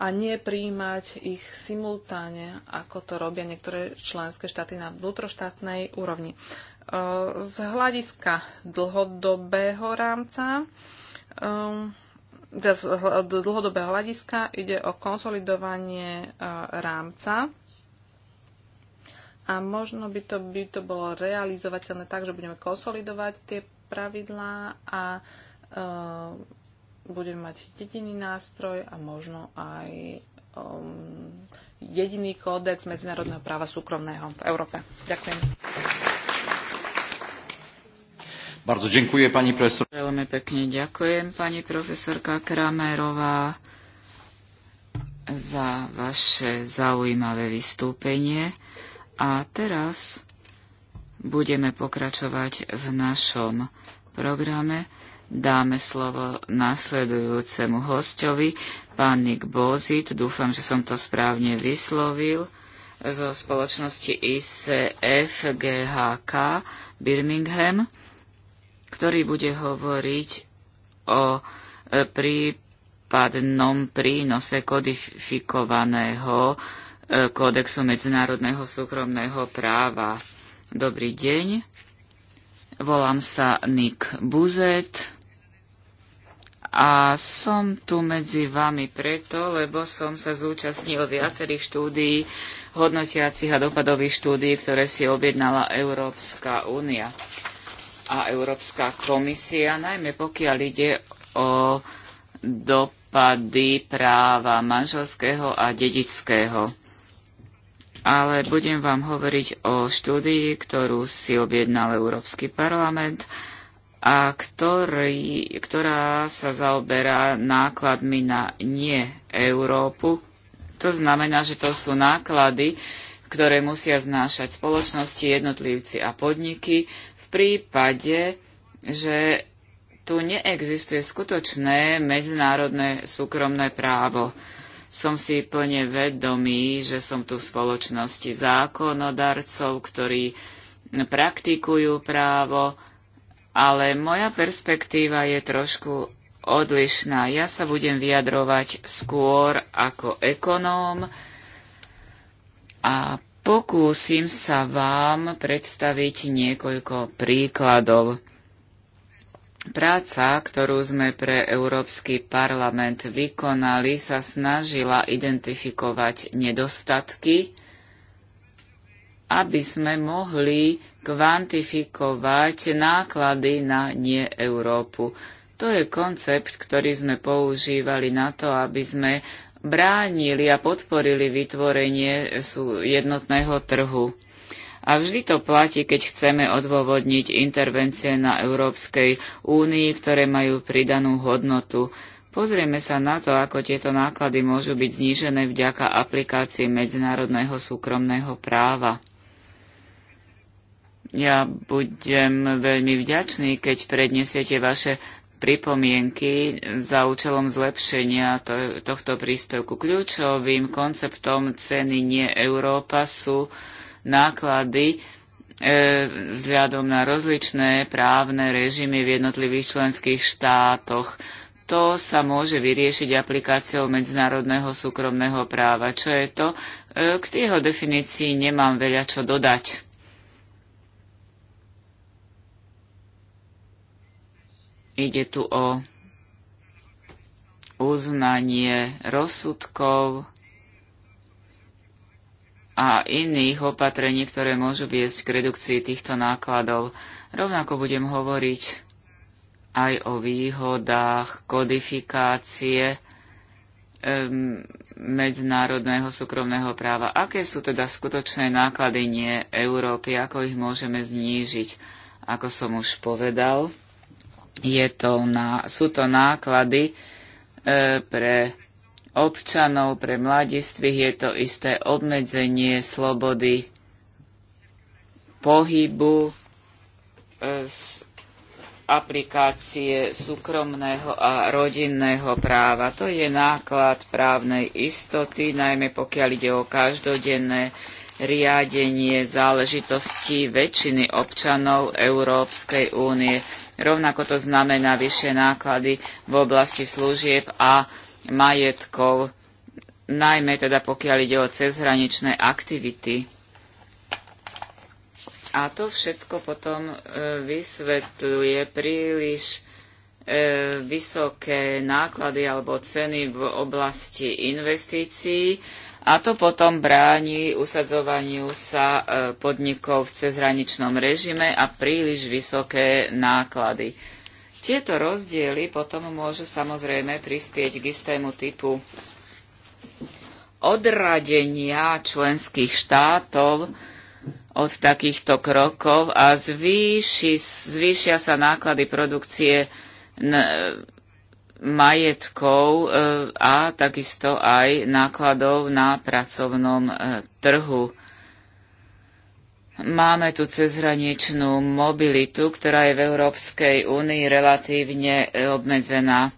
a nie prijímať ich simultáne, ako to robia niektoré členské štáty na vnútroštátnej úrovni. E, z hľadiska dlhodobého rámca, e, teda z dlhodobého hľadiska ide o konsolidovanie e, rámca a možno by to, by to bolo realizovateľné tak, že budeme konsolidovať tie pravidlá a budem mať jediný nástroj a možno aj um, jediný kódex medzinárodného práva súkromného v Európe. Ďakujem. Bardzo dziękuję pani profesor. Veľmi pekne ďakujem pani profesorka Kramerová za vaše zaujímavé vystúpenie. A teraz budeme pokračovať v našom programe dáme slovo následujúcemu hostovi, pán Nick Bozit, dúfam, že som to správne vyslovil, zo spoločnosti ICFGHK Birmingham, ktorý bude hovoriť o e, prípadnom prínose kodifikovaného e, kódexu medzinárodného súkromného práva. Dobrý deň, volám sa Nick Buzet a som tu medzi vami preto, lebo som sa zúčastnil viacerých štúdií, hodnotiacich a dopadových štúdií, ktoré si objednala Európska únia a Európska komisia, najmä pokiaľ ide o dopady práva manželského a dedického. Ale budem vám hovoriť o štúdii, ktorú si objednal Európsky parlament a ktorý, ktorá sa zaoberá nákladmi na nie Európu. To znamená, že to sú náklady, ktoré musia znášať spoločnosti, jednotlivci a podniky v prípade, že tu neexistuje skutočné medzinárodné súkromné právo. Som si plne vedomý, že som tu v spoločnosti zákonodarcov, ktorí praktikujú právo, ale moja perspektíva je trošku odlišná. Ja sa budem vyjadrovať skôr ako ekonóm a pokúsim sa vám predstaviť niekoľko príkladov. Práca, ktorú sme pre Európsky parlament vykonali, sa snažila identifikovať nedostatky aby sme mohli kvantifikovať náklady na nie Európu. To je koncept, ktorý sme používali na to, aby sme bránili a podporili vytvorenie jednotného trhu. A vždy to platí, keď chceme odôvodniť intervencie na Európskej únii, ktoré majú pridanú hodnotu. Pozrieme sa na to, ako tieto náklady môžu byť znížené vďaka aplikácii medzinárodného súkromného práva. Ja budem veľmi vďačný, keď predniesiete vaše pripomienky za účelom zlepšenia to, tohto príspevku. Kľúčovým konceptom ceny nie Európa sú náklady e, vzhľadom na rozličné právne režimy v jednotlivých členských štátoch. To sa môže vyriešiť aplikáciou medzinárodného súkromného práva. Čo je to? E, k jeho definícii nemám veľa čo dodať. Ide tu o uznanie rozsudkov a iných opatrení, ktoré môžu viesť k redukcii týchto nákladov. Rovnako budem hovoriť aj o výhodách kodifikácie um, medzinárodného súkromného práva. Aké sú teda skutočné náklady nie Európy, ako ich môžeme znížiť? Ako som už povedal, je to na, sú to náklady e, pre občanov, pre mladistvých, je to isté obmedzenie slobody pohybu, e, z aplikácie súkromného a rodinného práva. To je náklad právnej istoty, najmä pokiaľ ide o každodenné riadenie záležitostí väčšiny občanov Európskej únie. Rovnako to znamená vyššie náklady v oblasti služieb a majetkov, najmä teda pokiaľ ide o cezhraničné aktivity. A to všetko potom e, vysvetľuje príliš e, vysoké náklady alebo ceny v oblasti investícií a to potom bráni usadzovaniu sa e, podnikov v cezhraničnom režime a príliš vysoké náklady. Tieto rozdiely potom môžu samozrejme prispieť k istému typu odradenia členských štátov od takýchto krokov a zvýši, zvýšia sa náklady produkcie majetkov e, a takisto aj nákladov na pracovnom e, trhu. Máme tu cezhraničnú mobilitu, ktorá je v Európskej únii relatívne obmedzená.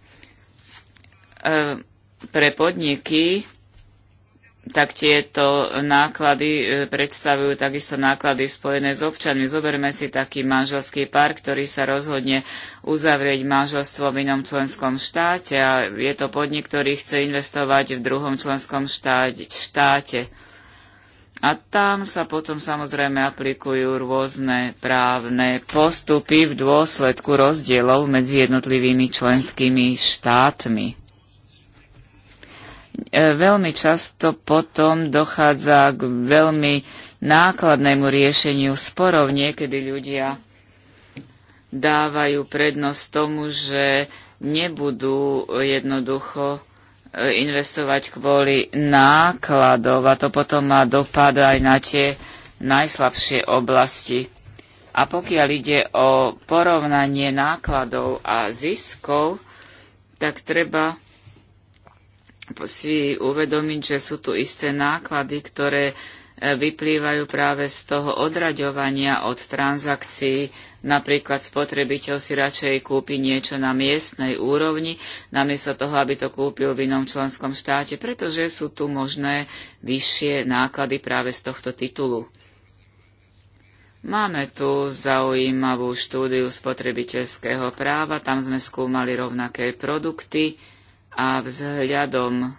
E, pre podniky tak tieto náklady e, predstavujú takisto náklady spojené s občanmi. Zoberme si taký manželský pár, ktorý sa rozhodne uzavrieť manželstvo v inom členskom štáte a je to podnik, ktorý chce investovať v druhom členskom štáte. A tam sa potom samozrejme aplikujú rôzne právne postupy v dôsledku rozdielov medzi jednotlivými členskými štátmi. E, veľmi často potom dochádza k veľmi nákladnému riešeniu sporov. Niekedy ľudia dávajú prednosť tomu, že nebudú jednoducho e, investovať kvôli nákladov a to potom má dopad aj na tie najslabšie oblasti. A pokiaľ ide o porovnanie nákladov a ziskov, tak treba si uvedomiť, že sú tu isté náklady, ktoré e, vyplývajú práve z toho odraďovania od transakcií. Napríklad spotrebiteľ si radšej kúpi niečo na miestnej úrovni, namiesto toho, aby to kúpil v inom členskom štáte, pretože sú tu možné vyššie náklady práve z tohto titulu. Máme tu zaujímavú štúdiu spotrebiteľského práva, tam sme skúmali rovnaké produkty, a vzhľadom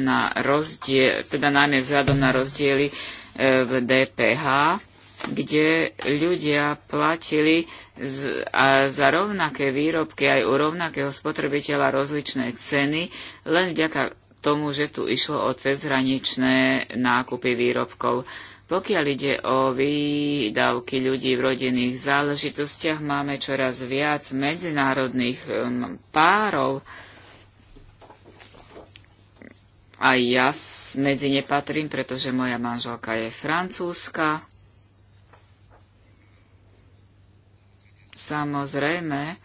na rozdiel, teda najmä vzhľadom na rozdiely e, v DPH, kde ľudia platili z, a za rovnaké výrobky aj u rovnakého spotrebiteľa rozličné ceny, len vďaka tomu, že tu išlo o cezhraničné nákupy výrobkov. E, pokiaľ ide o výdavky ľudí v rodinných záležitostiach, máme čoraz viac medzinárodných um, párov a ja medzi nepatrím, pretože moja manželka je francúzska. Samozrejme,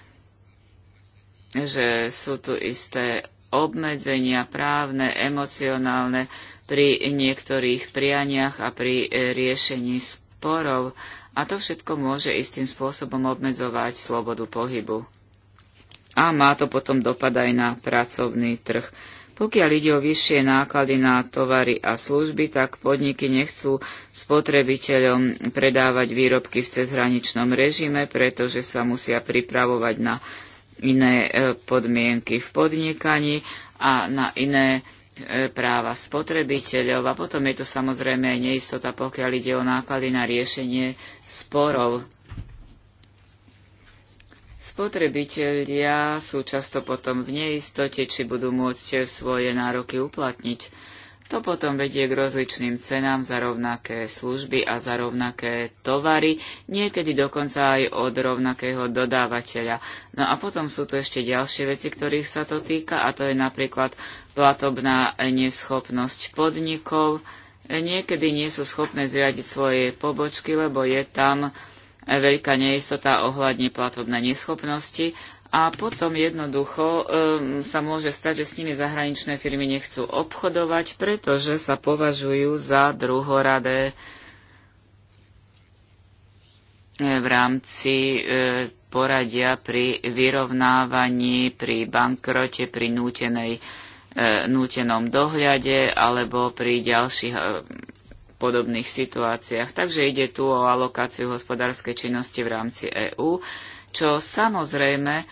že sú tu isté obmedzenia právne, emocionálne, pri niektorých prianiach a pri e, riešení sporov a to všetko môže istým spôsobom obmedzovať slobodu pohybu. A má to potom dopad aj na pracovný trh. Pokiaľ ide o vyššie náklady na tovary a služby, tak podniky nechcú spotrebiteľom predávať výrobky v cezhraničnom režime, pretože sa musia pripravovať na iné e, podmienky v podnikaní a na iné E, práva spotrebiteľov a potom je to samozrejme aj neistota, pokiaľ ide o náklady na riešenie sporov. Spotrebitelia sú často potom v neistote, či budú môcť svoje nároky uplatniť. To potom vedie k rozličným cenám za rovnaké služby a za rovnaké tovary, niekedy dokonca aj od rovnakého dodávateľa. No a potom sú tu ešte ďalšie veci, ktorých sa to týka, a to je napríklad platobná neschopnosť podnikov. Niekedy nie sú schopné zriadiť svoje pobočky, lebo je tam veľká neistota ohľadne platobnej neschopnosti a potom jednoducho um, sa môže stať, že s nimi zahraničné firmy nechcú obchodovať, pretože sa považujú za druhoradé e, v rámci e, poradia pri vyrovnávaní, pri bankrote, pri nútenej, e, nútenom dohľade alebo pri ďalších e, podobných situáciách. Takže ide tu o alokáciu hospodárskej činnosti v rámci EÚ, čo samozrejme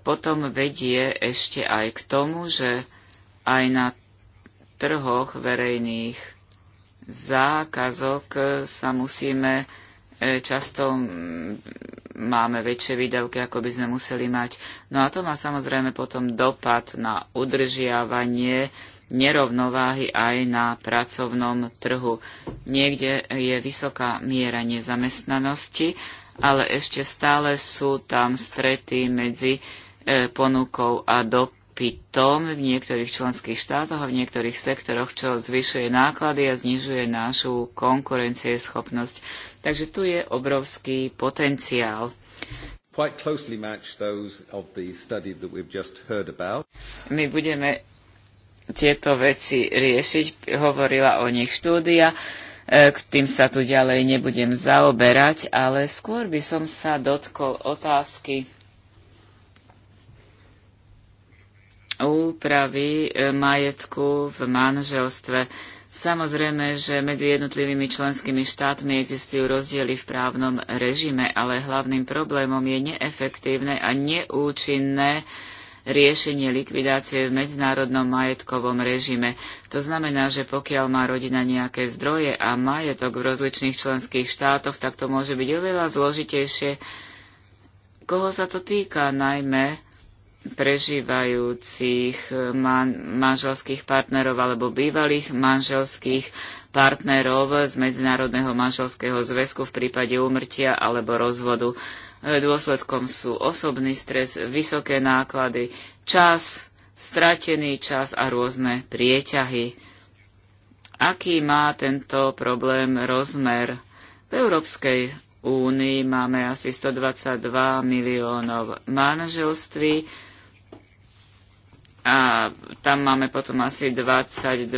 potom vedie ešte aj k tomu, že aj na trhoch verejných zákazok sa musíme e, často máme väčšie výdavky, ako by sme museli mať. No a to má samozrejme potom dopad na udržiavanie nerovnováhy aj na pracovnom trhu. Niekde je vysoká miera nezamestnanosti, ale ešte stále sú tam strety medzi E, ponukou a dopytom v niektorých členských štátoch a v niektorých sektoroch, čo zvyšuje náklady a znižuje našu konkurencieschopnosť. Takže tu je obrovský potenciál. My budeme tieto veci riešiť, hovorila o nich štúdia, e, k tým sa tu ďalej nebudem zaoberať, ale skôr by som sa dotkol otázky úpravy e, majetku v manželstve. Samozrejme, že medzi jednotlivými členskými štátmi existujú rozdiely v právnom režime, ale hlavným problémom je neefektívne a neúčinné riešenie likvidácie v medzinárodnom majetkovom režime. To znamená, že pokiaľ má rodina nejaké zdroje a majetok v rozličných členských štátoch, tak to môže byť oveľa zložitejšie. Koho sa to týka najmä? prežívajúcich manželských partnerov alebo bývalých manželských partnerov z Medzinárodného manželského zväzku v prípade úmrtia alebo rozvodu. E, dôsledkom sú osobný stres, vysoké náklady, čas, stratený čas a rôzne prieťahy. Aký má tento problém rozmer? V Európskej únii máme asi 122 miliónov manželství, a tam máme potom asi 22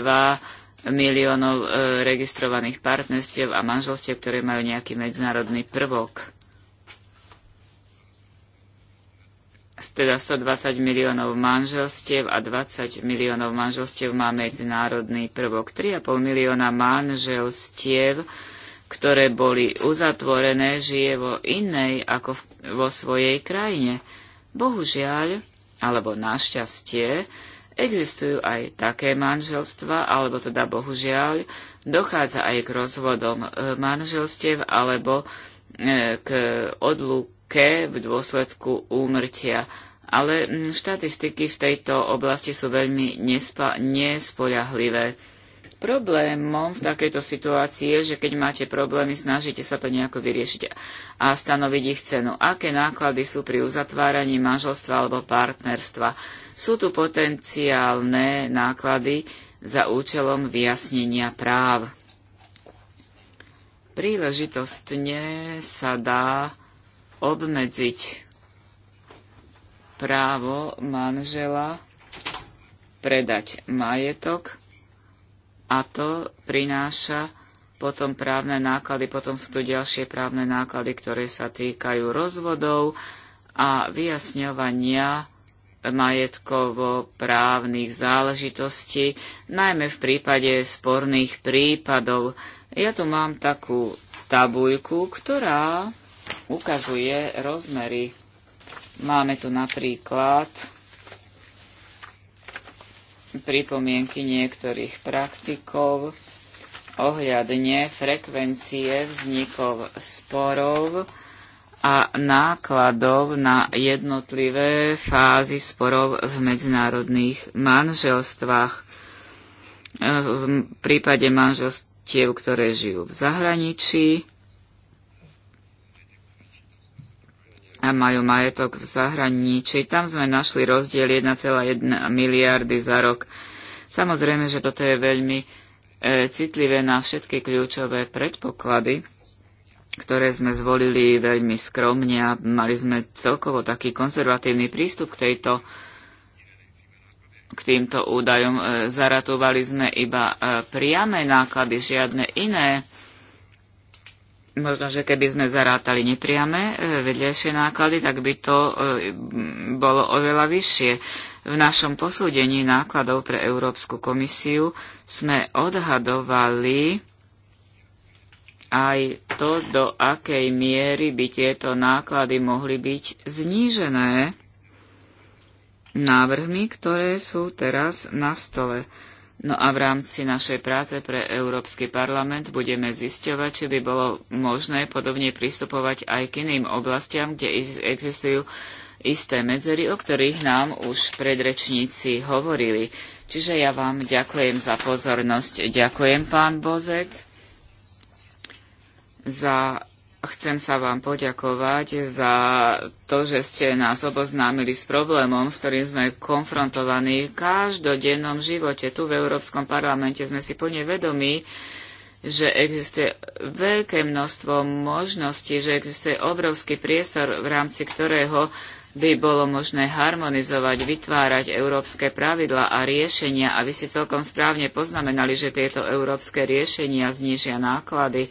miliónov e, registrovaných partnerstiev a manželstiev, ktoré majú nejaký medzinárodný prvok. Teda 120 miliónov manželstiev a 20 miliónov manželstiev má medzinárodný prvok. 3,5 milióna manželstiev, ktoré boli uzatvorené, žije vo inej ako v, vo svojej krajine. Bohužiaľ, alebo našťastie, existujú aj také manželstva, alebo teda bohužiaľ, dochádza aj k rozvodom e, manželstiev alebo e, k odluke v dôsledku úmrtia. Ale štatistiky v tejto oblasti sú veľmi nespoľahlivé Problémom v takejto situácii je, že keď máte problémy, snažíte sa to nejako vyriešiť a stanoviť ich cenu. Aké náklady sú pri uzatváraní manželstva alebo partnerstva? Sú tu potenciálne náklady za účelom vyjasnenia práv. Príležitostne sa dá obmedziť právo manžela predať majetok a to prináša potom právne náklady, potom sú tu ďalšie právne náklady, ktoré sa týkajú rozvodov a vyjasňovania majetkovo právnych záležitostí, najmä v prípade sporných prípadov. Ja tu mám takú tabuľku, ktorá ukazuje rozmery. Máme tu napríklad pripomienky niektorých praktikov ohľadne frekvencie vznikov sporov a nákladov na jednotlivé fázy sporov v medzinárodných manželstvách. E, v prípade manželstiev, ktoré žijú v zahraničí, a majú majetok v zahraničí. Tam sme našli rozdiel 1,1 miliardy za rok. Samozrejme, že toto je veľmi e, citlivé na všetky kľúčové predpoklady, ktoré sme zvolili veľmi skromne a mali sme celkovo taký konzervatívny prístup k tejto k týmto údajom. E, zaratovali sme iba e, priame náklady, žiadne iné Možno, že keby sme zarátali nepriame e, vedľajšie náklady, tak by to e, bolo oveľa vyššie. V našom posúdení nákladov pre Európsku komisiu sme odhadovali aj to, do akej miery by tieto náklady mohli byť znížené návrhmi, ktoré sú teraz na stole. No a v rámci našej práce pre Európsky parlament budeme zisťovať, či by bolo možné podobne pristupovať aj k iným oblastiam, kde existujú isté medzery, o ktorých nám už predrečníci hovorili. Čiže ja vám ďakujem za pozornosť. Ďakujem, pán Bozek, za Chcem sa vám poďakovať za to, že ste nás oboznámili s problémom, s ktorým sme konfrontovaní v každodennom živote. Tu v Európskom parlamente sme si plne vedomí, že existuje veľké množstvo možností, že existuje obrovský priestor, v rámci ktorého by bolo možné harmonizovať, vytvárať európske pravidlá a riešenia. A vy si celkom správne poznamenali, že tieto európske riešenia znížia náklady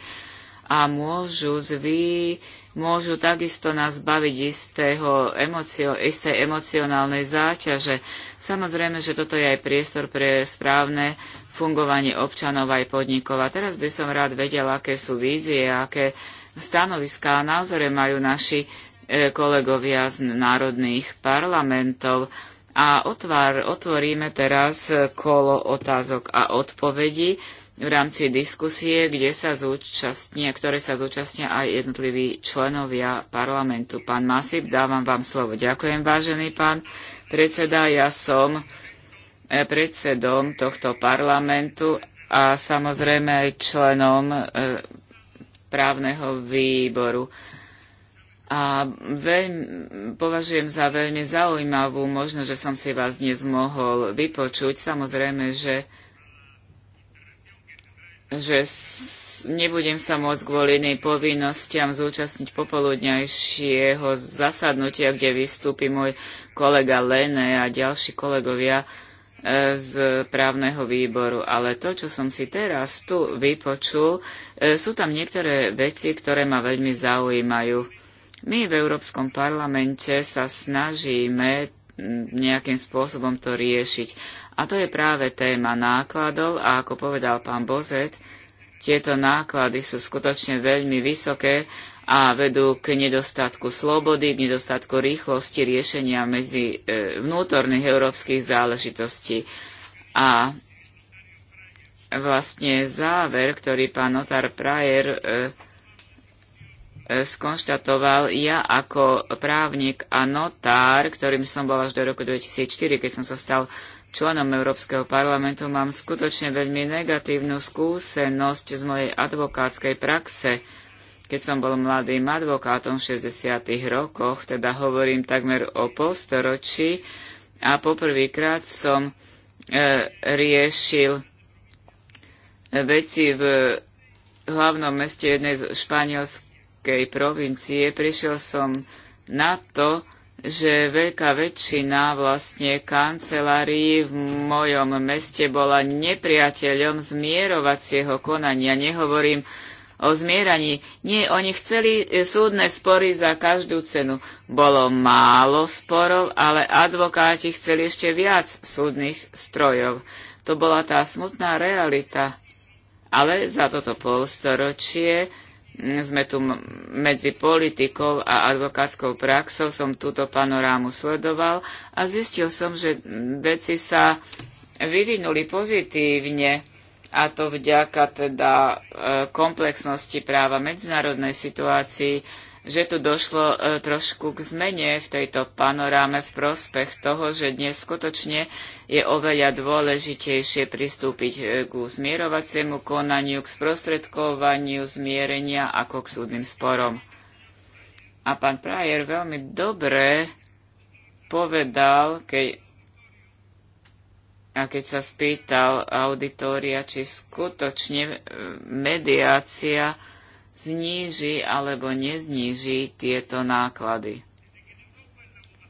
a môžu, zvý, môžu takisto nás baviť istého emocio, istej emocionálnej záťaže. Samozrejme, že toto je aj priestor pre správne fungovanie občanov aj podnikov. A teraz by som rád vedel, aké sú vízie, aké stanoviská a názore majú naši e, kolegovia z národných parlamentov. A otvár, otvoríme teraz kolo otázok a odpovedí v rámci diskusie, kde sa zúčastnia, ktoré sa zúčastnia aj jednotliví členovia parlamentu. Pán Masip, dávam vám slovo. Ďakujem, vážený pán predseda. Ja som e, predsedom tohto parlamentu a samozrejme aj členom e, právneho výboru. A veľmi považujem za veľmi zaujímavú možnosť, že som si vás dnes mohol vypočuť. Samozrejme, že že nebudem sa môcť kvôli inej povinnostiam zúčastniť popoludňajšieho zasadnutia, kde vystúpi môj kolega Lene a ďalší kolegovia e, z právneho výboru. Ale to, čo som si teraz tu vypočul, e, sú tam niektoré veci, ktoré ma veľmi zaujímajú. My v Európskom parlamente sa snažíme nejakým spôsobom to riešiť. A to je práve téma nákladov a ako povedal pán Bozet, tieto náklady sú skutočne veľmi vysoké a vedú k nedostatku slobody, k nedostatku rýchlosti riešenia medzi e, vnútorných európskych záležitostí. A vlastne záver, ktorý pán notár Prajer e, e, skonštatoval ja ako právnik a notár, ktorým som bol až do roku 2004, keď som sa stal členom Európskeho parlamentu, mám skutočne veľmi negatívnu skúsenosť z mojej advokátskej praxe. Keď som bol mladým advokátom v 60. rokoch, teda hovorím takmer o polstoročí, a poprvýkrát som e, riešil veci v hlavnom meste jednej z španielskej provincie, prišiel som na to, že veľká väčšina vlastne kancelárií v mojom meste bola nepriateľom zmierovacieho konania. Nehovorím o zmieraní. Nie, oni chceli e, súdne spory za každú cenu. Bolo málo sporov, ale advokáti chceli ešte viac súdnych strojov. To bola tá smutná realita. Ale za toto polstoročie sme tu medzi politikou a advokátskou praxou, som túto panorámu sledoval a zistil som, že veci sa vyvinuli pozitívne a to vďaka teda e, komplexnosti práva medzinárodnej situácii, že tu došlo e, trošku k zmene v tejto panoráme v prospech toho, že dnes skutočne je oveľa dôležitejšie pristúpiť e, ku zmierovaciemu konaniu, k sprostredkovaniu zmierenia ako k súdnym sporom. A pán Prajer veľmi dobre povedal, keď, a keď sa spýtal auditoria, či skutočne e, mediácia zníži alebo nezníži tieto náklady.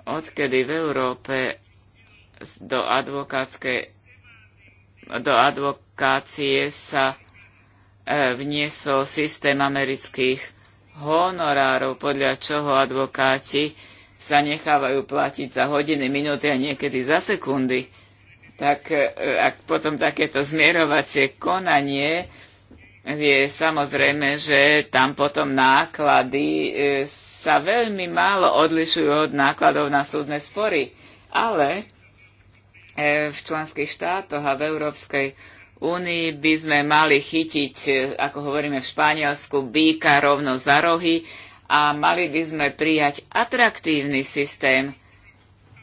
Odkedy v Európe do, do advokácie sa e, vniesol systém amerických honorárov, podľa čoho advokáti sa nechávajú platiť za hodiny, minúty a niekedy za sekundy, tak e, ak potom takéto zmierovacie konanie je samozrejme, že tam potom náklady e, sa veľmi málo odlišujú od nákladov na súdne spory. Ale e, v členských štátoch a v Európskej únii by sme mali chytiť, e, ako hovoríme v Španielsku, býka rovno za rohy a mali by sme prijať atraktívny systém.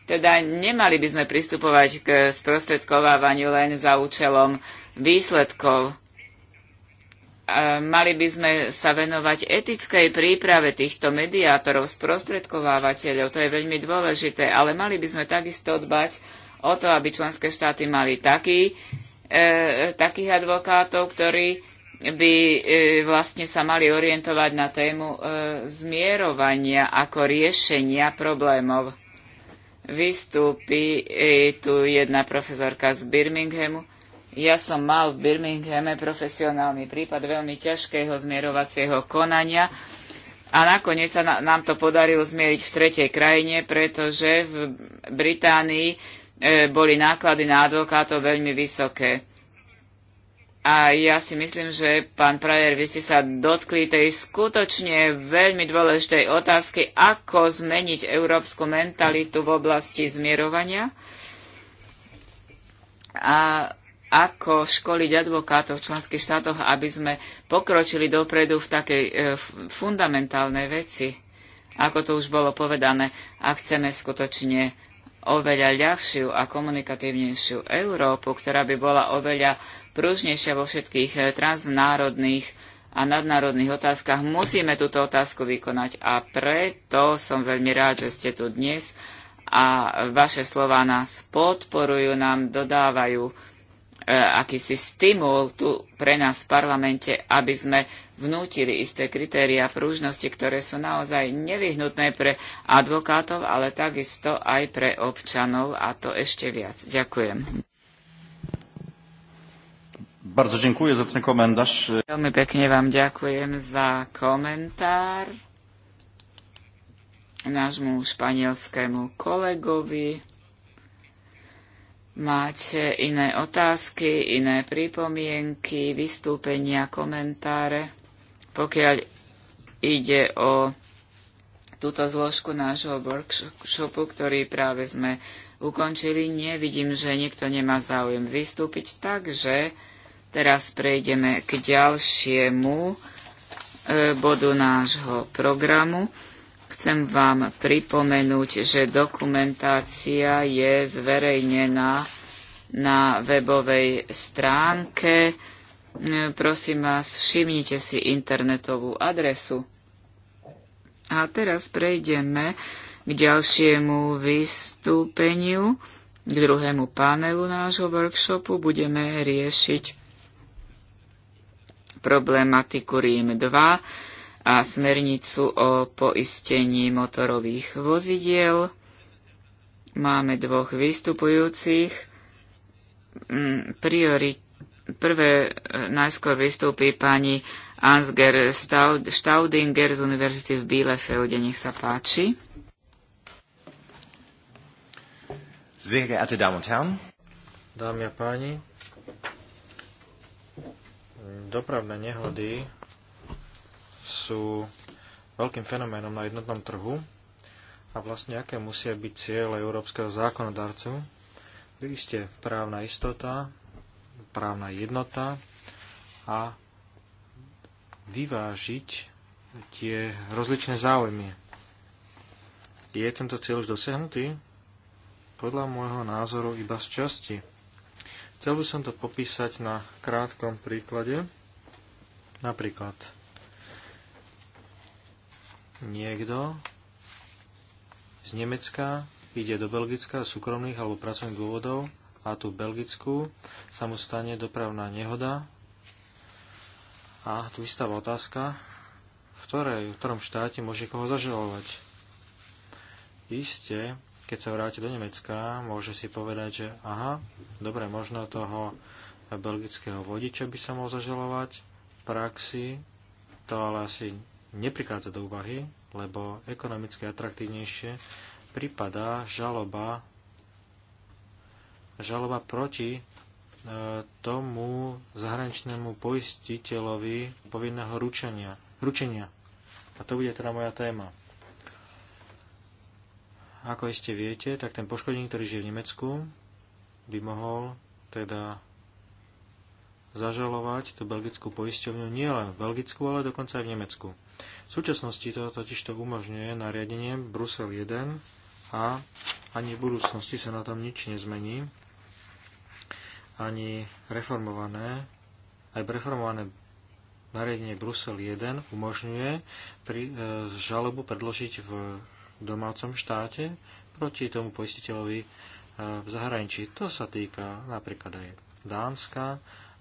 Teda nemali by sme pristupovať k sprostredkovávaniu len za účelom výsledkov mali by sme sa venovať etickej príprave týchto mediátorov, sprostredkovávateľov, to je veľmi dôležité, ale mali by sme takisto dbať o to, aby členské štáty mali taký, e, takých advokátov, ktorí by e, vlastne sa mali orientovať na tému e, zmierovania ako riešenia problémov. Vystúpi e, tu jedna profesorka z Birminghamu, ja som mal v Birminghame profesionálny prípad veľmi ťažkého zmierovacieho konania a nakoniec sa nám to podarilo zmieriť v tretej krajine, pretože v Británii e, boli náklady na advokátov veľmi vysoké. A ja si myslím, že pán Prajer, vy ste sa dotkli tej skutočne veľmi dôležitej otázky, ako zmeniť európsku mentalitu v oblasti zmierovania. A ako školiť advokátov v členských štátoch, aby sme pokročili dopredu v takej e, fundamentálnej veci, ako to už bolo povedané, a chceme skutočne oveľa ľahšiu a komunikatívnejšiu Európu, ktorá by bola oveľa pružnejšia vo všetkých e, transnárodných a nadnárodných otázkach, musíme túto otázku vykonať. A preto som veľmi rád, že ste tu dnes a vaše slova nás podporujú, nám dodávajú E, akýsi stimul tu pre nás v parlamente, aby sme vnútili isté kritéria prúžnosti, ktoré sú naozaj nevyhnutné pre advokátov, ale takisto aj pre občanov a to ešte viac. Ďakujem. Bardzo dziękuję za ten komentarz. Veľmi pekne vám ďakujem za komentár nášmu španielskému kolegovi máte iné otázky, iné pripomienky, vystúpenia, komentáre. Pokiaľ ide o túto zložku nášho workshopu, ktorý práve sme ukončili, nevidím, že niekto nemá záujem vystúpiť, takže teraz prejdeme k ďalšiemu e, bodu nášho programu. Chcem vám pripomenúť, že dokumentácia je zverejnená na webovej stránke. Prosím vás, všimnite si internetovú adresu. A teraz prejdeme k ďalšiemu vystúpeniu, k druhému panelu nášho workshopu. Budeme riešiť problematiku Rím 2 a smernicu o poistení motorových vozidiel. Máme dvoch vystupujúcich. Mm, Priorit prvé e, najskôr vystúpi pani Ansger Staudinger z Univerzity v Bielefelde. Nech sa páči. Sehr geehrte Damen und Herren. Dámy a páni, dopravné nehody sú veľkým fenoménom na jednotnom trhu a vlastne aké musia byť cieľe európskeho zákonodarcu. Isté právna istota, právna jednota a vyvážiť tie rozličné záujmy. Je tento cieľ už dosiahnutý? Podľa môjho názoru iba z časti. Chcel by som to popísať na krátkom príklade. Napríklad niekto z Nemecka ide do Belgicka z súkromných alebo pracovných dôvodov a tu v Belgicku sa mu stane dopravná nehoda a tu vystáva otázka, v, ktorej, v ktorom štáte môže koho zažalovať. Isté, keď sa vráti do Nemecka, môže si povedať, že aha, dobre, možno toho belgického vodiča by sa mohol zažalovať v praxi, to ale asi neprichádza do úvahy, lebo ekonomicky atraktívnejšie pripadá žaloba, žaloba proti e, tomu zahraničnému poistiteľovi povinného ručenia. ručenia. A to bude teda moja téma. Ako iste viete, tak ten poškodený, ktorý žije v Nemecku, by mohol teda zažalovať tú belgickú poisťovňu nielen v Belgicku, ale dokonca aj v Nemecku. V súčasnosti to totiž to umožňuje nariadenie Brusel 1 a ani v budúcnosti sa na tom nič nezmení. Ani reformované, aj reformované nariadenie Brusel 1 umožňuje pri, e, žalobu predložiť v domácom štáte proti tomu poistiteľovi e, v zahraničí. To sa týka napríklad aj Dánska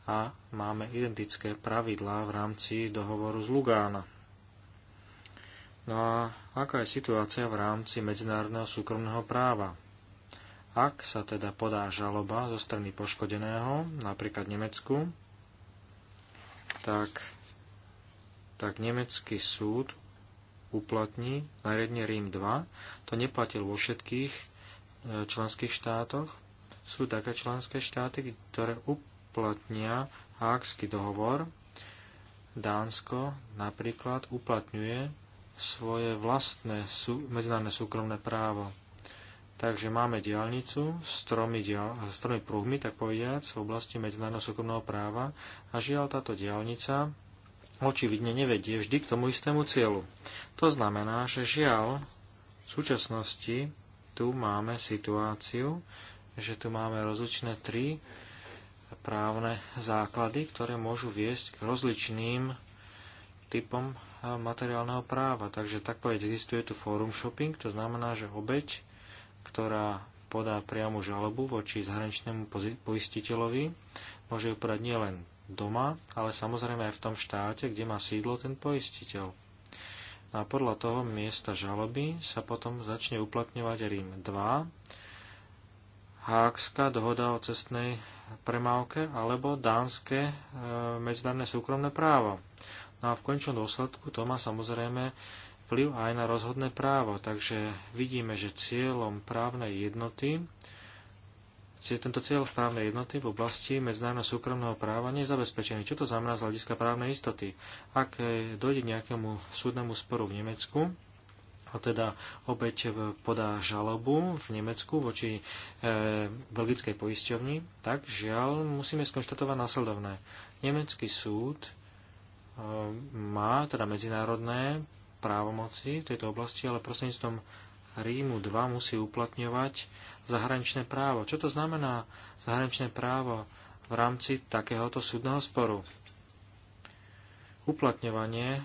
a máme identické pravidlá v rámci dohovoru z Lugána. No a aká je situácia v rámci medzinárodného súkromného práva? Ak sa teda podá žaloba zo strany poškodeného, napríklad Nemecku, tak, tak nemecký súd uplatní nariadne Rím 2. To neplatil vo všetkých e, členských štátoch. Sú také členské štáty, ktoré uplatnia Hákský dohovor. Dánsko napríklad uplatňuje svoje vlastné sú, medzinárodné súkromné právo. Takže máme diálnicu s tromi, diál, s tromi prúhmi, tak povediac, v oblasti medzinárodného súkromného práva a žiaľ táto diálnica očividne nevedie vždy k tomu istému cieľu. To znamená, že žiaľ v súčasnosti tu máme situáciu, že tu máme rozličné tri právne základy, ktoré môžu viesť k rozličným typom materiálneho práva. Takže tak povedať, existuje tu forum shopping, to znamená, že obeď, ktorá podá priamu žalobu voči zahraničnému poistiteľovi, môže ju podať nielen doma, ale samozrejme aj v tom štáte, kde má sídlo ten poistiteľ. A podľa toho miesta žaloby sa potom začne uplatňovať Rím 2, Hákska dohoda o cestnej premávke alebo dánske e, medzinárodné súkromné právo. No a v končnom dôsledku to má samozrejme vplyv aj na rozhodné právo. Takže vidíme, že cieľom právnej jednoty tento cieľ v právnej jednoty v oblasti medzinárodného súkromného práva nie je zabezpečený. Čo to znamená z hľadiska právnej istoty? Ak e, dojde k nejakému súdnemu sporu v Nemecku, a teda obeď podá žalobu v Nemecku voči e, belgickej poisťovni, tak žiaľ musíme skonštatovať následovné. Nemecký súd Ehm, má teda medzinárodné právomoci v tejto oblasti, ale prostredníctvom Rímu 2 musí uplatňovať zahraničné právo. Čo to znamená zahraničné právo v rámci takéhoto súdneho sporu? Uplatňovanie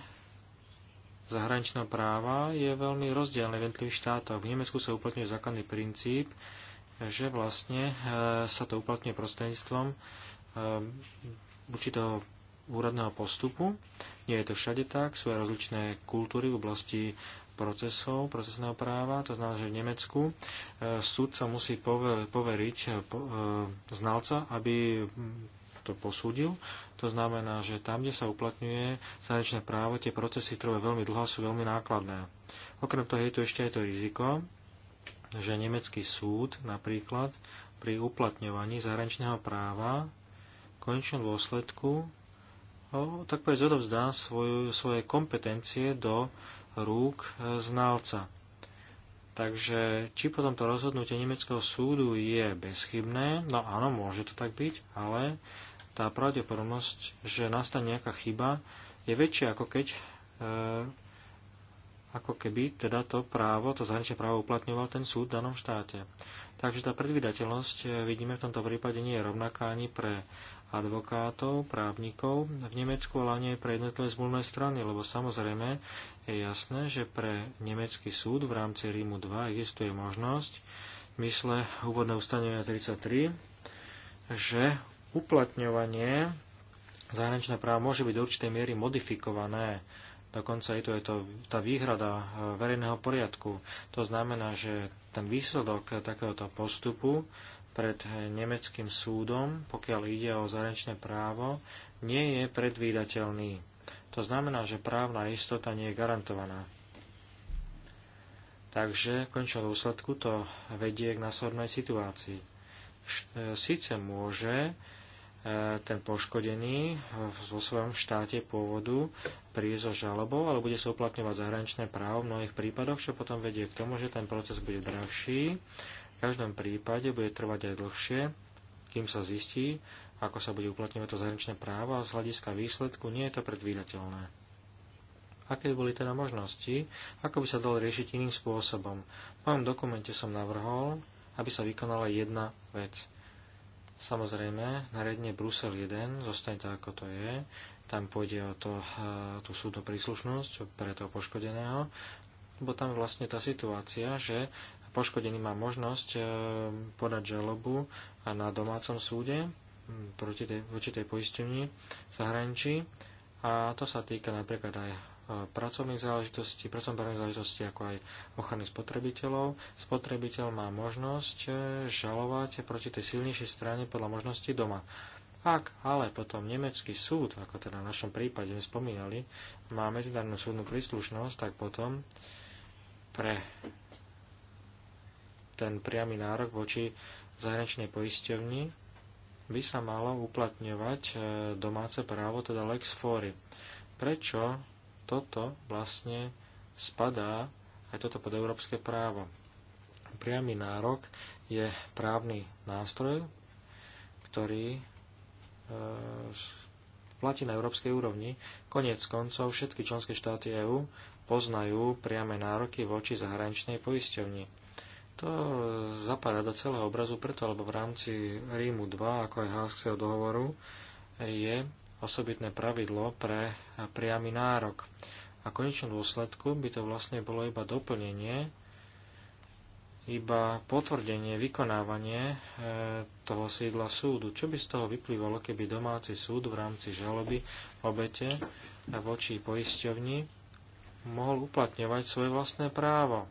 zahraničného práva je veľmi rozdielne v jednotlivých štátoch. V Nemecku sa uplatňuje základný princíp, že vlastne e, sa to uplatňuje prostredníctvom e, určitého úradného postupu. Nie je to všade tak, sú aj rozličné kultúry v oblasti procesov, procesného práva, to znamená, že v Nemecku e, súdca musí pover, poveriť e, e, znalca, aby to posúdil. To znamená, že tam, kde sa uplatňuje sanečné právo, tie procesy trvajú veľmi dlho a sú veľmi nákladné. Okrem toho je tu ešte aj to riziko, že nemecký súd napríklad pri uplatňovaní zahraničného práva v konečnom dôsledku tak povedz, odovzdá svoju, svoje kompetencie do rúk e, znalca. Takže či potom to rozhodnutie nemeckého súdu je bezchybné, no áno, môže to tak byť, ale tá pravdepodobnosť, že nastane nejaká chyba, je väčšia ako keď e, ako keby teda to právo, to zahraničné právo uplatňoval ten súd v danom štáte. Takže tá predvydateľnosť e, vidíme v tomto prípade nie je rovnaká ani pre advokátov, právnikov v Nemecku, ale nie pre jednotlivé zmluvné strany, lebo samozrejme je jasné, že pre nemecký súd v rámci Rímu 2 existuje možnosť v mysle úvodného ustanovenia 33, že uplatňovanie zahraničného práva môže byť do určitej miery modifikované. Dokonca je tu aj to, tá výhrada e, verejného poriadku. To znamená, že ten výsledok takéhoto postupu pred nemeckým súdom, pokiaľ ide o zahraničné právo, nie je predvídateľný. To znamená, že právna istota nie je garantovaná. Takže v končnom dôsledku to vedie k následnej situácii. E, Sice môže e, ten poškodený vo svojom štáte pôvodu prísť so žalobou, ale bude sa uplatňovať zahraničné právo v mnohých prípadoch, čo potom vedie k tomu, že ten proces bude drahší každom prípade bude trvať aj dlhšie, kým sa zistí, ako sa bude uplatňovať to zahraničné právo a z hľadiska výsledku nie je to predvídateľné. Aké boli teda možnosti, ako by sa dalo riešiť iným spôsobom? V mojom dokumente som navrhol, aby sa vykonala jedna vec. Samozrejme, nariadenie Brusel 1 zostane tak, ako to je. Tam pôjde o to, eh, tú súdnu príslušnosť pre toho poškodeného, bo tam vlastne tá situácia, že poškodený má možnosť e, podať žalobu a na domácom súde proti tej, voči tej poistení v zahraničí. A to sa týka napríklad aj e, pracovných záležitostí, pracovných záležitostí, ako aj ochrany spotrebiteľov. Spotrebiteľ má možnosť e, žalovať proti tej silnejšej strane podľa možnosti doma. Ak ale potom nemecký súd, ako teda v našom prípade spomínali, má medzinárodnú súdnu príslušnosť, tak potom pre ten priamy nárok voči zahraničnej poisťovni by sa malo uplatňovať e, domáce právo, teda lex fóry. Prečo toto vlastne spadá aj toto pod európske právo? Priamy nárok je právny nástroj, ktorý e, platí na európskej úrovni. Koniec koncov všetky členské štáty EÚ poznajú priame nároky voči zahraničnej poisťovni. To zapadá do celého obrazu preto, lebo v rámci Rímu 2, ako aj Háskseho dohovoru, je osobitné pravidlo pre priamy nárok. A konečnom dôsledku by to vlastne bolo iba doplnenie, iba potvrdenie, vykonávanie e, toho sídla súdu. Čo by z toho vyplývalo, keby domáci súd v rámci žaloby obete voči poisťovni mohol uplatňovať svoje vlastné právo?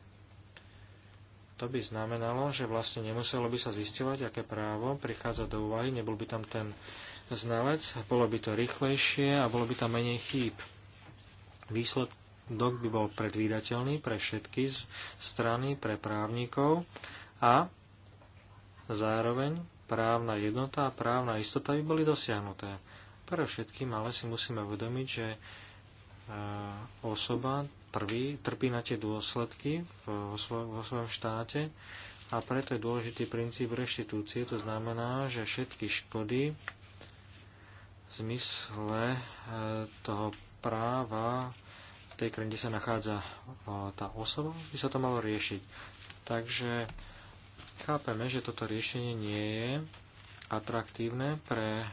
To by znamenalo, že vlastne nemuselo by sa zistovať, aké právo prichádza do úvahy, nebol by tam ten znalec, bolo by to rýchlejšie a bolo by tam menej chýb. Výsledok by bol predvídateľný pre všetky strany, pre právnikov a zároveň právna jednota a právna istota by boli dosiahnuté. Pre všetkým ale si musíme uvedomiť, že e, osoba trví, trpí na tie dôsledky vo, svo, vo svojom štáte a preto je dôležitý princíp reštitúcie. To znamená, že všetky škody v zmysle e, toho práva v tej krajine, kde sa nachádza e, tá osoba, by sa to malo riešiť. Takže chápeme, že toto riešenie nie je atraktívne pre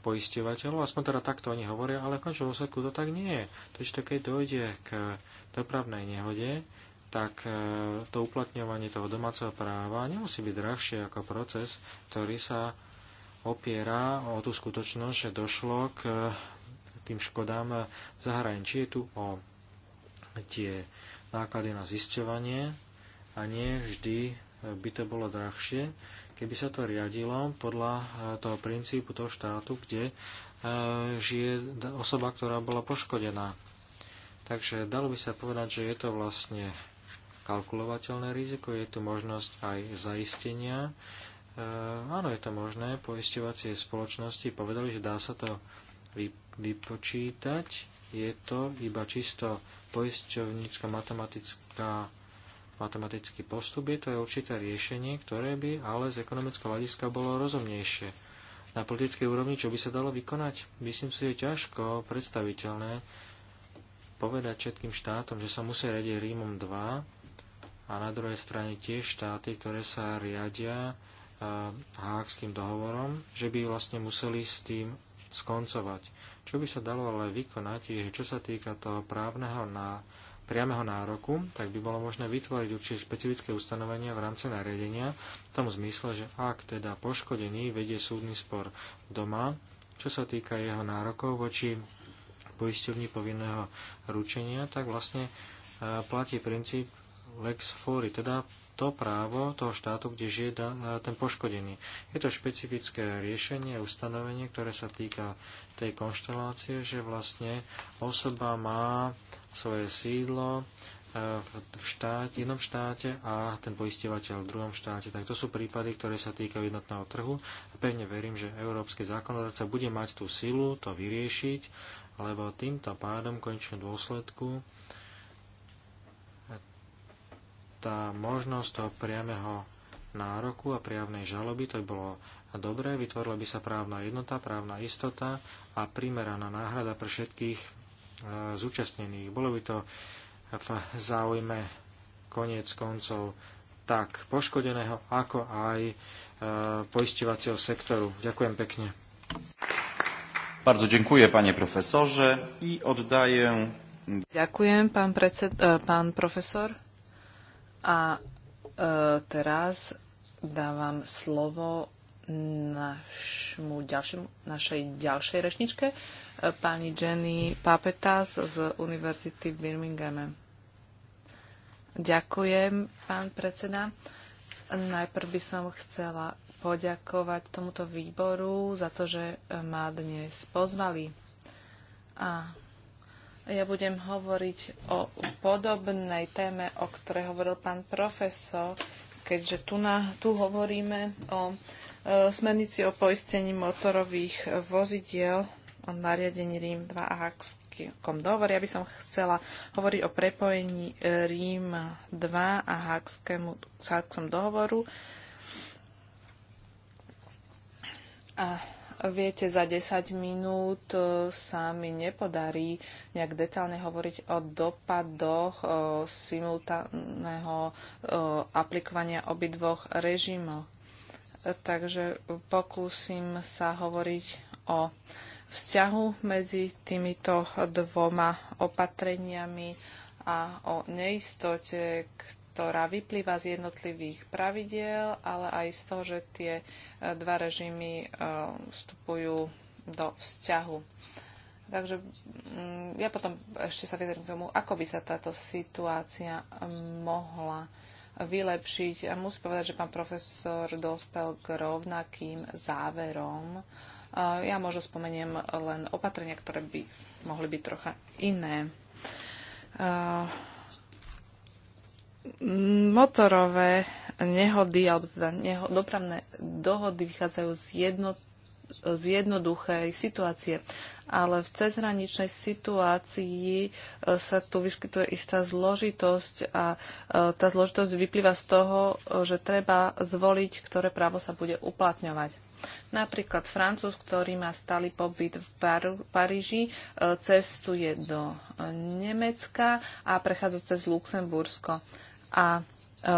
poisťovateľov, aspoň teda takto oni hovoria, ale v končnom dôsledku to tak nie je. Totiž to, keď dojde k dopravnej nehode, tak e, to uplatňovanie toho domáceho práva nemusí byť drahšie ako proces, ktorý sa opiera o tú skutočnosť, že došlo k e, tým škodám v zahraničí. Je tu o tie náklady na zisťovanie a nie vždy by to bolo drahšie keby sa to riadilo podľa e, toho princípu toho štátu, kde e, žije osoba, ktorá bola poškodená. Takže dalo by sa povedať, že je to vlastne kalkulovateľné riziko, je tu možnosť aj zaistenia. E, áno, je to možné, poisťovacie spoločnosti povedali, že dá sa to vypočítať, je to iba čisto poisťovnícka matematická matematický postup, je to je určité riešenie, ktoré by ale z ekonomického hľadiska bolo rozumnejšie. Na politickej úrovni, čo by sa dalo vykonať? Myslím si, že je ťažko predstaviteľné povedať všetkým štátom, že sa musia riadiť Rímom 2 a na druhej strane tie štáty, ktoré sa riadia e, hákským dohovorom, že by vlastne museli s tým skoncovať. Čo by sa dalo ale vykonať, je, čo sa týka toho právneho na priameho nároku, tak by bolo možné vytvoriť určite špecifické ustanovenia v rámci nariadenia v tom zmysle, že ak teda poškodený vedie súdny spor doma, čo sa týka jeho nárokov voči poisťovni povinného ručenia, tak vlastne e, platí princíp lex fori, teda to právo toho štátu, kde žije e, ten poškodený. Je to špecifické riešenie, ustanovenie, ktoré sa týka tej konštelácie, že vlastne osoba má svoje sídlo e, v štáte, jednom štáte a ten poistivateľ v druhom štáte. Tak to sú prípady, ktoré sa týkajú jednotného trhu a pevne verím, že európsky zákonodárca bude mať tú silu to vyriešiť, lebo týmto pádom konečnom dôsledku tá možnosť toho priameho nároku a priamnej žaloby, to by bolo dobré, vytvorila by sa právna jednota, právna istota a primeraná náhrada pre všetkých zúčastnených. Bolo by to v záujme koniec koncov tak poškodeného, ako aj e, poisťovacieho sektoru. Ďakujem pekne. Bardzo dziękuję, panie profesorze, i oddaję... Ďakujem, pán, predsed, e, pán profesor. A e, teraz dávam slovo našmu ďalšiemu, našej ďalšej rečničke, e, pani Jenny Papetas z Univerzity v Birminghame. Ďakujem, pán predseda. Najprv by som chcela poďakovať tomuto výboru za to, že e, ma dnes pozvali. A ja budem hovoriť o podobnej téme, o ktorej hovoril pán profesor, keďže tu, na, tu hovoríme o E, smernici o poistení motorových vozidiel o nariadení Rím 2 a Hakskom dohovor. Ja by som chcela hovoriť o prepojení e, RIM 2 a Hakskému, Hakskom dohovoru. A viete, za 10 minút e, sa mi nepodarí nejak detálne hovoriť o dopadoch o, simultánneho o, aplikovania obidvoch režimov takže pokúsim sa hovoriť o vzťahu medzi týmito dvoma opatreniami a o neistote, ktorá vyplýva z jednotlivých pravidiel, ale aj z toho, že tie e, dva režimy e, vstupujú do vzťahu. Takže mm, ja potom ešte sa vyjadrím k tomu, ako by sa táto situácia mohla vylepšiť. A musím povedať, že pán profesor dospel k rovnakým záverom. Ja možno spomeniem len opatrenia, ktoré by mohli byť trocha iné. Motorové nehody, alebo teda neho, dopravné dohody vychádzajú z, jedno, z jednoduchej situácie ale v cezhraničnej situácii e, sa tu vyskytuje istá zložitosť a e, tá zložitosť vyplýva z toho, e, že treba zvoliť, ktoré právo sa bude uplatňovať. Napríklad Francúz, ktorý má stály pobyt v Par- Paríži, cestuje do Nemecka a prechádza cez Luxembursko. A e,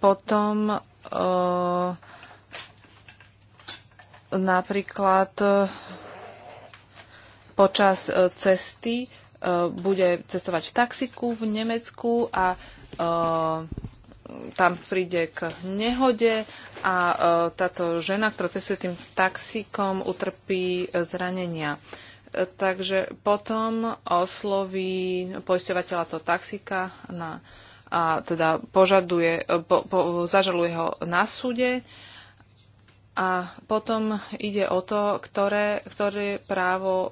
potom e, Napríklad e, počas e, cesty e, bude cestovať v taxiku v Nemecku a tam príde k nehode a táto žena, ktorá cestuje tým taxikom, utrpí zranenia. Takže potom osloví poisťovateľa toho taxika na, a teda požaduje, po, po, zažaluje ho na súde a potom ide o to, ktoré, ktoré právo e,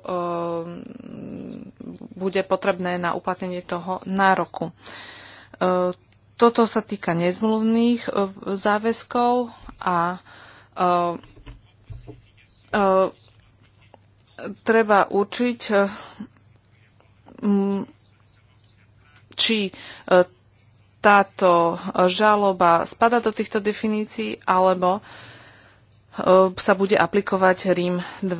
bude potrebné na uplatnenie toho nároku. E, toto sa týka nezmluvných e, záväzkov a treba určiť, či táto žaloba spada do týchto definícií alebo Eh, sa bude aplikovať Rím 2.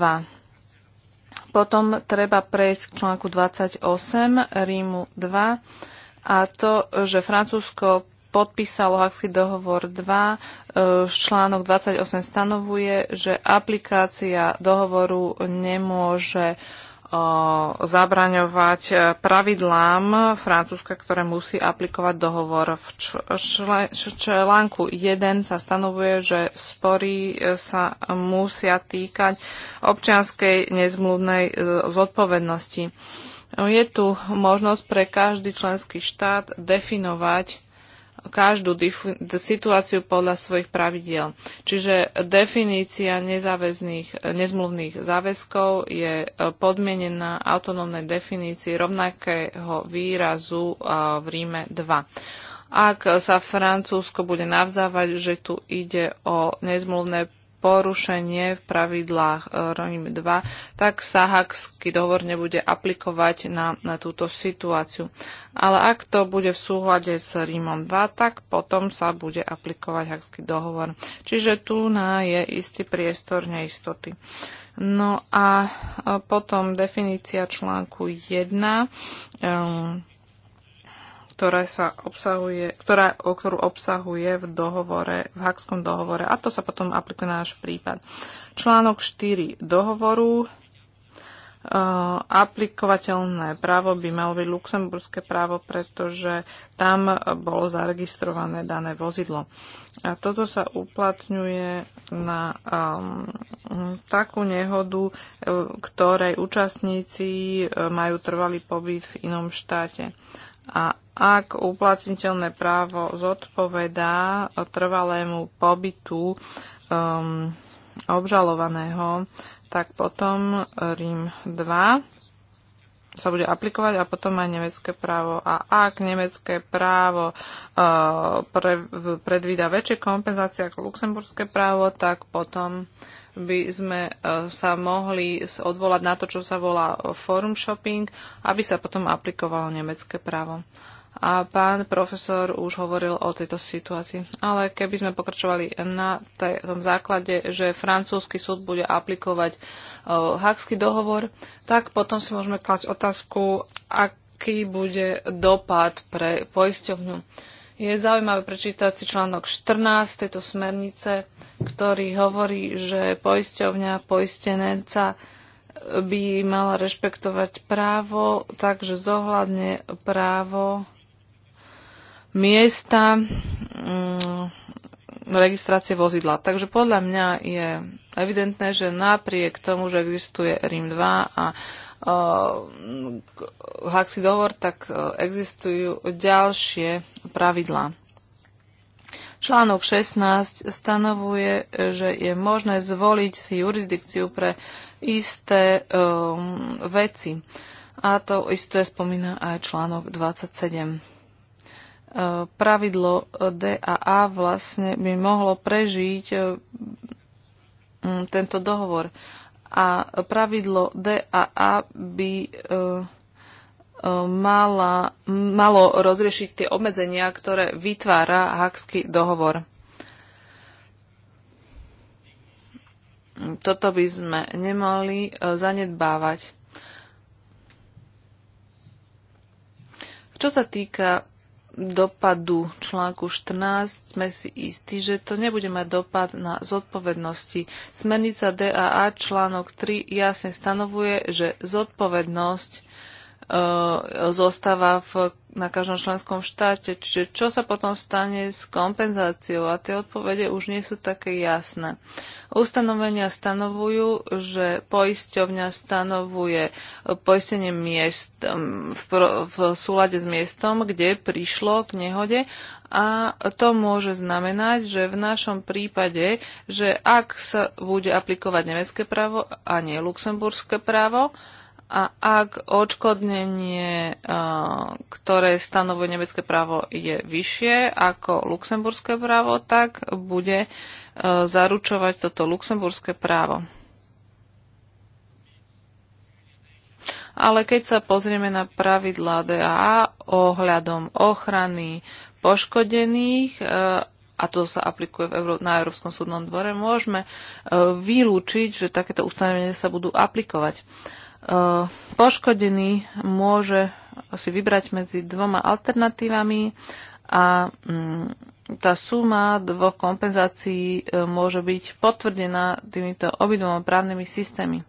Potom treba prejsť k článku 28 Rímu 2 a to, že Francúzsko podpísalo Hakský dohovor 2, eh, článok 28 stanovuje, že aplikácia dohovoru nemôže zabraňovať e, pravidlám Francúzska, ktoré musí aplikovať dohovor. V článku 1 sa stanovuje, že spory e, sa musia týkať občianskej nezmluvnej e, zodpovednosti. Je tu možnosť pre každý členský štát definovať každú situáciu podľa svojich pravidiel. Čiže definícia nezáväzných, e, nezmluvných záväzkov je e, podmienená autonómnej definícii rovnakého výrazu e, v Ríme 2. Ak sa Francúzsko bude navzávať, že tu ide o nezmluvné porušenie v pravidlách RONIM 2, tak sa Hakský dohovor nebude aplikovať na, na túto situáciu ale ak to bude v súhľade s Rímom 2, tak potom sa bude aplikovať Hakský dohovor. Čiže tu na je istý priestor neistoty. No a potom definícia článku 1, ktorá sa obsahuje, ktorá, ktorú obsahuje v dohovore, v Hakskom dohovore a to sa potom aplikuje na náš prípad. Článok 4 dohovoru Eh, aplikovateľné právo by malo byť luxemburské právo, pretože tam bolo zaregistrované dané vozidlo. A toto sa uplatňuje na um, takú nehodu, eh, ktorej účastníci eh, majú trvalý pobyt v inom štáte. A ak uplatniteľné právo zodpovedá trvalému pobytu um, obžalovaného tak potom e, Rím 2 sa bude aplikovať a potom aj nemecké právo. A ak nemecké právo uh, pre, predvída väčšie kompenzácie ako luxemburské právo, tak potom by sme uh, sa mohli odvolať na to, čo sa volá forum shopping, aby sa potom aplikovalo nemecké právo a pán profesor už hovoril o tejto situácii. Ale keby sme pokračovali na tom základe, že francúzsky súd bude aplikovať uh, e, Hakský dohovor, tak potom si môžeme klásť otázku, aký bude dopad pre poisťovňu. Je zaujímavé prečítať si článok 14 tejto smernice, ktorý hovorí, že poisťovňa poistenenca by mala rešpektovať právo, takže zohľadne právo miesta mm, registrácie vozidla. Takže podľa mňa je evidentné, že napriek tomu, že existuje RIM 2 a uh, Haxi dohovor, tak e, existujú ďalšie pravidlá. Článok 16 stanovuje, že je možné zvoliť si jurisdikciu pre isté um, veci. A to isté spomína aj článok 27. E, pravidlo DAA vlastne by mohlo prežiť e, tento dohovor. A pravidlo DAA by e, mala, malo rozriešiť tie obmedzenia, ktoré vytvára Hakský dohovor. Toto by sme nemali zanedbávať. Čo sa týka dopadu článku 14 sme si istí, že to nebude mať dopad na zodpovednosti. Smernica DAA článok 3 jasne stanovuje, že zodpovednosť E, zostáva v, na každom členskom štáte. Čiže čo sa potom stane s kompenzáciou? A tie odpovede už nie sú také jasné. Ustanovenia stanovujú, že poisťovňa stanovuje poistenie miest v, v súlade s miestom, kde prišlo k nehode a to môže znamenať, že v našom prípade, že ak sa bude aplikovať nemecké právo a nie luxemburské právo, a ak odškodnenie, ktoré stanovuje nemecké právo, je vyššie ako luxemburské právo, tak bude zaručovať toto luxemburské právo. Ale keď sa pozrieme na pravidlá DAA ohľadom ochrany poškodených, a to sa aplikuje na Európskom súdnom dvore, môžeme vylúčiť, že takéto ustanovenia sa budú aplikovať. Eh, poškodený môže si vybrať medzi dvoma alternatívami a mm, tá suma dvoch kompenzácií eh, môže byť potvrdená týmito obidvoma právnymi systémy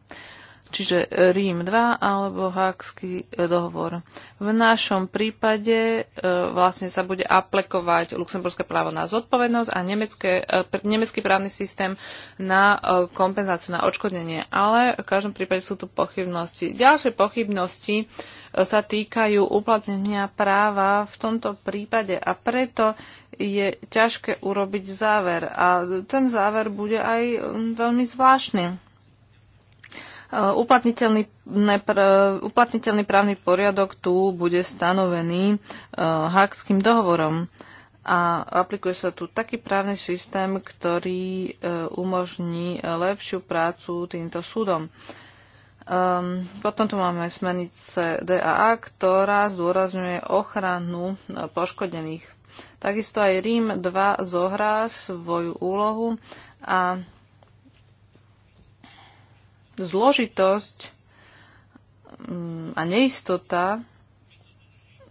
čiže Rím 2 alebo Hákský e, dohovor. V našom prípade e, vlastne sa bude aplikovať luxemburské právo na zodpovednosť a nemecké, e, nemecký právny systém na kompenzáciu, na odškodnenie. Ale v každom prípade sú tu pochybnosti. Ďalšie pochybnosti sa týkajú uplatnenia práva v tomto prípade a preto je ťažké urobiť záver. A ten záver bude aj veľmi zvláštny. Eh, uplatniteľný, eh, uplatniteľný právny poriadok tu bude stanovený Hákským eh, dohovorom a aplikuje sa tu taký právny systém, ktorý umožní lepšiu prácu týmto súdom. Um, potom tu máme smernice DAA, ktorá zdôrazňuje ochranu poškodených. Takisto aj Rím 2 zohrá svoju úlohu a zložitosť mm, a neistota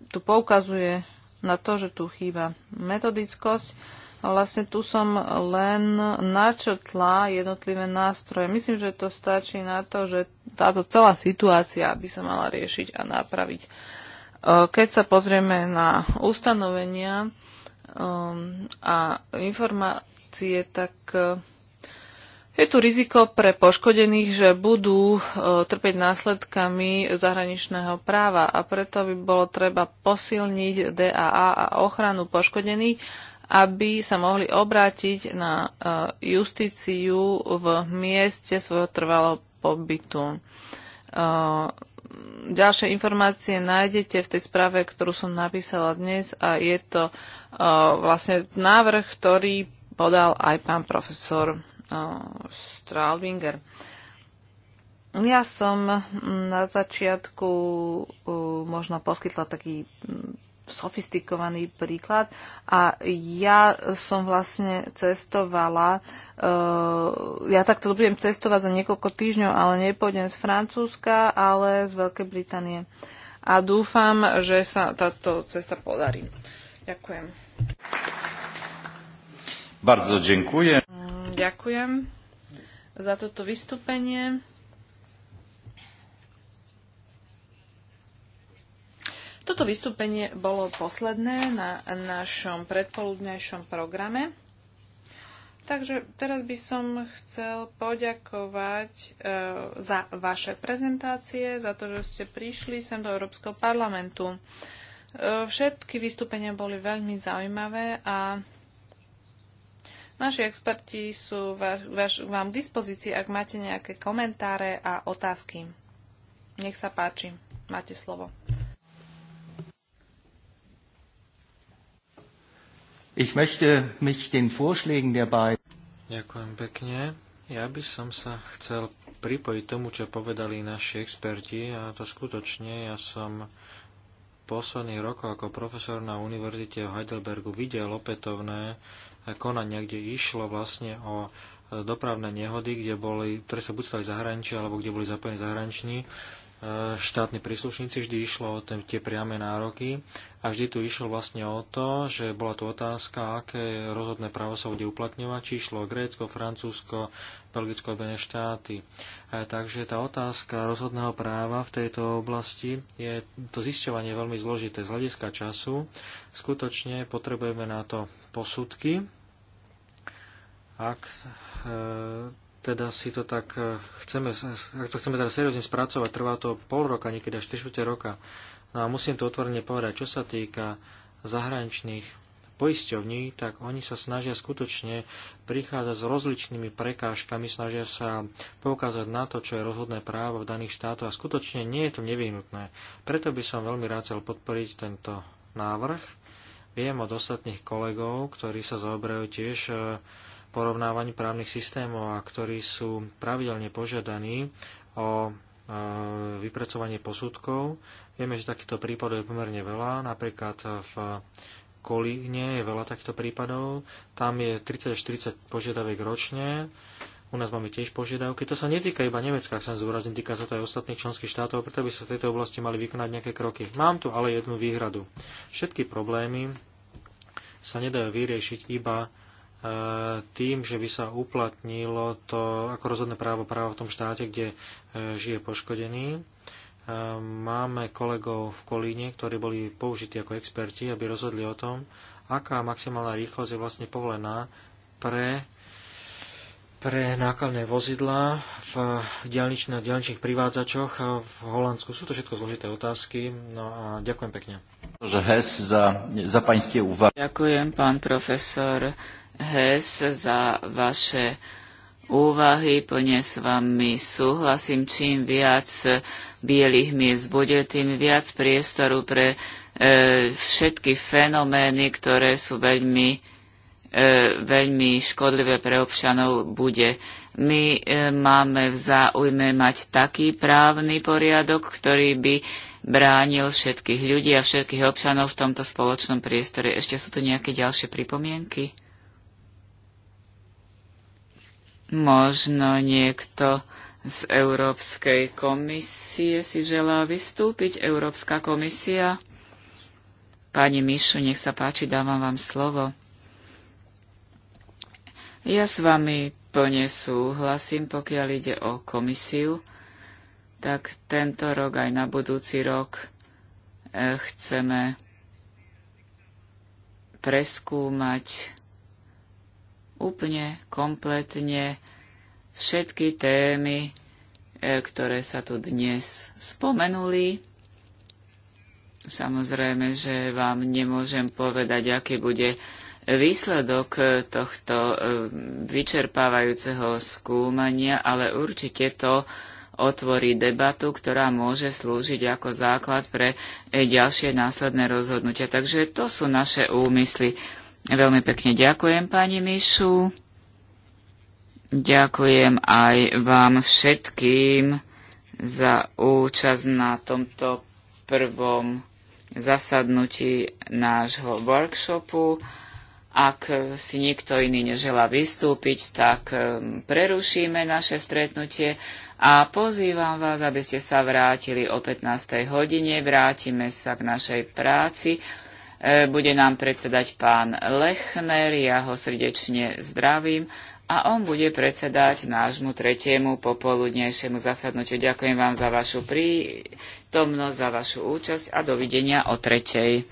tu poukazuje na to, že tu chýba metodickosť. Vlastne tu som len načrtla jednotlivé nástroje. Myslím, že to stačí na to, že táto celá situácia by sa mala riešiť a napraviť. E, keď sa pozrieme na ustanovenia e, a informácie, tak e, je tu riziko pre poškodených, že budú e, trpieť následkami zahraničného práva a preto by bolo treba posilniť DAA a ochranu poškodených, aby sa mohli obrátiť na e, justíciu v mieste svojho trvalého pobytu. E, ďalšie informácie nájdete v tej správe, ktorú som napísala dnes a je to vlastne návrh, ktorý podal aj pán profesor Stralbinger. Ja som na začiatku možno poskytla taký hm, sofistikovaný príklad a ja som vlastne cestovala, ja takto budem cestovať za niekoľko týždňov, ale nepôjdem z Francúzska, ale z Veľkej Británie. A dúfam, že sa táto cesta podarí. Ďakujem. Bardzo dziękuję. Ďakujem za toto vystúpenie. Toto vystúpenie bolo posledné na našom predpoludnejšom programe. Takže teraz by som chcel poďakovať e, za vaše prezentácie, za to, že ste prišli sem do Európskeho parlamentu. E, všetky vystúpenia boli veľmi zaujímavé a Naši experti sú vám k dispozícii, ak máte nejaké komentáre a otázky. Nech sa páči, máte slovo. Ich möchte mich den Vorschlägen der beiden. Ďakujem pekne. Ja by som sa chcel pripojiť tomu, čo povedali naši experti a to skutočne ja som posledných rokov ako profesor na univerzite v Heidelbergu videl opätovné konania, niekde išlo vlastne o e, dopravné nehody, kde boli, ktoré sa buď stali zahraničí, alebo kde boli zapojení zahraniční štátni príslušníci, vždy išlo o tie priame nároky a vždy tu išlo vlastne o to, že bola tu otázka, aké rozhodné právo sa bude uplatňovať, či išlo o Grécko, Francúzsko, Belgicko a štáty. A takže tá otázka rozhodného práva v tejto oblasti je to zisťovanie veľmi zložité z hľadiska času. Skutočne potrebujeme na to posudky, ak e, teda si to tak eh, chceme, ak to chceme teda seriózne spracovať, trvá to pol roka, niekedy až 4 roka. No a musím to otvorene povedať, čo sa týka zahraničných poisťovní, tak oni sa snažia skutočne prichádzať s rozličnými prekážkami, snažia sa poukázať na to, čo je rozhodné právo v daných štátoch a skutočne nie je to nevyhnutné. Preto by som veľmi rád chcel podporiť tento návrh. Viem od ostatných kolegov, ktorí sa zaoberajú tiež eh, porovnávaní právnych systémov a ktorí sú pravidelne požiadaní o e, vypracovanie posudkov. Vieme, že takýchto prípadov je pomerne veľa. Napríklad v Kolíne je veľa takýchto prípadov. Tam je 30-40 až požiadaviek ročne. U nás máme tiež požiadavky. To sa netýka iba Nemecka, sa zúrazniť, týka sa to aj ostatných členských štátov, preto by sa v tejto oblasti mali vykonať nejaké kroky. Mám tu ale jednu výhradu. Všetky problémy sa nedajú vyriešiť iba E, tým, že by sa uplatnilo to ako rozhodné právo práva v tom štáte, kde e, žije poškodený. E, máme kolegov v Kolíne, ktorí boli použití ako experti, aby rozhodli o tom, aká maximálna rýchlosť je vlastne povolená pre pre nákladné vozidlá v diálnič, diálničných privádzačoch v Holandsku. Sú to všetko zložité otázky. No a ďakujem pekne. Ďakujem, pán profesor Hes za vaše úvahy. Plne s vami súhlasím, čím viac bielých miest bude, tým viac priestoru pre e, všetky fenomény, ktoré sú veľmi, e, veľmi škodlivé pre občanov, bude. My e, máme v záujme mať taký právny poriadok, ktorý by bránil všetkých ľudí a všetkých občanov v tomto spoločnom priestore. Ešte sú tu nejaké ďalšie pripomienky? Možno niekto z Európskej komisie si želá vystúpiť. Európska komisia. Pani Mišu, nech sa páči, dávam vám slovo. Ja s vami plne súhlasím, pokiaľ ide o komisiu, tak tento rok aj na budúci rok eh, chceme preskúmať úplne kompletne všetky témy, e, ktoré sa tu dnes spomenuli. Samozrejme, že vám nemôžem povedať, aký bude výsledok e, tohto e, vyčerpávajúceho skúmania, ale určite to otvorí debatu, ktorá môže slúžiť ako základ pre ďalšie následné rozhodnutia. Takže to sú naše úmysly. Veľmi pekne ďakujem, pani Mišu. Ďakujem aj vám všetkým za účasť na tomto prvom zasadnutí nášho workshopu. Ak si nikto iný neželá vystúpiť, tak um, prerušíme naše stretnutie a pozývam vás, aby ste sa vrátili o 15. hodine. Vrátime sa k našej práci. E, bude nám predsedať pán Lechner, ja ho srdečne zdravím a on bude predsedať nášmu tretiemu popoludnejšiemu zasadnutiu. Ďakujem vám za vašu prítomnosť, za vašu účasť a dovidenia o tretej.